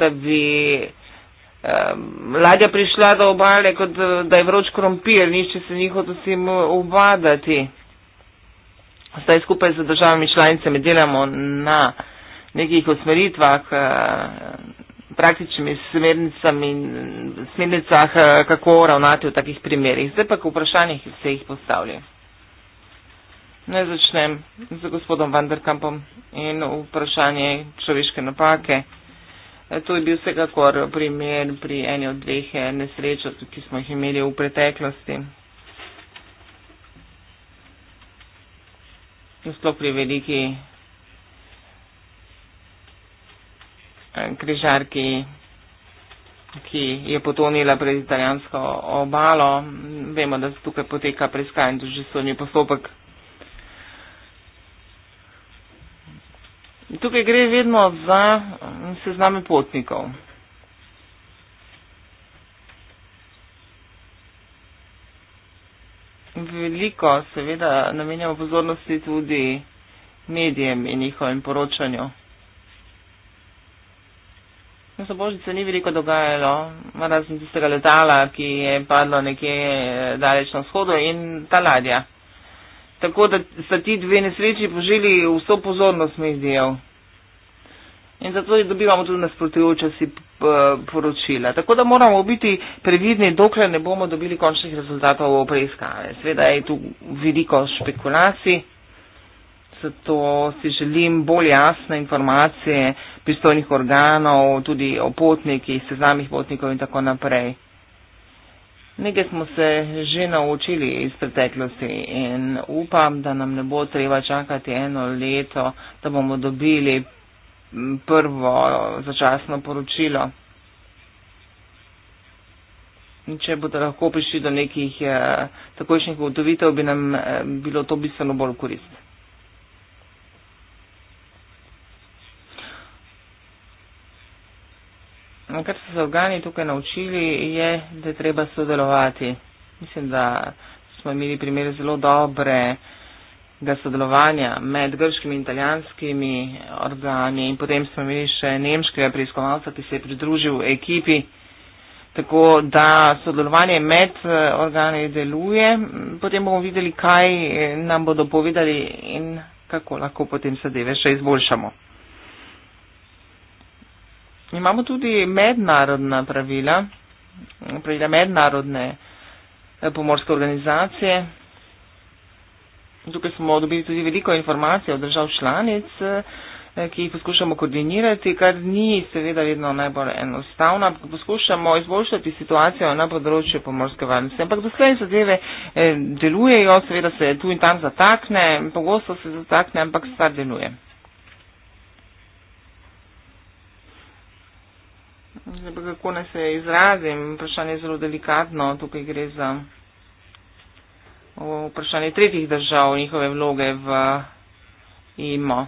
da bi mladja eh, prišla do obale, kot eh, da je vroč krompir, nišče se ni hotel s tem uvadati. Zdaj skupaj z državami članicami delamo na nekih usmeritvah, praktičnimi smernicami, smernicah, kako ravnati v takih primerih. Zdaj pa k vprašanjih, ki se jih postavljajo. Naj začnem z gospodom Vanderkampom in vprašanje človeške napake. E, to je bil vsekakor primer pri eni od dveh e, nesreč, ki smo jih imeli v preteklosti. Sploh pri veliki e, križarki, ki je potonila pred italijansko obalo. Vemo, da se tukaj poteka preiskanje, da je že sodni postopek. In tukaj gre vedno za mm, sezname potnikov. Veliko seveda namenjamo pozornosti tudi medijem in njihovem poročanju. Na sobožnici ni veliko dogajalo, razen tistega letala, ki je padlo nekje daleč na vzhodu in ta ladja tako da sta ti dve nesreči požili vso pozornost medijev. In zato dobivamo tudi nasprotujoča si poročila. Tako da moramo biti previdni, dokler ne bomo dobili končnih rezultatov v preiskave. Sveda je tu veliko špekulacij, zato si želim bolj jasne informacije pristojnih organov, tudi o potnikih, seznamih potnikov in tako naprej. Nekaj smo se že naučili iz preteklosti in upam, da nam ne bo treba čakati eno leto, da bomo dobili prvo začasno poročilo. In če bodo lahko prišli do nekih eh, takojšnjih ugotovitev, bi nam eh, bilo to bistveno bolj koristno. No, kar so se Afgani tukaj naučili, je, da je treba sodelovati. Mislim, da smo imeli primer zelo dobrega sodelovanja med grškimi in italijanskimi organi in potem smo imeli še nemškega preiskovalca, ki se je pridružil ekipi. Tako da sodelovanje med eh, organi deluje, potem bomo videli, kaj eh, nam bodo povedali in kako lahko potem zadeve še izboljšamo. Imamo tudi mednarodna pravila, pravila mednarodne eh, pomorske organizacije. Tukaj smo dobili tudi veliko informacij od držav članic, eh, ki jih poskušamo koordinirati, kar ni seveda vedno najbolj enostavno. Poskušamo izboljšati situacijo na področju pomorske varnosti. Ampak doslej zadeve eh, delujejo, seveda se tu in tam zatakne, pogosto se zatakne, ampak stvar deluje. Kako naj se izrazim? Vprašanje je zelo delikatno. Tukaj gre za vprašanje tretjih držav, njihove vloge v IMO.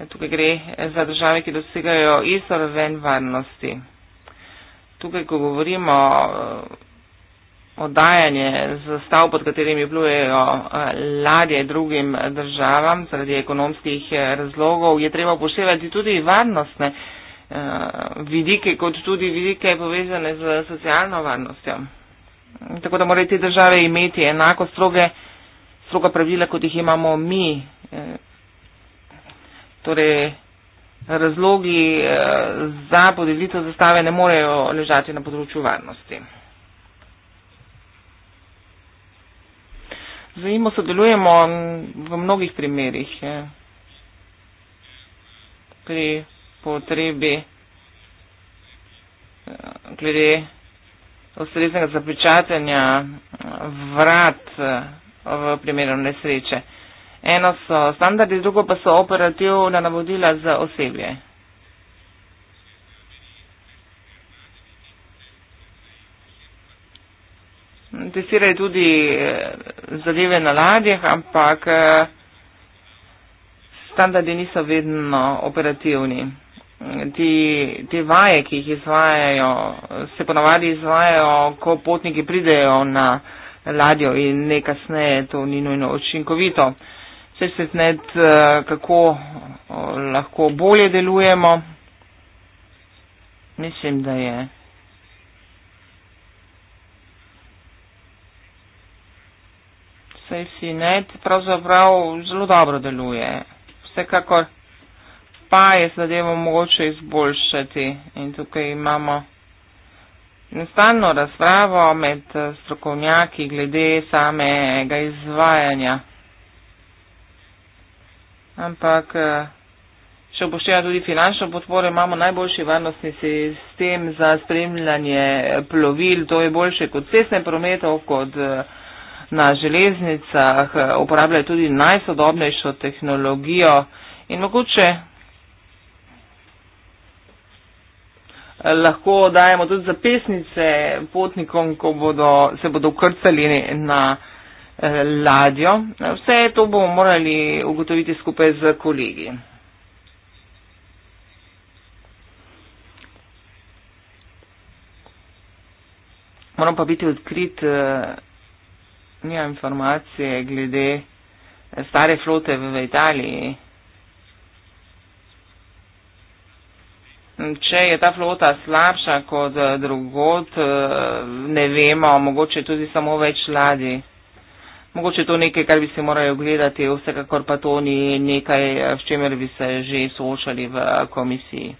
E, tukaj gre za države, ki dosegajo isto raven varnosti. Tukaj, ko govorimo e, oddajanje zastav, pod katerimi plujejo e, ladje drugim državam zaradi ekonomskih razlogov, je treba upoštevati tudi varnostne. Eh, vidike, kot tudi vidike povezane z socialno varnostjo. Tako da morajo te države imeti enako stroge, stroga pravila, kot jih imamo mi. Eh, torej, razlogi eh, za podelitev zastave ne morejo ležati na področju varnosti. Zajimo sodelujemo v mnogih primerih. Pri potrebi eh, glede ustreznega zapečatenja eh, vrat eh, v primeru nesreče. Eno so standardi, drugo pa so operativna navodila za osebje. Testirajo tudi zadeve na ladjah, ampak standardi niso vedno operativni. Ti, te vaje, ki jih izvajajo, se ponavadi izvajajo, ko potniki pridejo na ladjo in nekasneje to ni nujno učinkovito. Vse se zned, eh, kako eh, lahko bolje delujemo. Mislim, da je. Vse si net pravzaprav zelo dobro deluje. Vsekakor pa je zadevo mogoče izboljšati. In tukaj imamo nastalno razpravo med eh, strokovnjaki glede samega izvajanja. Ampak, če eh, upošteva tudi finančno podporo, imamo najboljši varnostni sistem za spremljanje eh, plovil. To je boljše kot cestne prometov, kot na železnicah. Uporabljajo tudi najsodobnejšo tehnologijo. In mogoče lahko dajemo tudi zapisnice potnikom, ko bodo, se bodo ukrcali na eh, ladjo. Vse to bomo morali ugotoviti skupaj z kolegi. Moram pa biti odkrit, eh, nimam informacije glede stare flote v Italiji. če je ta flota slabša kot eh, drugot, eh, ne vemo, mogoče tudi samo več ladi. Mogoče to nekaj, kar bi se morali ogledati, vsekakor pa to ni nekaj, v eh, čemer bi se že soočali v komisiji.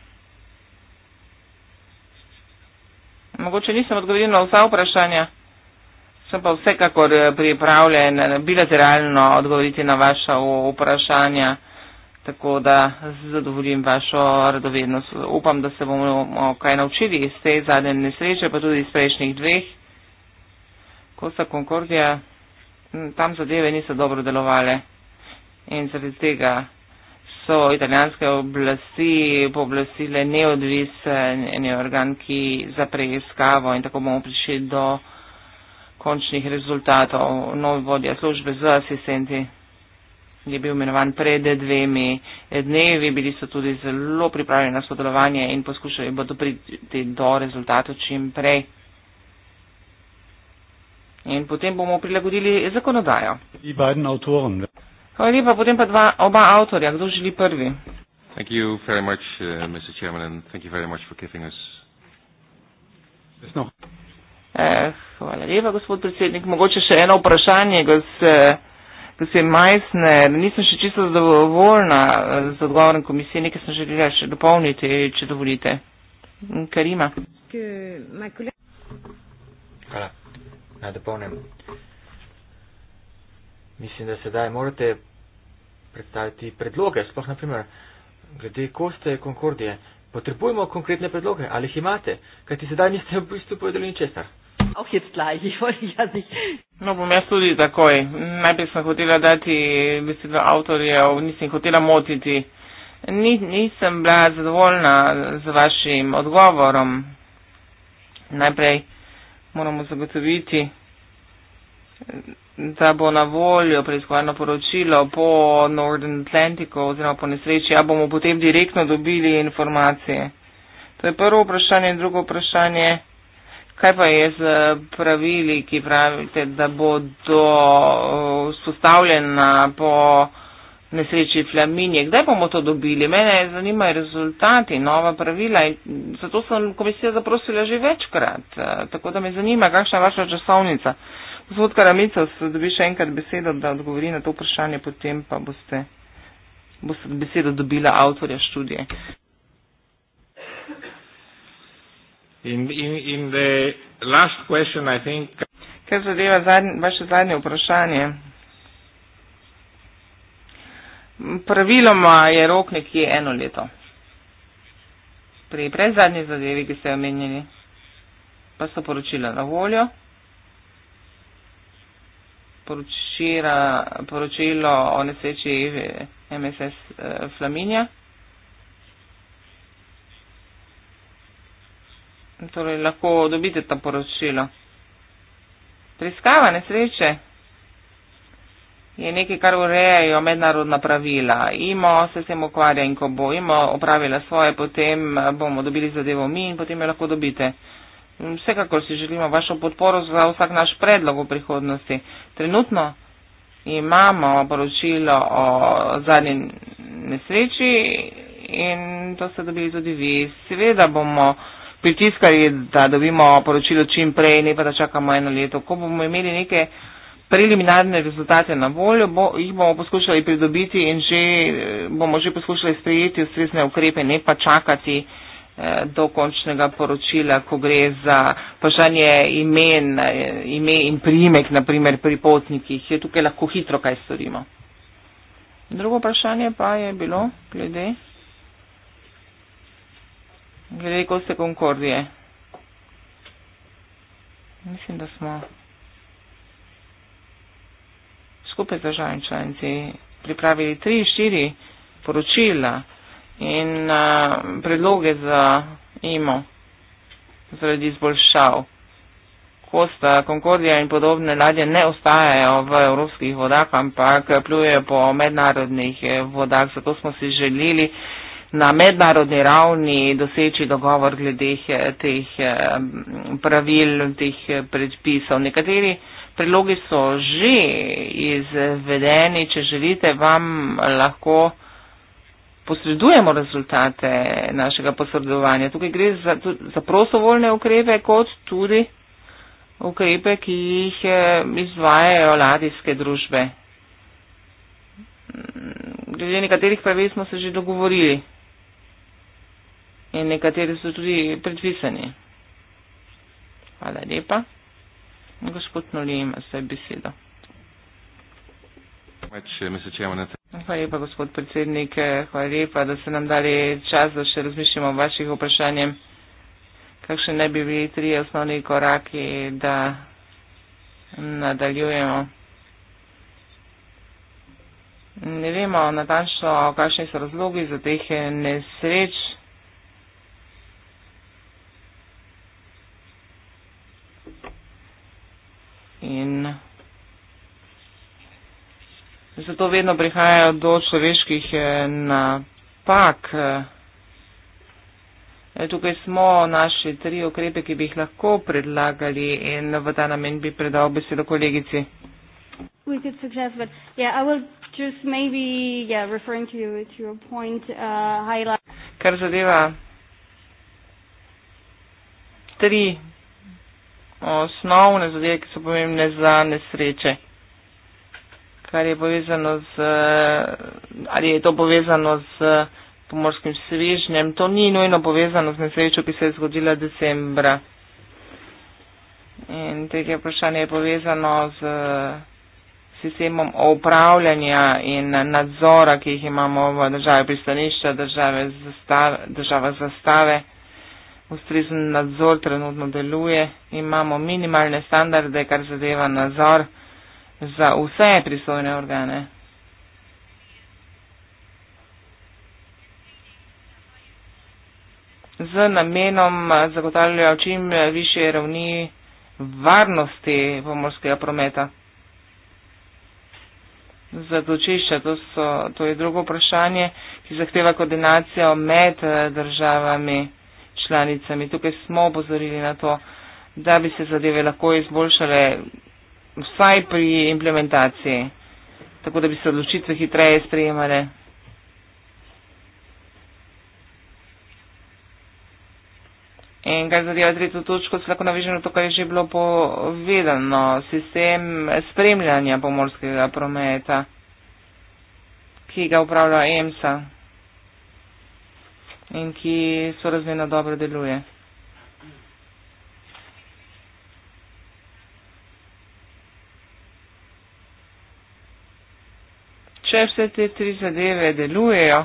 Mogoče nisem odgovoril na vsa vprašanja, sem pa vsekakor pripravljen bilateralno odgovoriti na vaša vprašanja. Tako da zadovoljim vašo radovednost. Upam, da se bomo kaj naučili iz te zadnje nesreče, pa tudi iz prejšnjih dveh. Kosta Concordia, tam zadeve niso dobro delovale. In zaradi tega so italijanske oblasti pooblastile neodvisen organ, ki za preiskavo in tako bomo prišli do končnih rezultatov. Novi vodja službe za asistenti je bil imenovan pred dvemi dnevi, bili so tudi zelo pripravljeni na sodelovanje in poskušali bodo priti do rezultatov čim prej. In potem bomo prilagodili zakonodajo. Hvala lepa, potem pa dva, oba avtorja, kdo želi prvi. Thank you very much, uh, Mr. Chairman, and thank you very much for giving us. Yes, no. eh, hvala lepa, gospod predsednik. Mogoče še eno vprašanje, gospod. Eh, ko se je Majsner, nisem še čisto zadovoljna eh, z odgovorom komisije, nekaj sem želela še dopolniti, če dovolite. Mm, Karima. Hvala. Naj dopolnim. Mislim, da sedaj morate predstaviti predloge, sploh na primer, glede koste Konkordije. Potrebujemo konkretne predloge, ali jih imate, kajti sedaj niste v bistvu povedali ničesar. (laughs) auch jetzt gleich. Ich wollte ja sich. No, bom jaz tudi takoj. Najprej sem hotela dati besedo avtorjev, nisem hotela motiti. Ni, nisem bila zadovoljna z vašim odgovorom. Najprej moramo zagotoviti, da bo na voljo preiskovalno poročilo po Northern Atlantiku oziroma po nesreči, a bomo potem direktno dobili informacije. To je prvo vprašanje. Drugo vprašanje je. Kaj pa je z eh, pravili, ki pravite, da bodo spostavljena eh, po nesreči Flaminje? Kdaj bomo to dobili? Mene zanimajo rezultati, nova pravila. Zato sem komisijo zaprosila že večkrat. Eh, tako da me zanima, kakšna je vaša časovnica. Gospod Karamica, se dobi še enkrat besedo, da odgovori na to vprašanje, potem pa boste, boste besedo dobila avtorja študije. In, in, in the last question, I think. Kar zadeva zadnje, vaše zadnje vprašanje. Praviloma je rok nekje eno leto. Pri predzadnji zadevi, ki ste jo omenjali, pa so poročila na voljo. Poročila, poročilo o neseči MSS eh, Flaminja. torej lahko dobite to poročilo. Preiskava nesreče je nekaj, kar urejajo mednarodna pravila. IMO se s tem ukvarja in ko bo IMO opravila svoje, potem bomo dobili zadevo mi in potem jo lahko dobite. Vsekakor si želimo vašo podporo za vsak naš predlog v prihodnosti. Trenutno imamo poročilo o zadnji nesreči in to ste dobili tudi vi. Seveda bomo pritiskali, da dobimo poročilo čim prej, ne pa da čakamo eno leto. Ko bomo imeli neke preliminarne rezultate na voljo, bo, jih bomo poskušali pridobiti in že, eh, bomo že poskušali sprejeti ustrezne ukrepe, ne pa čakati eh, do končnega poročila, ko gre za vprašanje imen, eh, ime in primek, naprimer pri potnikih, je tukaj lahko hitro kaj storimo. Drugo vprašanje pa je bilo glede veliko se konkordije. Mislim, da smo skupaj z državnim članici pripravili tri, štiri poročila in uh, predloge za imo zaradi izboljšav. Kosta, Konkordija in podobne ladje ne ostajajo v evropskih vodah, ampak plujejo po mednarodnih vodah. Zato smo si želeli uh, na mednarodni ravni doseči dogovor glede teh pravil, teh predpisov. Nekateri predlogi so že izvedeni, če želite, vam lahko posredujemo rezultate našega posredovanja. Tukaj gre za, za prostovoljne ukrepe, kot tudi ukrepe, ki jih izvajajo ladijske družbe. Glede nekaterih pravil smo se že dogovorili in nekateri so tudi predpisani. Hvala lepa. Gospod Noli ima vse besedo. Eh, hvala lepa, gospod predsednik. Eh, hvala lepa, da ste nam dali čas, da še razmišljamo o vaših vprašanjem. Kakšne naj bi bili tri osnovni koraki, da nadaljujemo? Ne vemo natančno, kakšni so razlogi za teh nesreč, In zato vedno prihajajo do človeških eh, napak. Eh. E, tukaj smo naši tri ukrepe, ki bi jih lahko predlagali in v ta namen bi predal besedo kolegici. Kar zadeva tri osnovne zadeve, ki so pomembne za nesreče, kar je povezano z, ali je to povezano z pomorskim svežnjem, to ni nujno povezano z nesrečo, ki se je zgodila decembra. In tretje vprašanje je povezano z sistemom upravljanja in nadzora, ki jih imamo v državi pristanišča, države zastave, država zastave ustrezen nadzor trenutno deluje, imamo minimalne standarde, kar zadeva nadzor za vse pristojne organe. Z namenom zagotavljajo čim više ravni varnosti pomorskega prometa. Zatočišče, to, to je drugo vprašanje, ki zahteva koordinacijo med eh, državami članicami. Tukaj smo obozorili na to, da bi se zadeve lahko izboljšale vsaj pri implementaciji, tako da bi se odločitve hitreje sprejemale. In kar zadeva tretjo točko, se lahko navežem na to, kar je že bilo povedano, sistem spremljanja pomorskega prometa, ki ga upravlja EMSA in ki sorazmerno dobro deluje. Če vse te tri zadeve delujejo,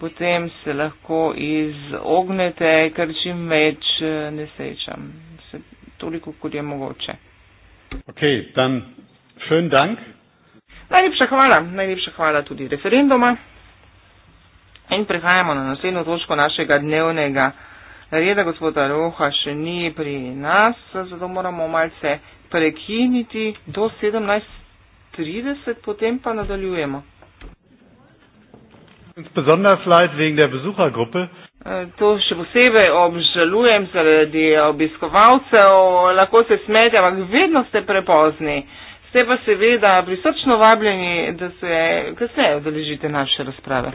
potem se lahko izognete kar čim več eh, nesrečam, se toliko, kot je mogoče. Ok, dan, šön dank. Najlepša hvala, najlepša hvala tudi referenduma. In prihajamo na naslednjo točko našega dnevnega reda. Gospoda Roha še ni pri nas, zato moramo malce prekiniti do 17.30, potem pa nadaljujemo. E, to še posebej obžalujem zaradi obiskovalcev, lahko se smete, ampak vedno ste prepozni. Ste pa seveda prisrčno vabljeni, da se kasneje odeležite naše razprave.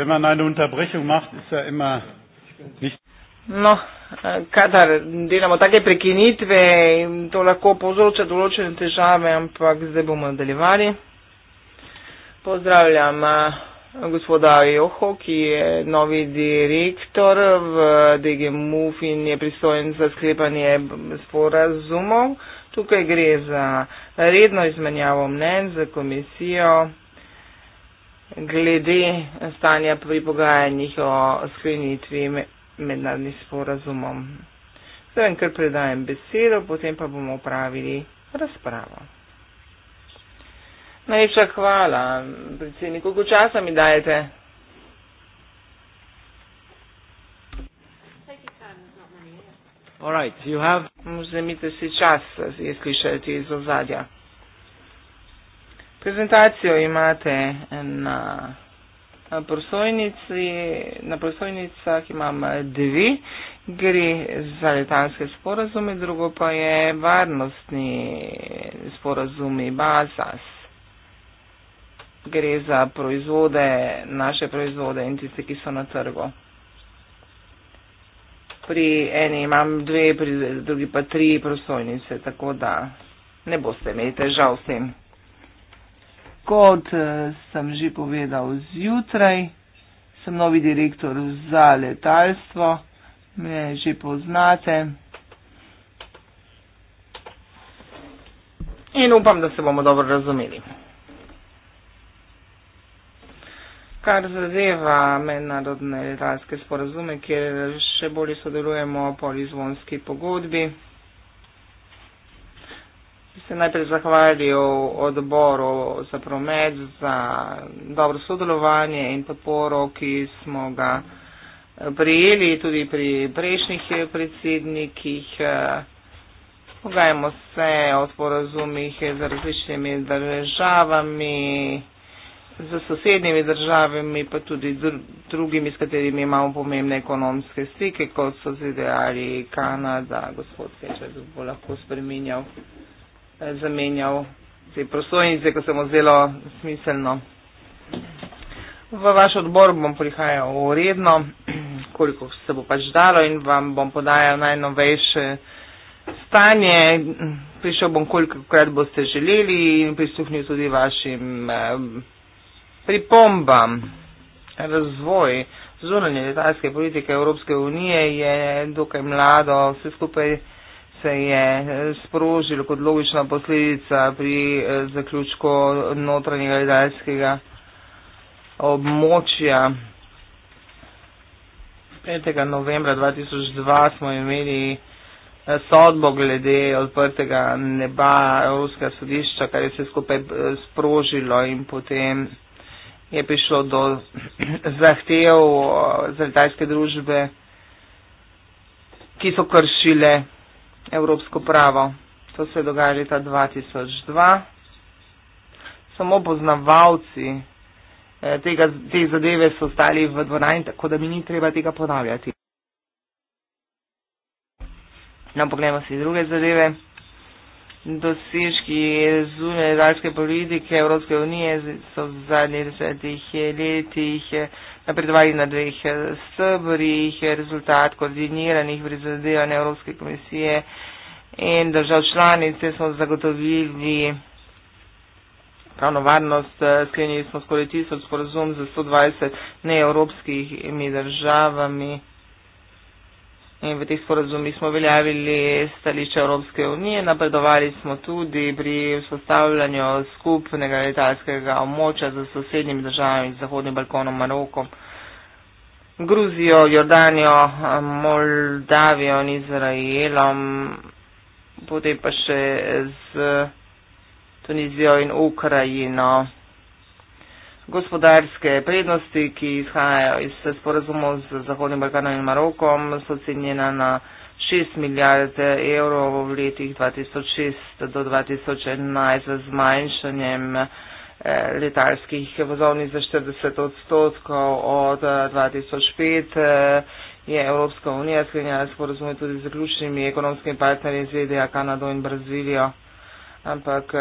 wenn man eine Unterbrechung macht, ist ja immer nicht. No, eh, kadar delamo take prekinitve, to lahko povzroča določene težave, ampak zdaj bomo nadaljevali. Pozdravljam eh, gospoda Joho, ki je novi direktor v DG MUF in je pristojen za sklepanje sporazumov. Tukaj gre za redno izmenjavo mnen za komisijo glede stanja pri pogajanjih o sklenitvi mednarodnih sporazumov. Zdaj enkrat predajem besedo, potem pa bomo upravili razpravo. Najlepša hvala, predsednik, koliko časa mi dajete? Right, have... Vzemite si čas, je slišati iz ozadja. Prezentacijo imate na, na prosojnici, na prosojnicah imam eh, dve, gre za letalske sporazume, drugo pa je varnostni sporazumi BASAS. Gre za proizvode, naše proizvode in tiste, ki so na trgu. Pri eni imam dve, pri drugi pa tri prosojnice, tako da ne boste imeli težav s tem kot eh, sem že povedal, zjutraj sem novi direktor za letalstvo, me že poznate. In upam, da se bomo dobro razumeli. Kar zadeva mednarodne letalske sporazume, kjer še bolje sodelujemo po lizvonski pogodbi bi se najprej zahvalil odboru za promet za dobro sodelovanje in podporo, ki smo ga eh, prijeli tudi pri prejšnjih eh, predsednikih. Eh, pogajamo se o sporazumih z različnimi državami, z sosednjimi državami, pa tudi dr drugimi, s katerimi imamo pomembne ekonomske stike, kot so ZDA ali Kanada. Gospod Kečer, bo lahko spreminjal zamenjal te prosojnice, ko se mu zdelo smiselno. V vaš odbor bom prihajal uredno, (clears throat) koliko se bo pač dalo in vam bom podajal najnovejše stanje. Prišel bom, koliko krat boste želeli in prisluhnil tudi vašim pripombam. Razvoj zunanje letalske politike Evropske unije je dokaj mlado, vse skupaj se je eh, sprožil kot logična posledica pri eh, zaključku notranjega idealskega območja. 5. novembra 2002 smo imeli eh, sodbo glede odprtega neba Evropskega sodišča, kar je se skupaj sprožilo in potem je prišlo do (clears throat) zahtev za letalske družbe, ki so kršile evropsko pravo. To se je dogajalo leta 2002. Samo poznavalci eh, tega, te zadeve so ostali v dvorani, tako da mi ni treba tega ponavljati. No, pogledamo si druge zadeve. Dosežki zunaj evropske politike Evropske unije so v zadnjih desetih letih eh, napredovali na dveh eh, stebrih, rezultat koordiniranih prizadevanj Evropske komisije in držav članice smo zagotovili pravno varnost, eh, sklenili smo skoraj tisoč sporozum za 120 neevropskimi državami. In v teh sporazumih smo veljavili stališče Evropske unije, napredovali smo tudi pri vzpostavljanju skupnega letalskega območja z sosednjimi državami, z Zahodnim Balkonom, Marokom, Gruzijo, Jordanijo, Moldavijo in Izraelom, potem pa še z Tunizijo in Ukrajino gospodarske prednosti, ki izhajajo iz sporazumov z Zahodnim Balkanom in Marokom, so cenjena na 6 milijard evrov v letih 2006 do 2011 z zmanjšanjem eh, letalskih vozovnic za 40 odstotkov od 2005 eh, eh, je Evropska unija sklenjala sporozume tudi z zaključnimi ekonomskimi partnerji ZDA, Kanado in Brazilijo, ampak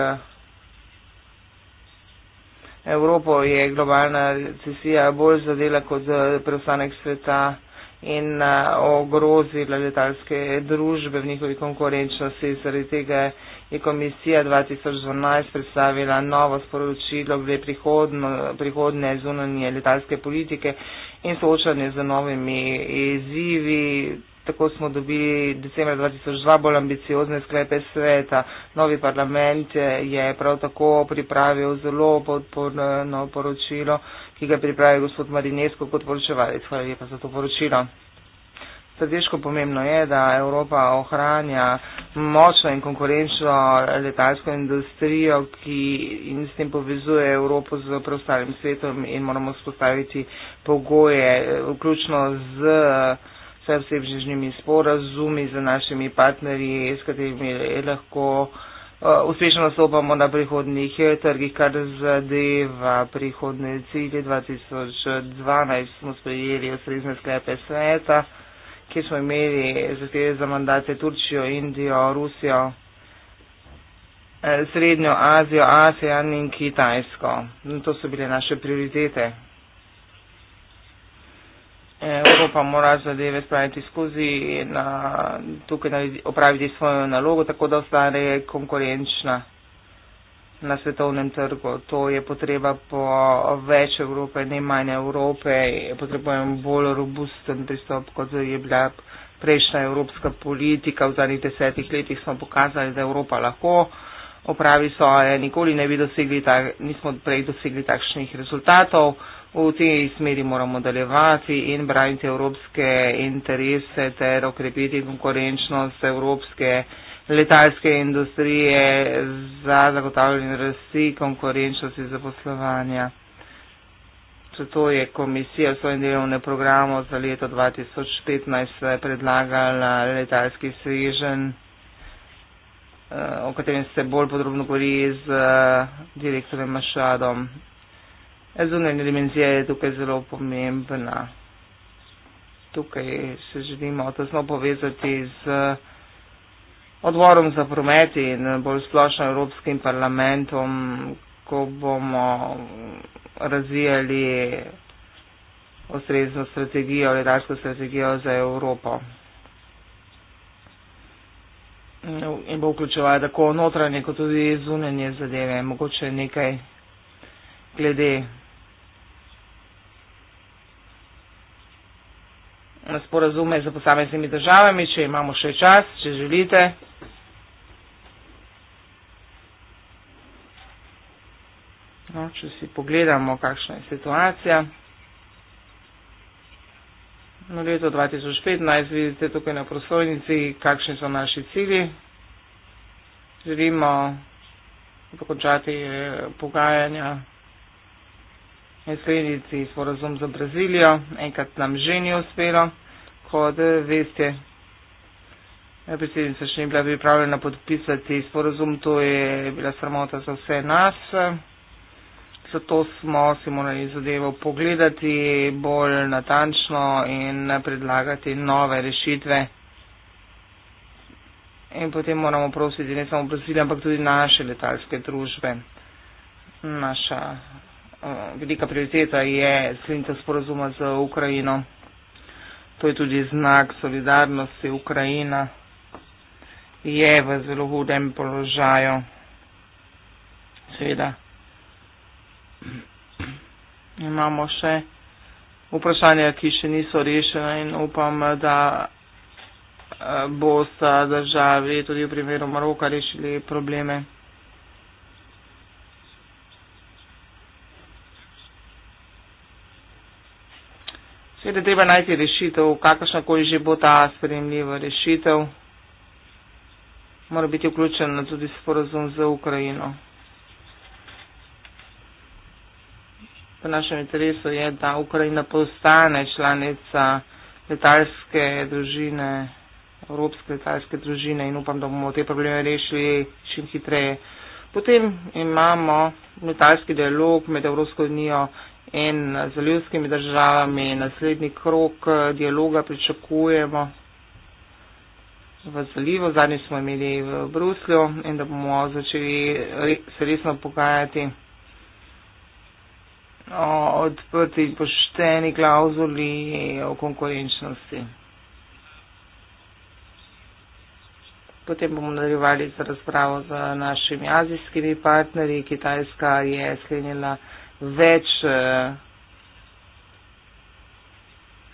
Evropo je globalna recesija bolj zadela kot preostanek sveta in uh, ogrozila letalske družbe v njihovi konkurenčnosti. Zaradi tega je komisija 2012 predstavila novo sporočilo glede prihodne zunanje letalske politike in soočanje z novimi izzivi tako smo dobili decembra 2002 bolj ambiciozne sklepe sveta. Novi parlament je prav tako pripravil zelo podporno poročilo, ki ga je pripravil gospod Marinesko kot poročevalec. Hvala lepa za to poročilo. Strateško pomembno je, da Evropa ohranja močno in konkurenčno letalsko industrijo, ki in s tem povezuje Evropo z preostalim svetom in moramo spostaviti pogoje, vključno z vse obsežnimi sporazumi z našimi partnerji, s katerimi lahko eh, uspešno nastopamo na prihodnih eh, trgih, kar zadeva prihodne cilje. 2012 smo sprejeli ustrezne sklepe sveta, kjer smo imeli zahteve za mandate Turčijo, Indijo, Rusijo, eh, Srednjo Azijo, ASEAN in Kitajsko. To so bile naše prioritete. Evropa mora zadeve spraviti skozi in a, tukaj opraviti svojo nalogo, tako da ostane konkurenčna na svetovnem trgu. To je potreba po več Evrope, ne manj Evrope, potrebujemo bolj robusten pristop, kot je bila prejšnja evropska politika. V zadnjih desetih letih smo pokazali, da Evropa lahko opravi svoje, nikoli ne bi dosegli, tak, nismo prej dosegli takšnih rezultatov. V tej smeri moramo delevati in braniti evropske interese ter okrepiti konkurenčnost evropske letalske industrije za zagotavljanje rasti, konkurenčnosti in zaposlovanja. Zato je komisija v svojem delovnem programu za leto 2015 predlagala letalski svežen, eh, o katerem se bolj podrobno govori z eh, direktorjem Mašadom zunanja dimenzija je tukaj zelo pomembna. Tukaj se želimo tesno povezati z odborom za promet in bolj splošno Evropskim parlamentom, ko bomo razvijali ustrezno strategijo, letalsko strategijo za Evropo. In bo vključevala tako notranje, kot tudi zunanje zadeve, mogoče nekaj glede sporazume z posameznimi državami, če imamo še čas, če želite. No, če si pogledamo, kakšna je situacija. No, leto 2015 vidite tukaj na prosojnici, kakšni so naši cilji. Želimo dokončati eh, pogajanja Medsednici sporozum za Brazilijo, enkrat nam že ni uspelo, kot veste, predsednica še ni bila pripravljena podpisati sporozum, to je bila sramota za vse nas, zato smo si morali zadevo pogledati bolj natančno in predlagati nove rešitve. In potem moramo prositi ne samo Brazilijo, ampak tudi naše letalske družbe, naša Eh, velika prioriteta je sklenitev sporozuma z Ukrajino. To je tudi znak solidarnosti. Ukrajina je v zelo hudem položaju. Seveda imamo še vprašanja, ki še niso rešene in upam, da eh, bo sta državi tudi v primeru Maroka rešili probleme. ker je treba najti rešitev, kakršna koli že bo ta sprejemljiva rešitev, mora biti vključen tudi sporozum z Ukrajino. V našem interesu je, da Ukrajina postane članica letalske družine, evropske letalske družine in upam, da bomo te probleme rešili čim hitreje. Potem imamo letalski dialog med Evropsko unijo in z ljudskimi državami naslednji krok eh, dialoga pričakujemo v zalivu, zadnji smo imeli v Bruslju in da bomo začeli se resno pogajati o odprti pošteni klauzuli o konkurenčnosti. Potem bomo nadaljevali z razpravo z našimi azijskimi partnerji. Kitajska je sklenila več eh,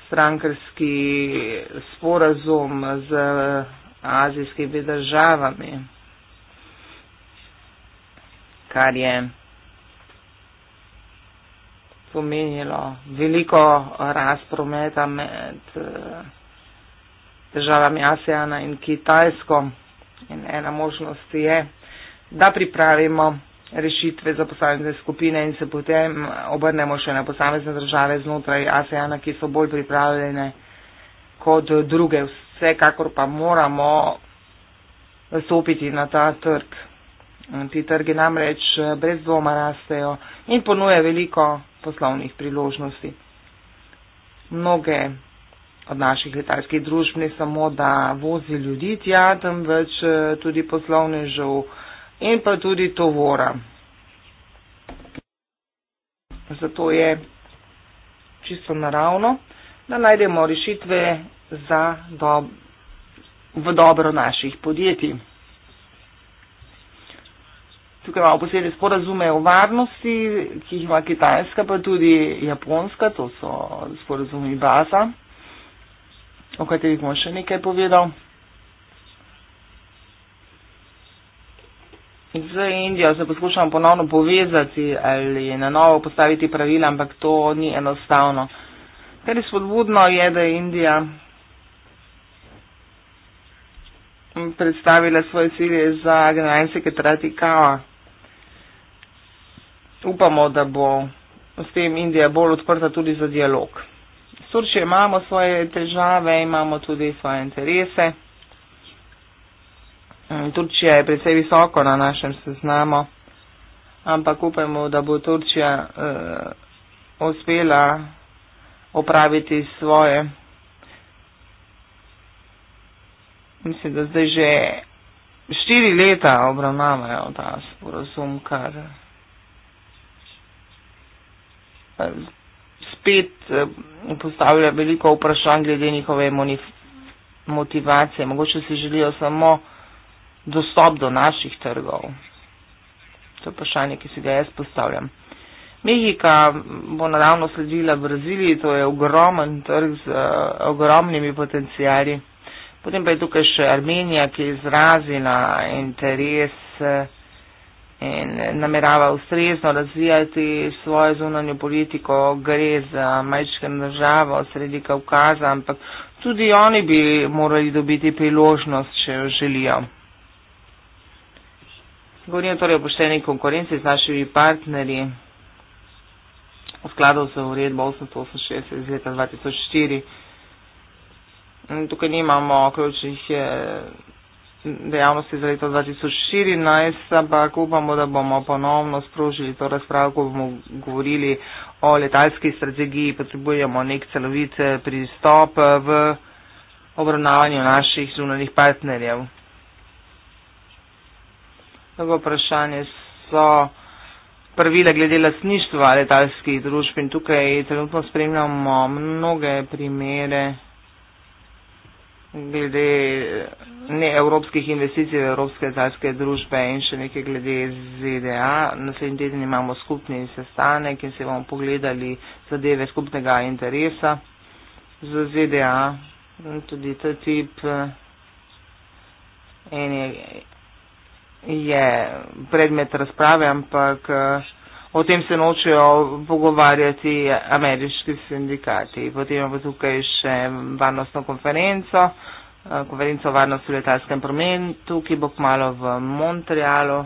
strankarski sporazum z azijskimi državami, kar je pomenilo veliko razprometa med eh, državami ASEANA in Kitajsko. In ena možnost je, da pripravimo rešitve za posamezne skupine in se potem obrnemo še na posamezne države znotraj ASEAN-a, ki so bolj pripravljene kot druge. Vsekakor pa moramo stopiti na ta trg. Ti trgi namreč eh, brez dvoma rastejo in ponuje veliko poslovnih priložnosti. Mnoge od naših letalskih družb ne samo, da vozi ljudi tja, temveč eh, tudi poslovnežev in pa tudi tovora. Zato je čisto naravno, da najdemo rešitve do, v dobro naših podjetij. Tukaj imamo posebej sporazume o varnosti, ki jih ima Kitajska, pa tudi Japonska, to so sporazumi baza, o katerih bom še nekaj povedal. Z Indijo se poskušamo ponovno povezati ali na novo postaviti pravila, ampak to ni enostavno. Kar je spodbudno je, da je Indija predstavila svoje cilje za generalni sekretarati Kava. Upamo, da bo s tem Indija bolj odprta tudi za dialog. S Turčijo imamo svoje težave, imamo tudi svoje interese. Mm, Turčija je precej visoko na našem seznamu, ampak upajmo, da bo Turčija uh, uspela opraviti svoje. Mislim, da zdaj že štiri leta obravnavajo ta sporozum, kar eh, spet eh, postavlja veliko vprašanj glede njihove motivacije. Mogoče si želijo samo dostop do naših trgov? To je vprašanje, ki si ga jaz postavljam. Mehika bo naravno sledila Braziliji, to je ogromen trg z uh, ogromnimi potencijali. Potem pa je tukaj še Armenija, ki je izrazila interes in namerava ustrezno razvijati svojo zunanjo politiko. Gre za majčkem državo sredi Kaukaza, ampak tudi oni bi morali dobiti priložnost, če jo želijo. Govorimo torej o pošteni konkurenci z našimi partnerji v skladu z uredbo 868 iz leta 2004. Tukaj nimamo ključnih eh, dejavnosti za leto 2014, ampak upamo, da bomo ponovno sprožili to razpravo, ko bomo govorili o letalski strategiji, potrebujemo nek celovit eh, pristop eh, v obravnavanju naših zunanih partnerjev. Drugo vprašanje so pravila glede lasništva letalskih družb in tukaj trenutno spremljamo mnoge primere glede neevropskih investicij v Evropske letalske družbe in še nekaj glede ZDA. Naslednji teden imamo skupni sestanek in se bomo pogledali zadeve skupnega interesa z ZDA. Tudi ta tip je predmet razprave, ampak o tem se nočejo pogovarjati ameriški sindikati. Potem imamo tukaj še varnostno konferenco, konferenco o varnosti v letalskem prometu, ki bo kmalo v Montrealu.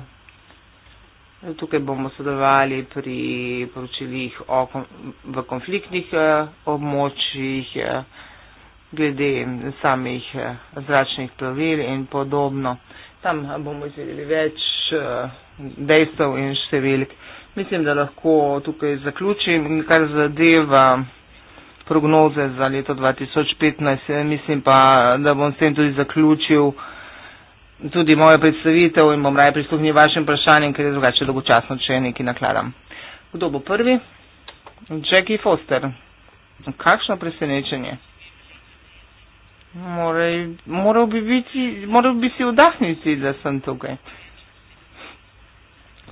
Tukaj bomo sodelovali pri poročilih o, v konfliktnih eh, območjih, eh, glede samih eh, zračnih plovil in podobno tam bomo izvedeli več eh, dejstev in številk. Mislim, da lahko tukaj zaključim, kar zadeva prognoze za leto 2015. Eh, mislim pa, da bom s tem tudi zaključil tudi mojo predstavitev in bom raje prisluhnil vašim vprašanjem, ker je drugače dolgočasno, če nekaj nakladam. Kdo bo prvi? Jackie Foster. Kakšno presenečenje. Moraj, moral, bi biti, moral bi si vdahniti, da sem tukaj.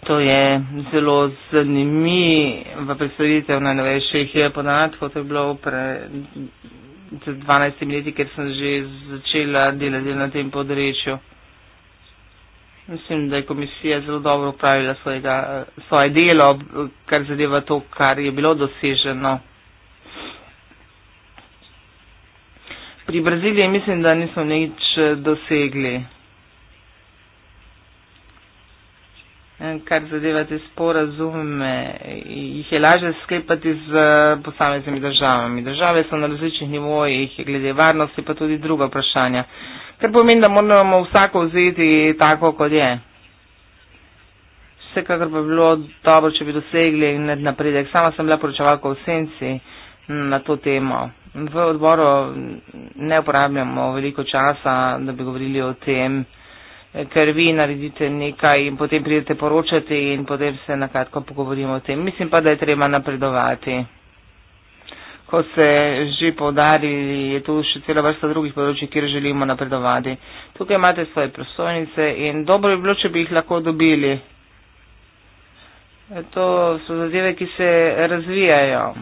To je zelo zanimiva predstavitev najnovejših eh, podatkov. To je bilo pred 12 leti, ker sem že začela delati na tem področju. Mislim, da je komisija zelo dobro upravila svojega, eh, svoje delo, kar zadeva to, kar je bilo doseženo. Pri Braziliji mislim, da nismo nič eh, dosegli. Eh, kar zadeva te sporazume, jih je lažje sklepati z eh, posameznimi državami. Države so na različnih nivojih, glede varnosti pa tudi druga vprašanja. Kar pomeni, da moramo vsako vzeti tako, kot je. Vsekakor bi bilo dobro, če bi dosegli napredek. Sama sem bila poročevalka v senci hm, na to temo. V odboru ne uporabljamo veliko časa, da bi govorili o tem, ker vi naredite nekaj in potem pridete poročati in potem se nakratko pogovorimo o tem. Mislim pa, da je treba napredovati. Ko se že povdarili, je tu še cela vrsta drugih področij, kjer želimo napredovati. Tukaj imate svoje prosojnice in dobro bi bilo, če bi jih lahko dobili. To so zadeve, ki se razvijajo.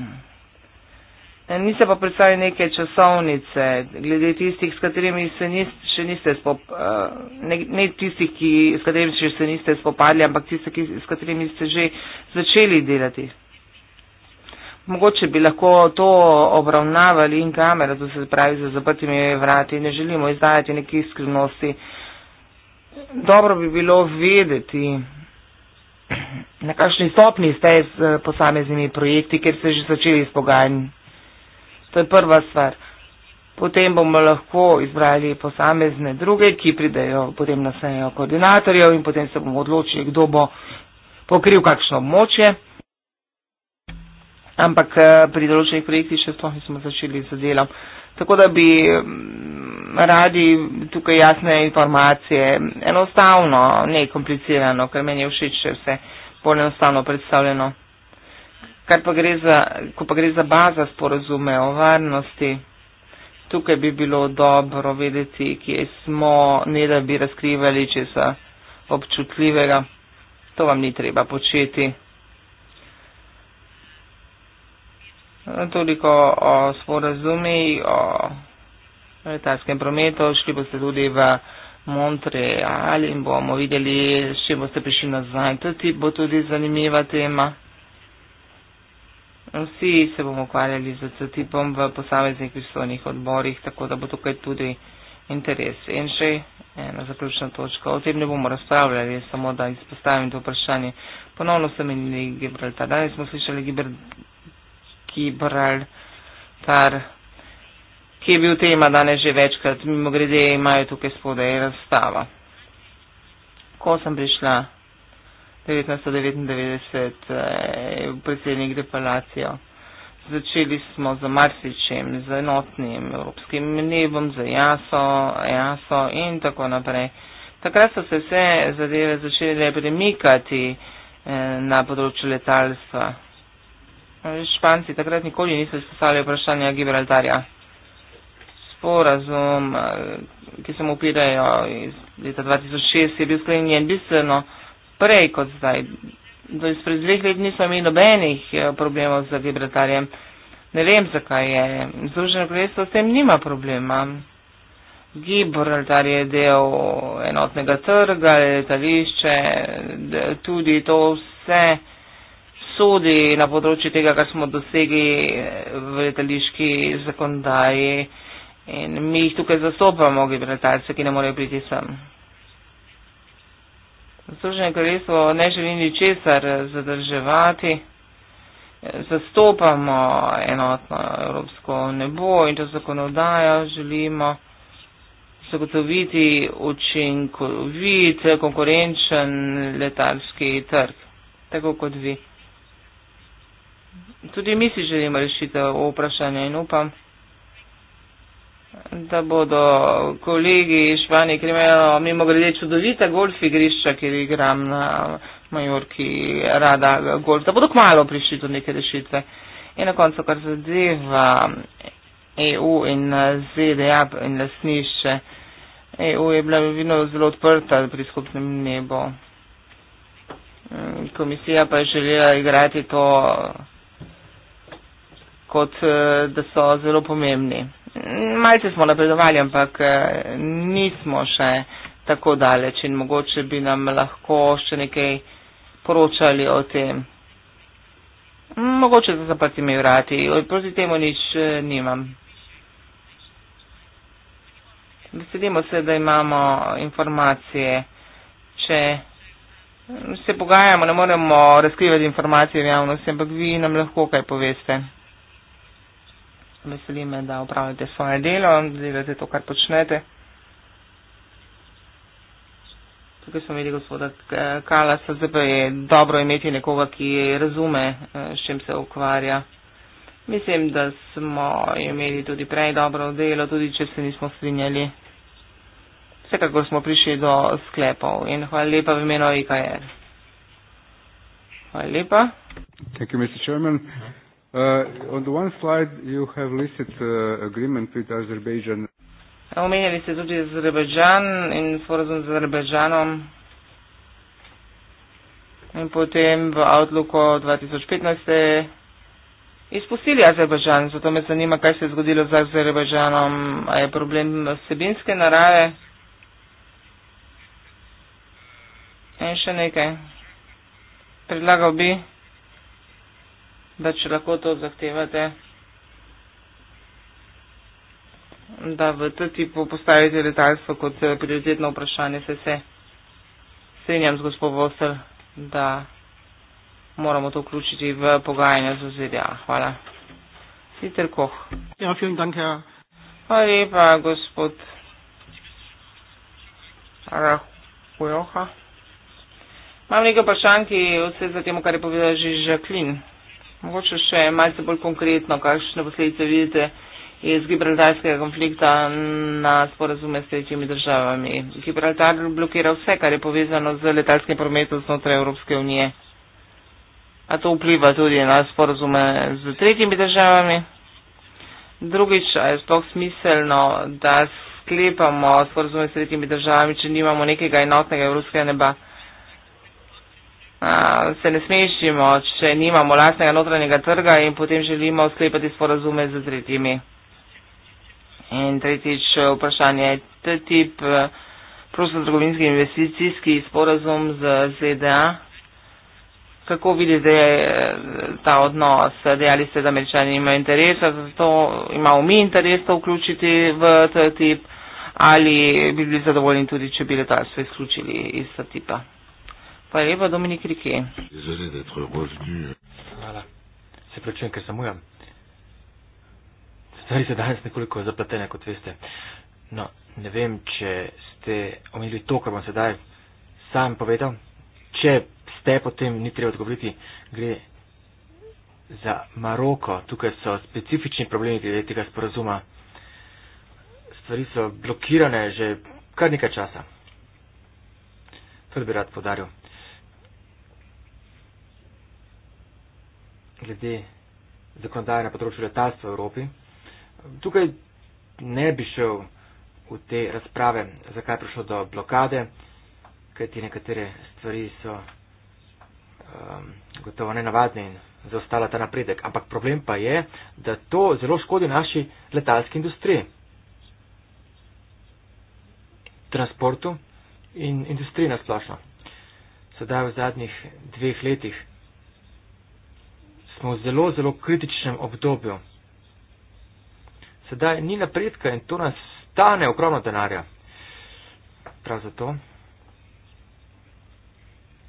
Mi se pa predstavljajo neke časovnice, glede tistih, s katerimi se niste, še niste spopadli, eh, ne, ne tistih, ki, s katerimi še se niste spopadli, ampak tistih, ki, s katerimi ste že začeli delati. Mogoče bi lahko to obravnavali in kamera, to se pravi za zaprtimi vrati, ne želimo izdajati neke iskrenosti. Dobro bi bilo vedeti, na kakšni stopni ste s eh, posameznimi projekti, ker ste že začeli izpogajanje. To je prva stvar. Potem bomo lahko izbrali posamezne druge, ki pridejo potem na sejo koordinatorjev in potem se bomo odločili, kdo bo pokril kakšno območje. Ampak eh, pri določenih projektih še sploh nismo začeli z delom. Tako da bi mm, radi tukaj jasne informacije, enostavno, ne komplicirano, ker meni je všeč, če vse bolj enostavno predstavljeno kar pa gre za, ko pa gre za baza sporozume o varnosti, tukaj bi bilo dobro vedeti, kje smo, ne da bi razkrivali česa občutljivega. To vam ni treba početi. Toliko o sporozumi, o letalskem prometu, šli boste tudi v Montreal in bomo videli, s čim boste prišli nazaj. To bo tudi zanimiva tema. Vsi se bomo ukvarjali z CTIP-om v posameznih pristojnih odborih, tako da bo tukaj tudi interes. In še ena zaključna točka. O tem ne bomo razpravljali, samo da izpostavim to vprašanje. Ponovno ste menili Gibraltar. Danes smo slišali Gibr Gibraltar, ki je bil tema danes že večkrat. Mimo grede imajo tukaj spodaj razstava. Ko sem prišla. 1999 eh, predsednik depalacijo. Začeli smo z Marsičem, z enotnim evropskim nebom, z jaso, jaso in tako naprej. Takrat so se vse zadeve začele premikati eh, na področju letalstva. Eh, Španci takrat nikoli niso izpostavili vprašanja Gibraltarja. Sporazum, ki se mu upirajo iz leta 2006, je bil sklenjen bistveno prej kot zdaj. Pred dveh let nismo imeli nobenih eh, problemov z vibratarjem. Ne vem, zakaj je. Združeno kraljestvo s tem nima problema. Gibraltar je del enotnega trga, letališče, tudi to vse sodi na področju tega, kar smo dosegli eh, v letališki zakondaji. In mi jih tukaj zastopamo, gibraltarce, ki ne morejo priti sem. Združeno kraljestvo ne želi ničesar zadrževati, zastopamo enotno evropsko nebo in to zakonodajo želimo zagotoviti učinkovit, konkurenčen letalski trg, tako kot vi. Tudi mi si želimo rešitev vprašanja in upam, da bodo kolegi iz Španije, ki imajo mimo grede čudovita golf igrišča, kjer igram na Majorki, rada golf, da bodo kmalo prišli do neke rešitve. In na koncu, kar zadeva EU in ZDA in lasnišče, EU je bila vedno zelo odprta pri skupnem nebu. Komisija pa je želela igrati to, kot eh, da so zelo pomembni malce smo napredovali, ampak eh, nismo še tako daleč in mogoče bi nam lahko še nekaj poročali o tem. Mogoče da se pa ti mi vrati, proti temu nič eh, nimam. Veselimo se, da imamo informacije. Če se pogajamo, ne moremo razkrivati informacije v javnosti, ampak vi nam lahko kaj poveste veseli me, da upravljate svoje delo, delate to, kar počnete. Tukaj smo imeli gospoda Kalasa, zdaj pa je dobro imeti nekoga, ki razume, eh, s čim se ukvarja. Mislim, da smo imeli tudi prej dobro delo, tudi če se nismo strinjali. Vsekakor smo prišli do sklepov in hvala lepa v imenu IKR. Hvala lepa. Thank you, Mr. Chairman. Uh mhm. -huh. Uh, on the one slide you have listed uh, agreement with Azerbaijan. Omenjali ste tudi Azerbejdžan in sporozum z Azerbejdžanom. In potem v Outlooku 2015 ste izpustili Azerbejdžan, zato me zanima, kaj se je zgodilo z Azerbejdžanom. A je problem vsebinske narave? In še nekaj. Predlagal bi da če lahko to zahtevate, da v TTIP-u postavite letalstvo kot eh, prioritetno vprašanje, se se strinjam z gospod Vosel, da moramo to vključiti v pogajanja z ZDA. Hvala. Sitr Koh. Ja, vielen Dank, Herr. Hvala lepa, gospod Rahujoha. Imam nekaj vprašanj, ki vse za tem, kar je povedala že Žaklin. Mogoče še malce bolj konkretno, kakšne posledice vidite iz gibraltarskega konflikta na sporazume s tretjimi državami. Gibraltar blokira vse, kar je povezano z letalskim prometom znotraj Evropske unije. A to vpliva tudi na sporazume z tretjimi državami. Drugič, a je sploh smiselno, da sklepamo sporazume s tretjimi državami, če nimamo nekega enotnega evropskega neba? se ne smešimo, če nimamo lastnega notranjega trga in potem želimo sklepati sporazume z tretjimi. In tretjič vprašanje, te tip eh, prostotrgovinski investicijski sporazum z ZDA, kako vidite eh, ta odnos? Dejali ste, da američani imajo interes, zato imamo mi interes to vključiti v te tip ali bi bili zadovoljni tudi, če bi letalstvo izključili iz tipa? Hvala lepa, Dominik Rike. Zdaj, da je tvoj rožnji. Hvala. Se prečujem, ker sem ujam. Stvari so danes nekoliko zapletene, kot veste. No, ne vem, če ste omenili to, kar vam sedaj sam povedal. Če ste, potem ni treba odgovoriti. Gre za Maroko. Tukaj so specifični problemi glede tega sporazuma. Stvari so blokirane že kar nekaj časa. To bi rad podaril. glede zakonodaje na področju letalstva v Evropi. Tukaj ne bi šel v te razprave, zakaj je prišlo do blokade, kajti nekatere stvari so um, gotovo nenavadne in zaostala ta napredek. Ampak problem pa je, da to zelo škodi naši letalski industriji, transportu in industriji nasplošno. Sedaj v zadnjih dveh letih smo v zelo, zelo kritičnem obdobju. Sedaj ni napredka in to nas stane ogromno denarja. Prav zato,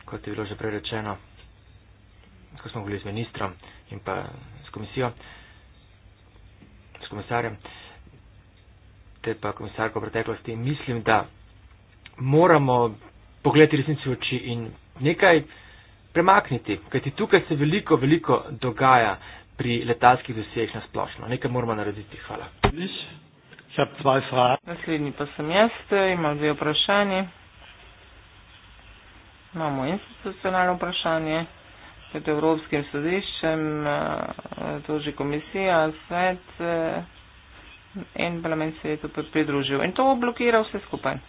kot je bilo že prej rečeno, ko smo bili z ministrom in pa s komisijo, s komisarjem, te pa komisarko v preteklosti, mislim, da moramo pogledati resnici v oči in nekaj premakniti, kajti tukaj se veliko, veliko dogaja pri letalskih dosežkih na splošno. Nekaj moramo narediti. Hvala. Naslednji pa sem jaz, imam dve vprašanje. Imamo institucionalno vprašanje pred Evropskim sodiščem, eh, toži komisija, svet in eh, parlament se je to pridružil. In to blokira vse skupaj.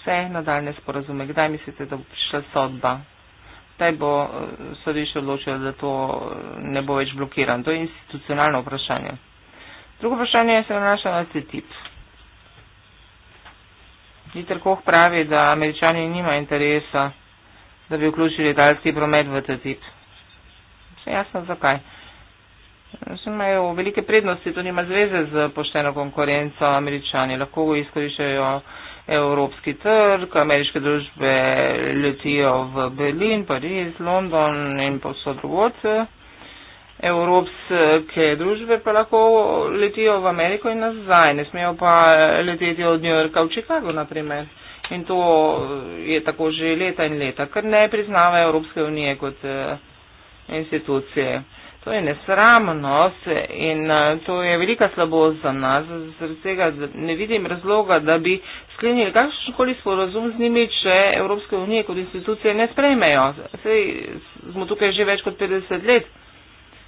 Vse nadaljne sporazume. Kdaj mislite, da bo prišla sodba? kdaj bo eh, sodišče odločilo, da to eh, ne bo več blokiran. To je institucionalno vprašanje. Drugo vprašanje se nanaša na CETIP. Dieter Koch pravi, da američani nima interesa, da bi vključili galski promet v CETIP. Vse jasno zakaj. Vse imajo velike prednosti, to nima zveze z pošteno konkurenco američani. Lahko izkoriščajo evropski trg, ameriške družbe letijo v Berlin, Pariz, London in povsod drugot. Evropske družbe pa lahko letijo v Ameriko in nazaj, ne smejo pa leteti od New Yorka v Chicago, naprimer. In to je tako že leta in leta, ker ne priznava Evropske unije kot eh, institucije. To je nesramnost in eh, to je velika slabost za nas, zaradi tega ne vidim razloga, da bi sklenili kakšnokoli sporozum z njimi, če Evropske unije kot institucije ne sprejmejo. Sej smo tukaj že več kot 50 let.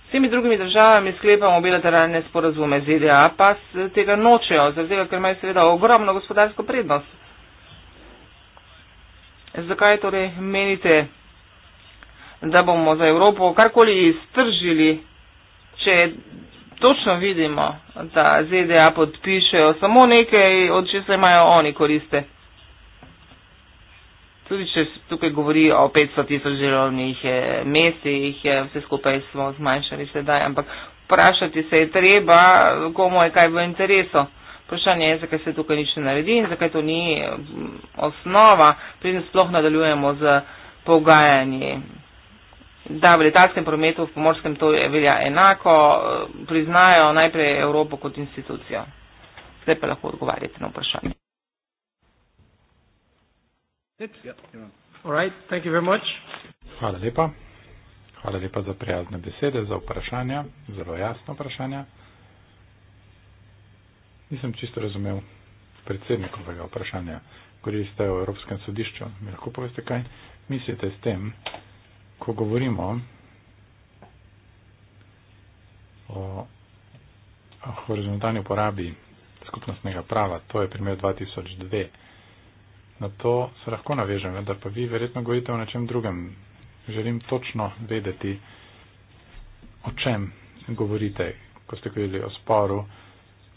S temi drugimi državami sklepamo bilateralne sporozume z IDA, pa tega nočejo, zaradi tega, ker imajo seveda ogromno gospodarsko prednost. Zakaj torej menite? da bomo za Evropo karkoli iztržili, če točno vidimo, da ZDA podpišejo samo nekaj, od česa imajo oni koriste. Tudi če se tukaj govori o 500 tisoč delovnih eh, mestih, eh, vse skupaj smo zmanjšali sedaj, ampak vprašati se je treba, komu je kaj v interesu. Vprašanje je, zakaj se tukaj nič ne naredi in zakaj to ni eh, osnova, preden sploh nadaljujemo z pogajanji da v letalskem prometu v pomorskem to velja enako, priznajo najprej Evropo kot institucijo. Zdaj pa lahko odgovarjate na vprašanje. Hvala lepa. Hvala lepa za prijazne besede, za vprašanja, zelo jasno vprašanje. Nisem čisto razumel predsednikovega vprašanja. Govorili ste o Evropskem sodišču. Mi lahko poveste, kaj mislite s tem? ko govorimo o horizontalni uporabi skupnostnega prava, to je primer 2002, na to se lahko navežem, vendar pa vi verjetno govorite o nečem drugem. Želim točno vedeti, o čem govorite, ko ste govorili o sporu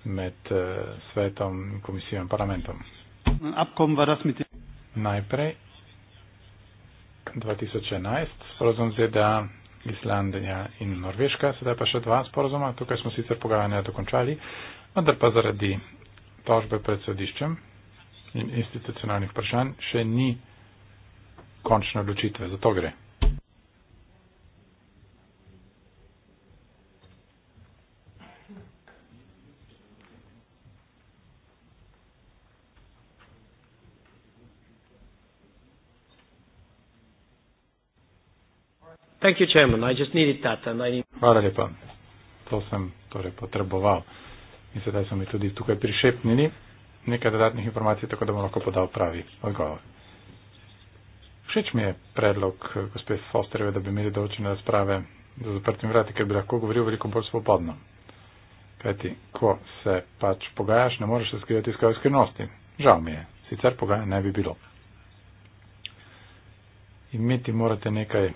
med eh, svetom in komisijo in parlamentom. Najprej 2011, sporozum ZDA, Islandija in Norveška, sedaj pa še dva sporozuma, tukaj smo sicer pogajanja dokončali, vendar pa zaradi tožbe pred sodiščem in institucionalnih vprašanj še ni končne odločitve, zato gre. Thank you, chairman. I just needed that. And I need... Hvala lepa. To sem torej potreboval. In sedaj so mi tudi tukaj prišepnili nekaj dodatnih informacij, tako da bom lahko podal pravi odgovor. Všeč mi je predlog eh, gospe Fosterjeve, da bi imeli določene razprave za zaprtim vrati, ker bi lahko govoril veliko bolj svobodno. Kajti, ko se pač pogajaš, ne moreš se skrivati iz kaj skrivnosti. Žal mi je, sicer pogajanja ne bi bilo. Imeti morate nekaj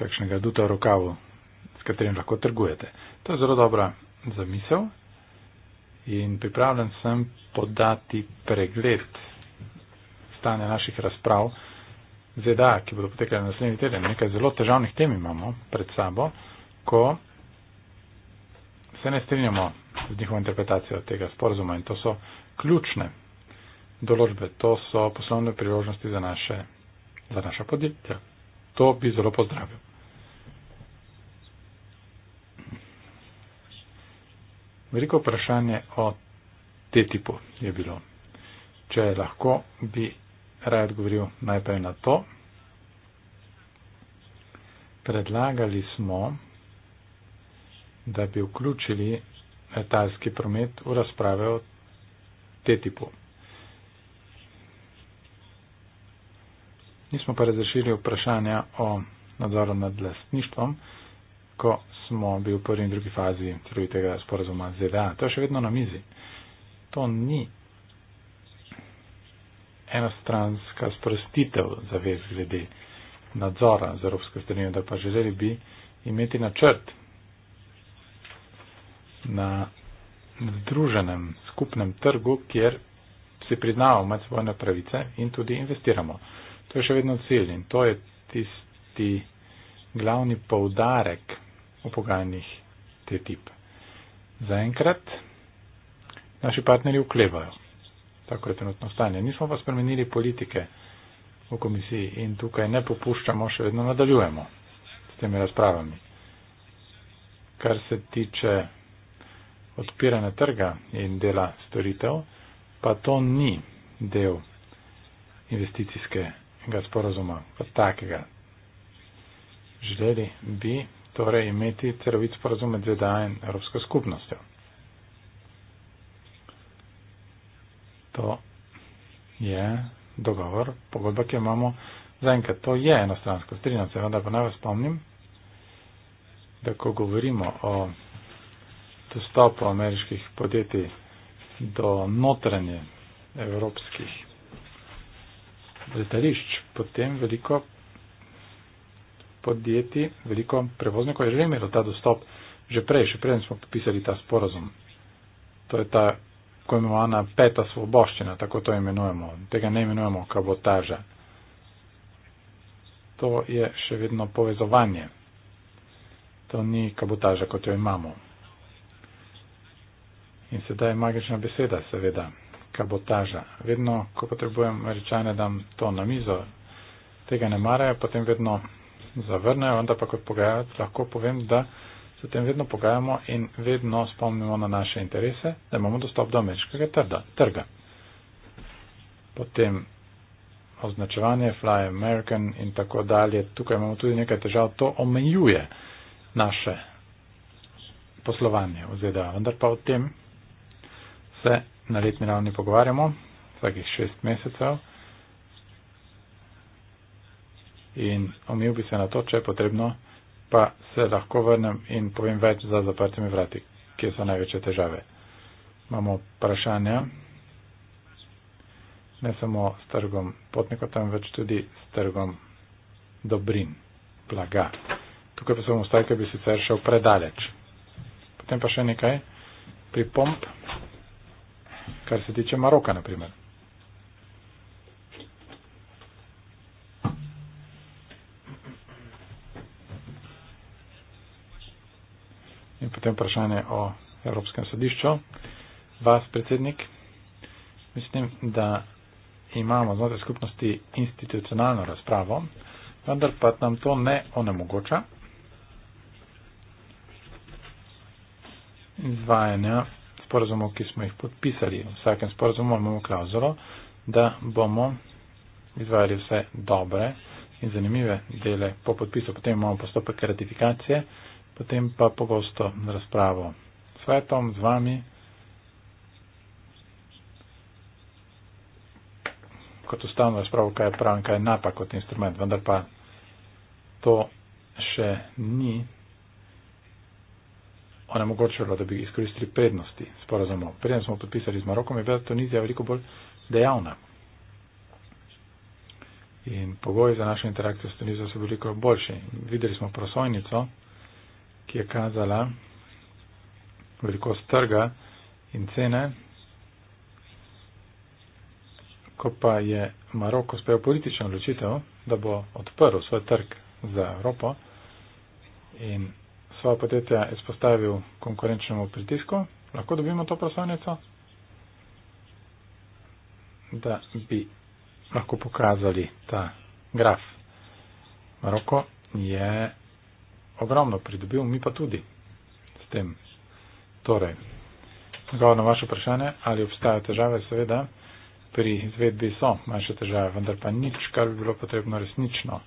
kakšnega duta rokavu, s katerim lahko trgujete. To je zelo dobra zamisel in pripravljen sem podati pregled stanja naših razprav ZDA, ki bodo potekale naslednji teden. Nekaj zelo težavnih tem imamo pred sabo, ko se ne strinjamo z njihovo interpretacijo tega sporozuma in to so ključne določbe, to so poslovne priložnosti za, naše, za naša podjetja. To bi zelo pozdravil. Veliko vprašanje o TTIP-u je bilo. Če je lahko, bi raje odgovoril najprej na to. Predlagali smo, da bi vključili letalski promet v razprave o TTIP-u. Nismo pa razrešili vprašanja o nadzoru nad lastništvom ko smo bili v prvi in drugi fazi trojitega sporazuma ZDA. To je še vedno na mizi. To ni enostranska sprostitev zavez glede nadzora z Evropske strani, da pa želeli bi imeti načrt na združenem skupnem trgu, kjer si priznavamo medsebojne pravice in tudi investiramo. To je še vedno cilj in to je tisti glavni poudarek o pogajanjih te tip. Zaenkrat naši partnerji uklevajo. Tako je trenutno stanje. Nismo pa spremenili politike v komisiji in tukaj ne popuščamo, še vedno nadaljujemo s temi razpravami. Kar se tiče odpiranja trga in dela storitev, pa to ni del investicijskega sporozuma kot takega. Želeli bi torej imeti celovit sporazum med ZDA in Evropsko skupnostjo. To je dogovor, pogodba, ki jo imamo zaenkrat. To je enostransko strinjam se, vendar pa naj vas spomnim, da ko govorimo o dostopu ameriških podjetij do notranje evropskih letališč, potem veliko podjetij, veliko prevoznikov je že imelo ta dostop že prej, še preden smo popisali ta sporazum. To je ta tako imenovana peta svoboščina, tako to imenujemo. Tega ne imenujemo kabotaža. To je še vedno povezovanje. To ni kabotaža, kot jo imamo. In sedaj je magična beseda, seveda, kabotaža. Vedno, ko potrebujem rečane, dam to na mizo, tega ne marajo, potem vedno zavrnejo, vendar pa kot pogajalec lahko povem, da se tem vedno pogajamo in vedno spomnimo na naše interese, da imamo dostop do ameriškega trga. Potem označevanje Fly American in tako dalje, tukaj imamo tudi nekaj težav, to omejuje naše poslovanje v ZDA, vendar pa o tem se na letni ravni pogovarjamo, vsakih šest mesecev in omil bi se na to, če je potrebno, pa se lahko vrnem in povem več za zaprtimi vrati, kje so največje težave. Imamo vprašanja ne samo s trgom potnikov, temveč tudi s trgom dobrin, blaga. Tukaj pa se bom ustavil, ker bi sicer šel predaleč. Potem pa še nekaj pripomp, kar se tiče Maroka, na primer. In potem vprašanje o Evropskem sodišču. Vas, predsednik, mislim, da imamo znotraj skupnosti institucionalno razpravo, vendar pa nam to ne onemogoča izvajanja sporazumov, ki smo jih podpisali. V vsakem sporazumu imamo klauzulo, da bomo izvajali vse dobre in zanimive dele po podpisu. Potem imamo postopek ratifikacije potem pa pogosto razpravo. Svetom z vami, kot ustavno razpravo, kaj je prav in kaj je napak kot instrument, vendar pa to še ni onemogočilo, da bi izkoristili prednosti sporazumov. Preden smo podpisali z Marokom, je bila Tunizija veliko bolj dejavna. In pogoji za našo interakcijo s Tunizijo so veliko boljši. Videli smo prosojnico ki je kazala velikost trga in cene. Ko pa je Maroko sprejel politično odločitev, da bo odprl svoj trg za Evropo in svoje podjetja izpostavil konkurenčnemu pritisku, lahko dobimo to prosovnico, da bi lahko pokazali ta graf. Maroko je ogromno pridobil, mi pa tudi s tem. Torej, govor na vaše vprašanje, ali obstajajo težave, seveda, pri izvedbi so manjše težave, vendar pa nič, kar bi bilo potrebno resnično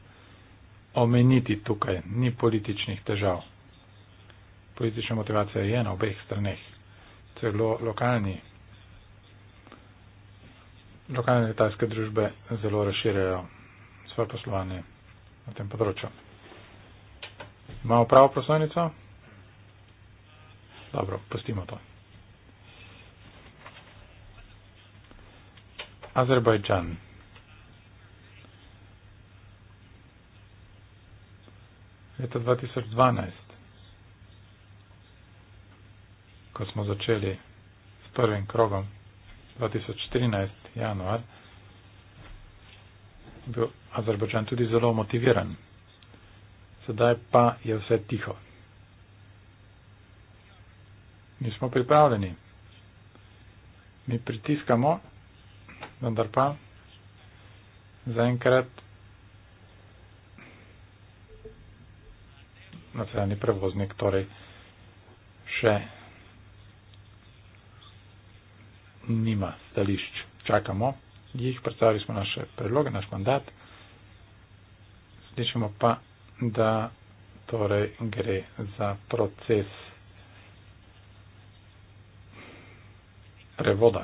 omeniti tukaj, ni političnih težav. Politična motivacija je na obeh straneh. Celo lokalni, lokalne letalske družbe zelo razširjajo svoje poslovanje na tem področju. Imamo pravo prosojnico? Dobro, postimo to. Azerbajdžan. Leta 2012, ko smo začeli s prvim krogom, 2014. januar, bil Azerbajdžan tudi zelo motiviran sedaj pa je vse tiho. Mi smo pripravljeni. Mi pritiskamo, vendar pa zaenkrat nacionalni prevoznik torej še nima stališč. Čakamo jih, predstavili smo naše predloge, naš mandat, slišimo pa da torej gre za proces prevoda,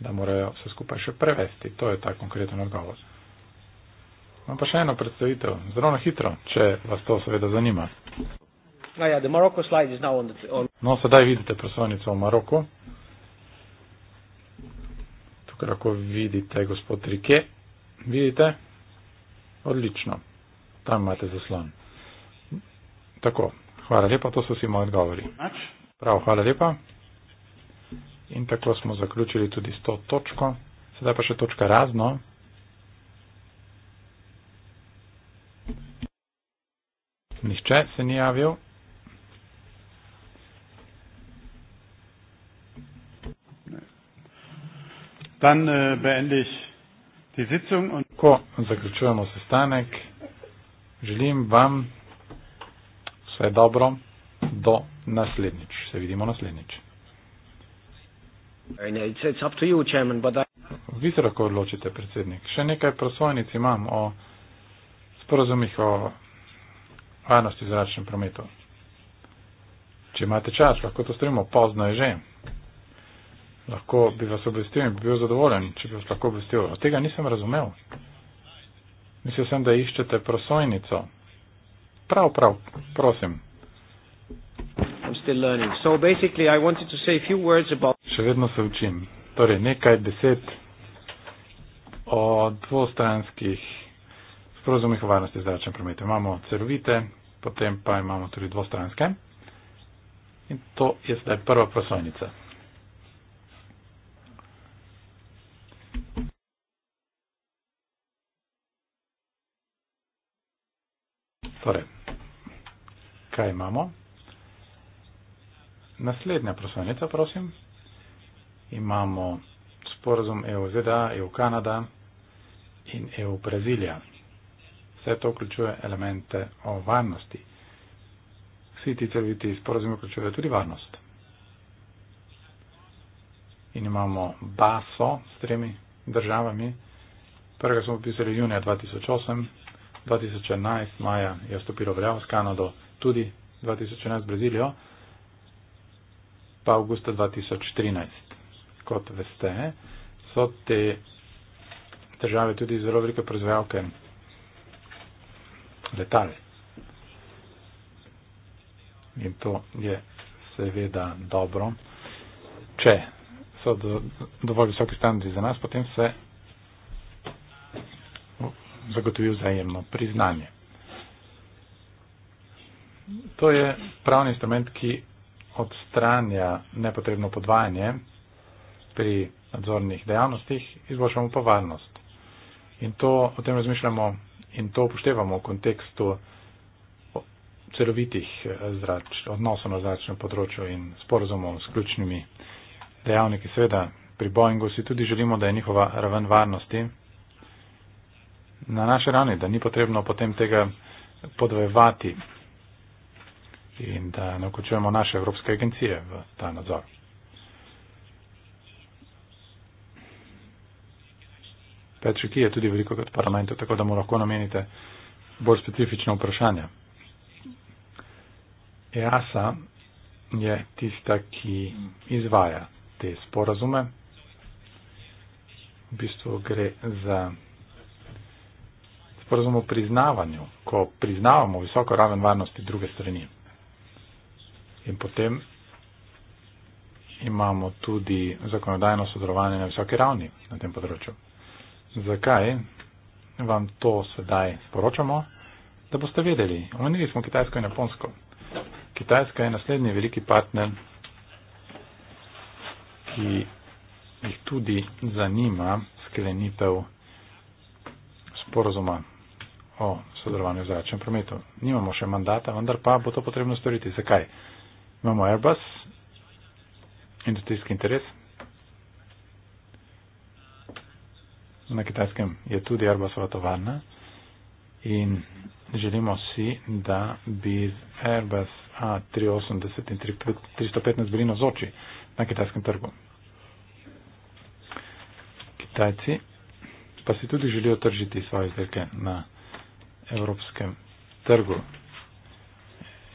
da morajo vse skupaj še prevesti. To je ta konkreten odgovor. Imam pa še eno predstavitev, zelo na hitro, če vas to seveda zanima. No, ja, no sedaj vidite prosovnico v Maroku. Tukaj lahko vidite gospod Rike. Vidite? Odlično tam imate zaslon. Tako, hvala lepa, to so vsi moji odgovori. Prav, hvala lepa. In tako smo zaključili tudi s to točko. Sedaj pa še točka razno. Nihče se ni javil. Dan, äh, uh, Ko zaključujemo sestanek. Želim vam vse dobro do naslednjič. Se vidimo naslednjič. Vi se lahko odločite, predsednik. Še nekaj prosvojnic imam o sporozumih o varnosti v zračnem prometu. Če imate čas, lahko to storimo, pozno je že. Lahko bi vas obvestil in bi bil zadovoljen, če bi vas lahko obvestil. Od tega nisem razumel. Mislil sem, da iščete prosojnico. Prav, prav, prosim. So I to say a few words about Še vedno se učim. Torej, nekaj deset o dvostranskih sporozumih o varnosti zračnem prometu. Imamo celovite, potem pa imamo tudi dvostranske. In to je zdaj prva prosojnica. Torej, kaj imamo? Naslednja prosojnica, prosim. Imamo sporozum EU-ZDA, EU-Kanada in EU-Brazilija. Vse to vključuje elemente o varnosti. Vsi ti celoviti sporozumi vključujejo tudi varnost. In imamo baso s tremi državami. Prvega smo opisali junija 2008, 2011 maja je vstopilo veljavo s Kanado, tudi 2011 Brazilijo, pa avgusta 2013. Kot veste, so te države tudi zelo velike proizvajalke letal. In to je seveda dobro. Če so do, dovolj visoki standardi za nas, potem se zagotovi vzajemno priznanje. To je pravni instrument, ki odstranja nepotrebno podvajanje pri nadzornih dejavnostih, izboljšamo pa varnost. In to o tem razmišljamo in to upoštevamo v kontekstu celovitih eh, zrač, odnosov na zračnem področju in sporozumov s ključnimi dejavniki. Seveda pri Boeingu si tudi želimo, da je njihova raven varnosti na naše rane, da ni potrebno potem tega podvojevati in da ne vključujemo naše evropske agencije v ta nadzor. Petri, ki je tudi veliko kot parlamentu, tako da mu lahko namenite bolj specifično vprašanje. EASA je tista, ki izvaja te sporazume. V bistvu gre za sporozum o priznavanju, ko priznavamo visoko raven varnosti druge strani. In potem imamo tudi zakonodajno sodelovanje na visoki ravni na tem področju. Zakaj vam to sedaj sporočamo? Da boste vedeli. Omenili smo Kitajsko in Japonsko. Kitajska je naslednji veliki partner, ki jih tudi zanima sklenitev sporozuma o sodelovanju v zračnem prometu. Nimamo še mandata, vendar pa bo to potrebno storiti. Zakaj? Imamo Airbus, industrijski interes. Na kitajskem je tudi Airbusova tovarna in želimo si, da bi Airbus A380 in 315 bili nazoči na kitajskem trgu. Kitajci pa si tudi želijo tržiti svoje izdelke na trgu evropskem trgu.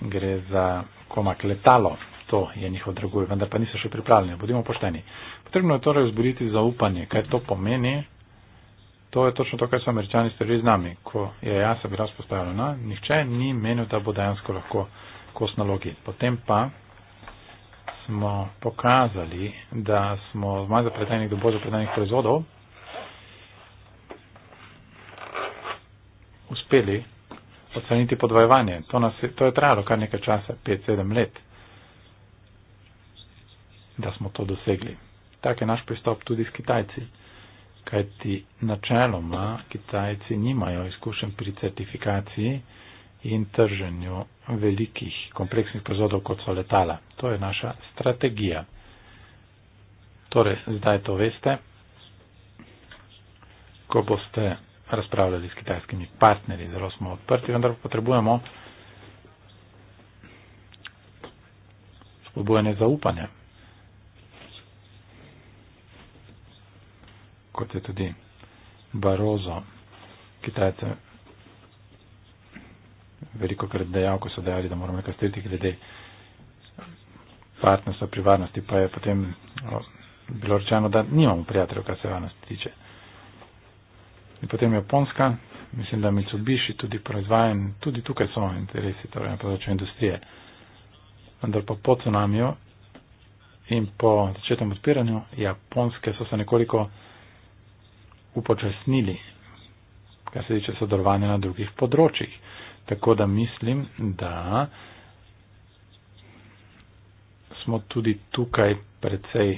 Gre za komak letalo, to je njihov drugoj, vendar pa niso še pripravljeni, bodimo pošteni. Potrebno je torej vzbuditi zaupanje, kaj to pomeni. To je točno to, kar so američani storili z nami, ko je jasa bila vzpostavljena. Nihče ni menil, da bo dejansko lahko kos nalogi. Potem pa smo pokazali, da smo manj zapletenih do bolj zapletenih proizvodov, uspeli odstraniti podvajanje. To, to je trajalo kar nekaj časa, 5-7 let, da smo to dosegli. Tak je naš pristop tudi s Kitajci, kajti načeloma Kitajci nimajo izkušen pri certifikaciji in trženju velikih kompleksnih proizvodov, kot so letala. To je naša strategija. Torej, zdaj to veste. Ko boste razpravljali s kitajskimi partnerji, zelo smo odprti, vendar potrebujemo spodbujanje zaupanja. Kot je tudi Barozo, Kitajce veliko krat dejal, ko so dejali, da moramo nekaj streti glede partnerstva pri varnosti, pa je potem bilo rečeno, da nimamo prijateljev, kar se varnosti tiče. In potem Japonska, mislim, da Mitsubishi tudi proizvaja in tudi tukaj so interesi, torej na področju industrije. Vendar pa po tsunamiju in po začetnem odpiranju Japonske so se nekoliko upočasnili, kar se tiče sodelovanja na drugih področjih. Tako da mislim, da smo tudi tukaj precej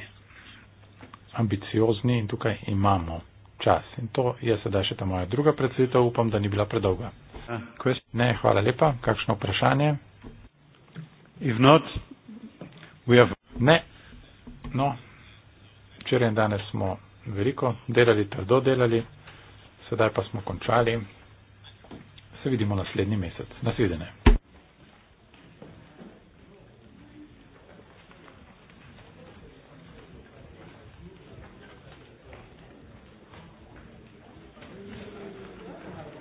ambiciozni in tukaj imamo čas. In to je sedaj še ta moja druga predstavitev, upam, da ni bila predolga. Ah, ne, hvala lepa. Kakšno vprašanje? Not, have... Ne. No, včeraj in danes smo veliko delali, trdo delali, sedaj pa smo končali. Se vidimo naslednji mesec. Nasvidenje.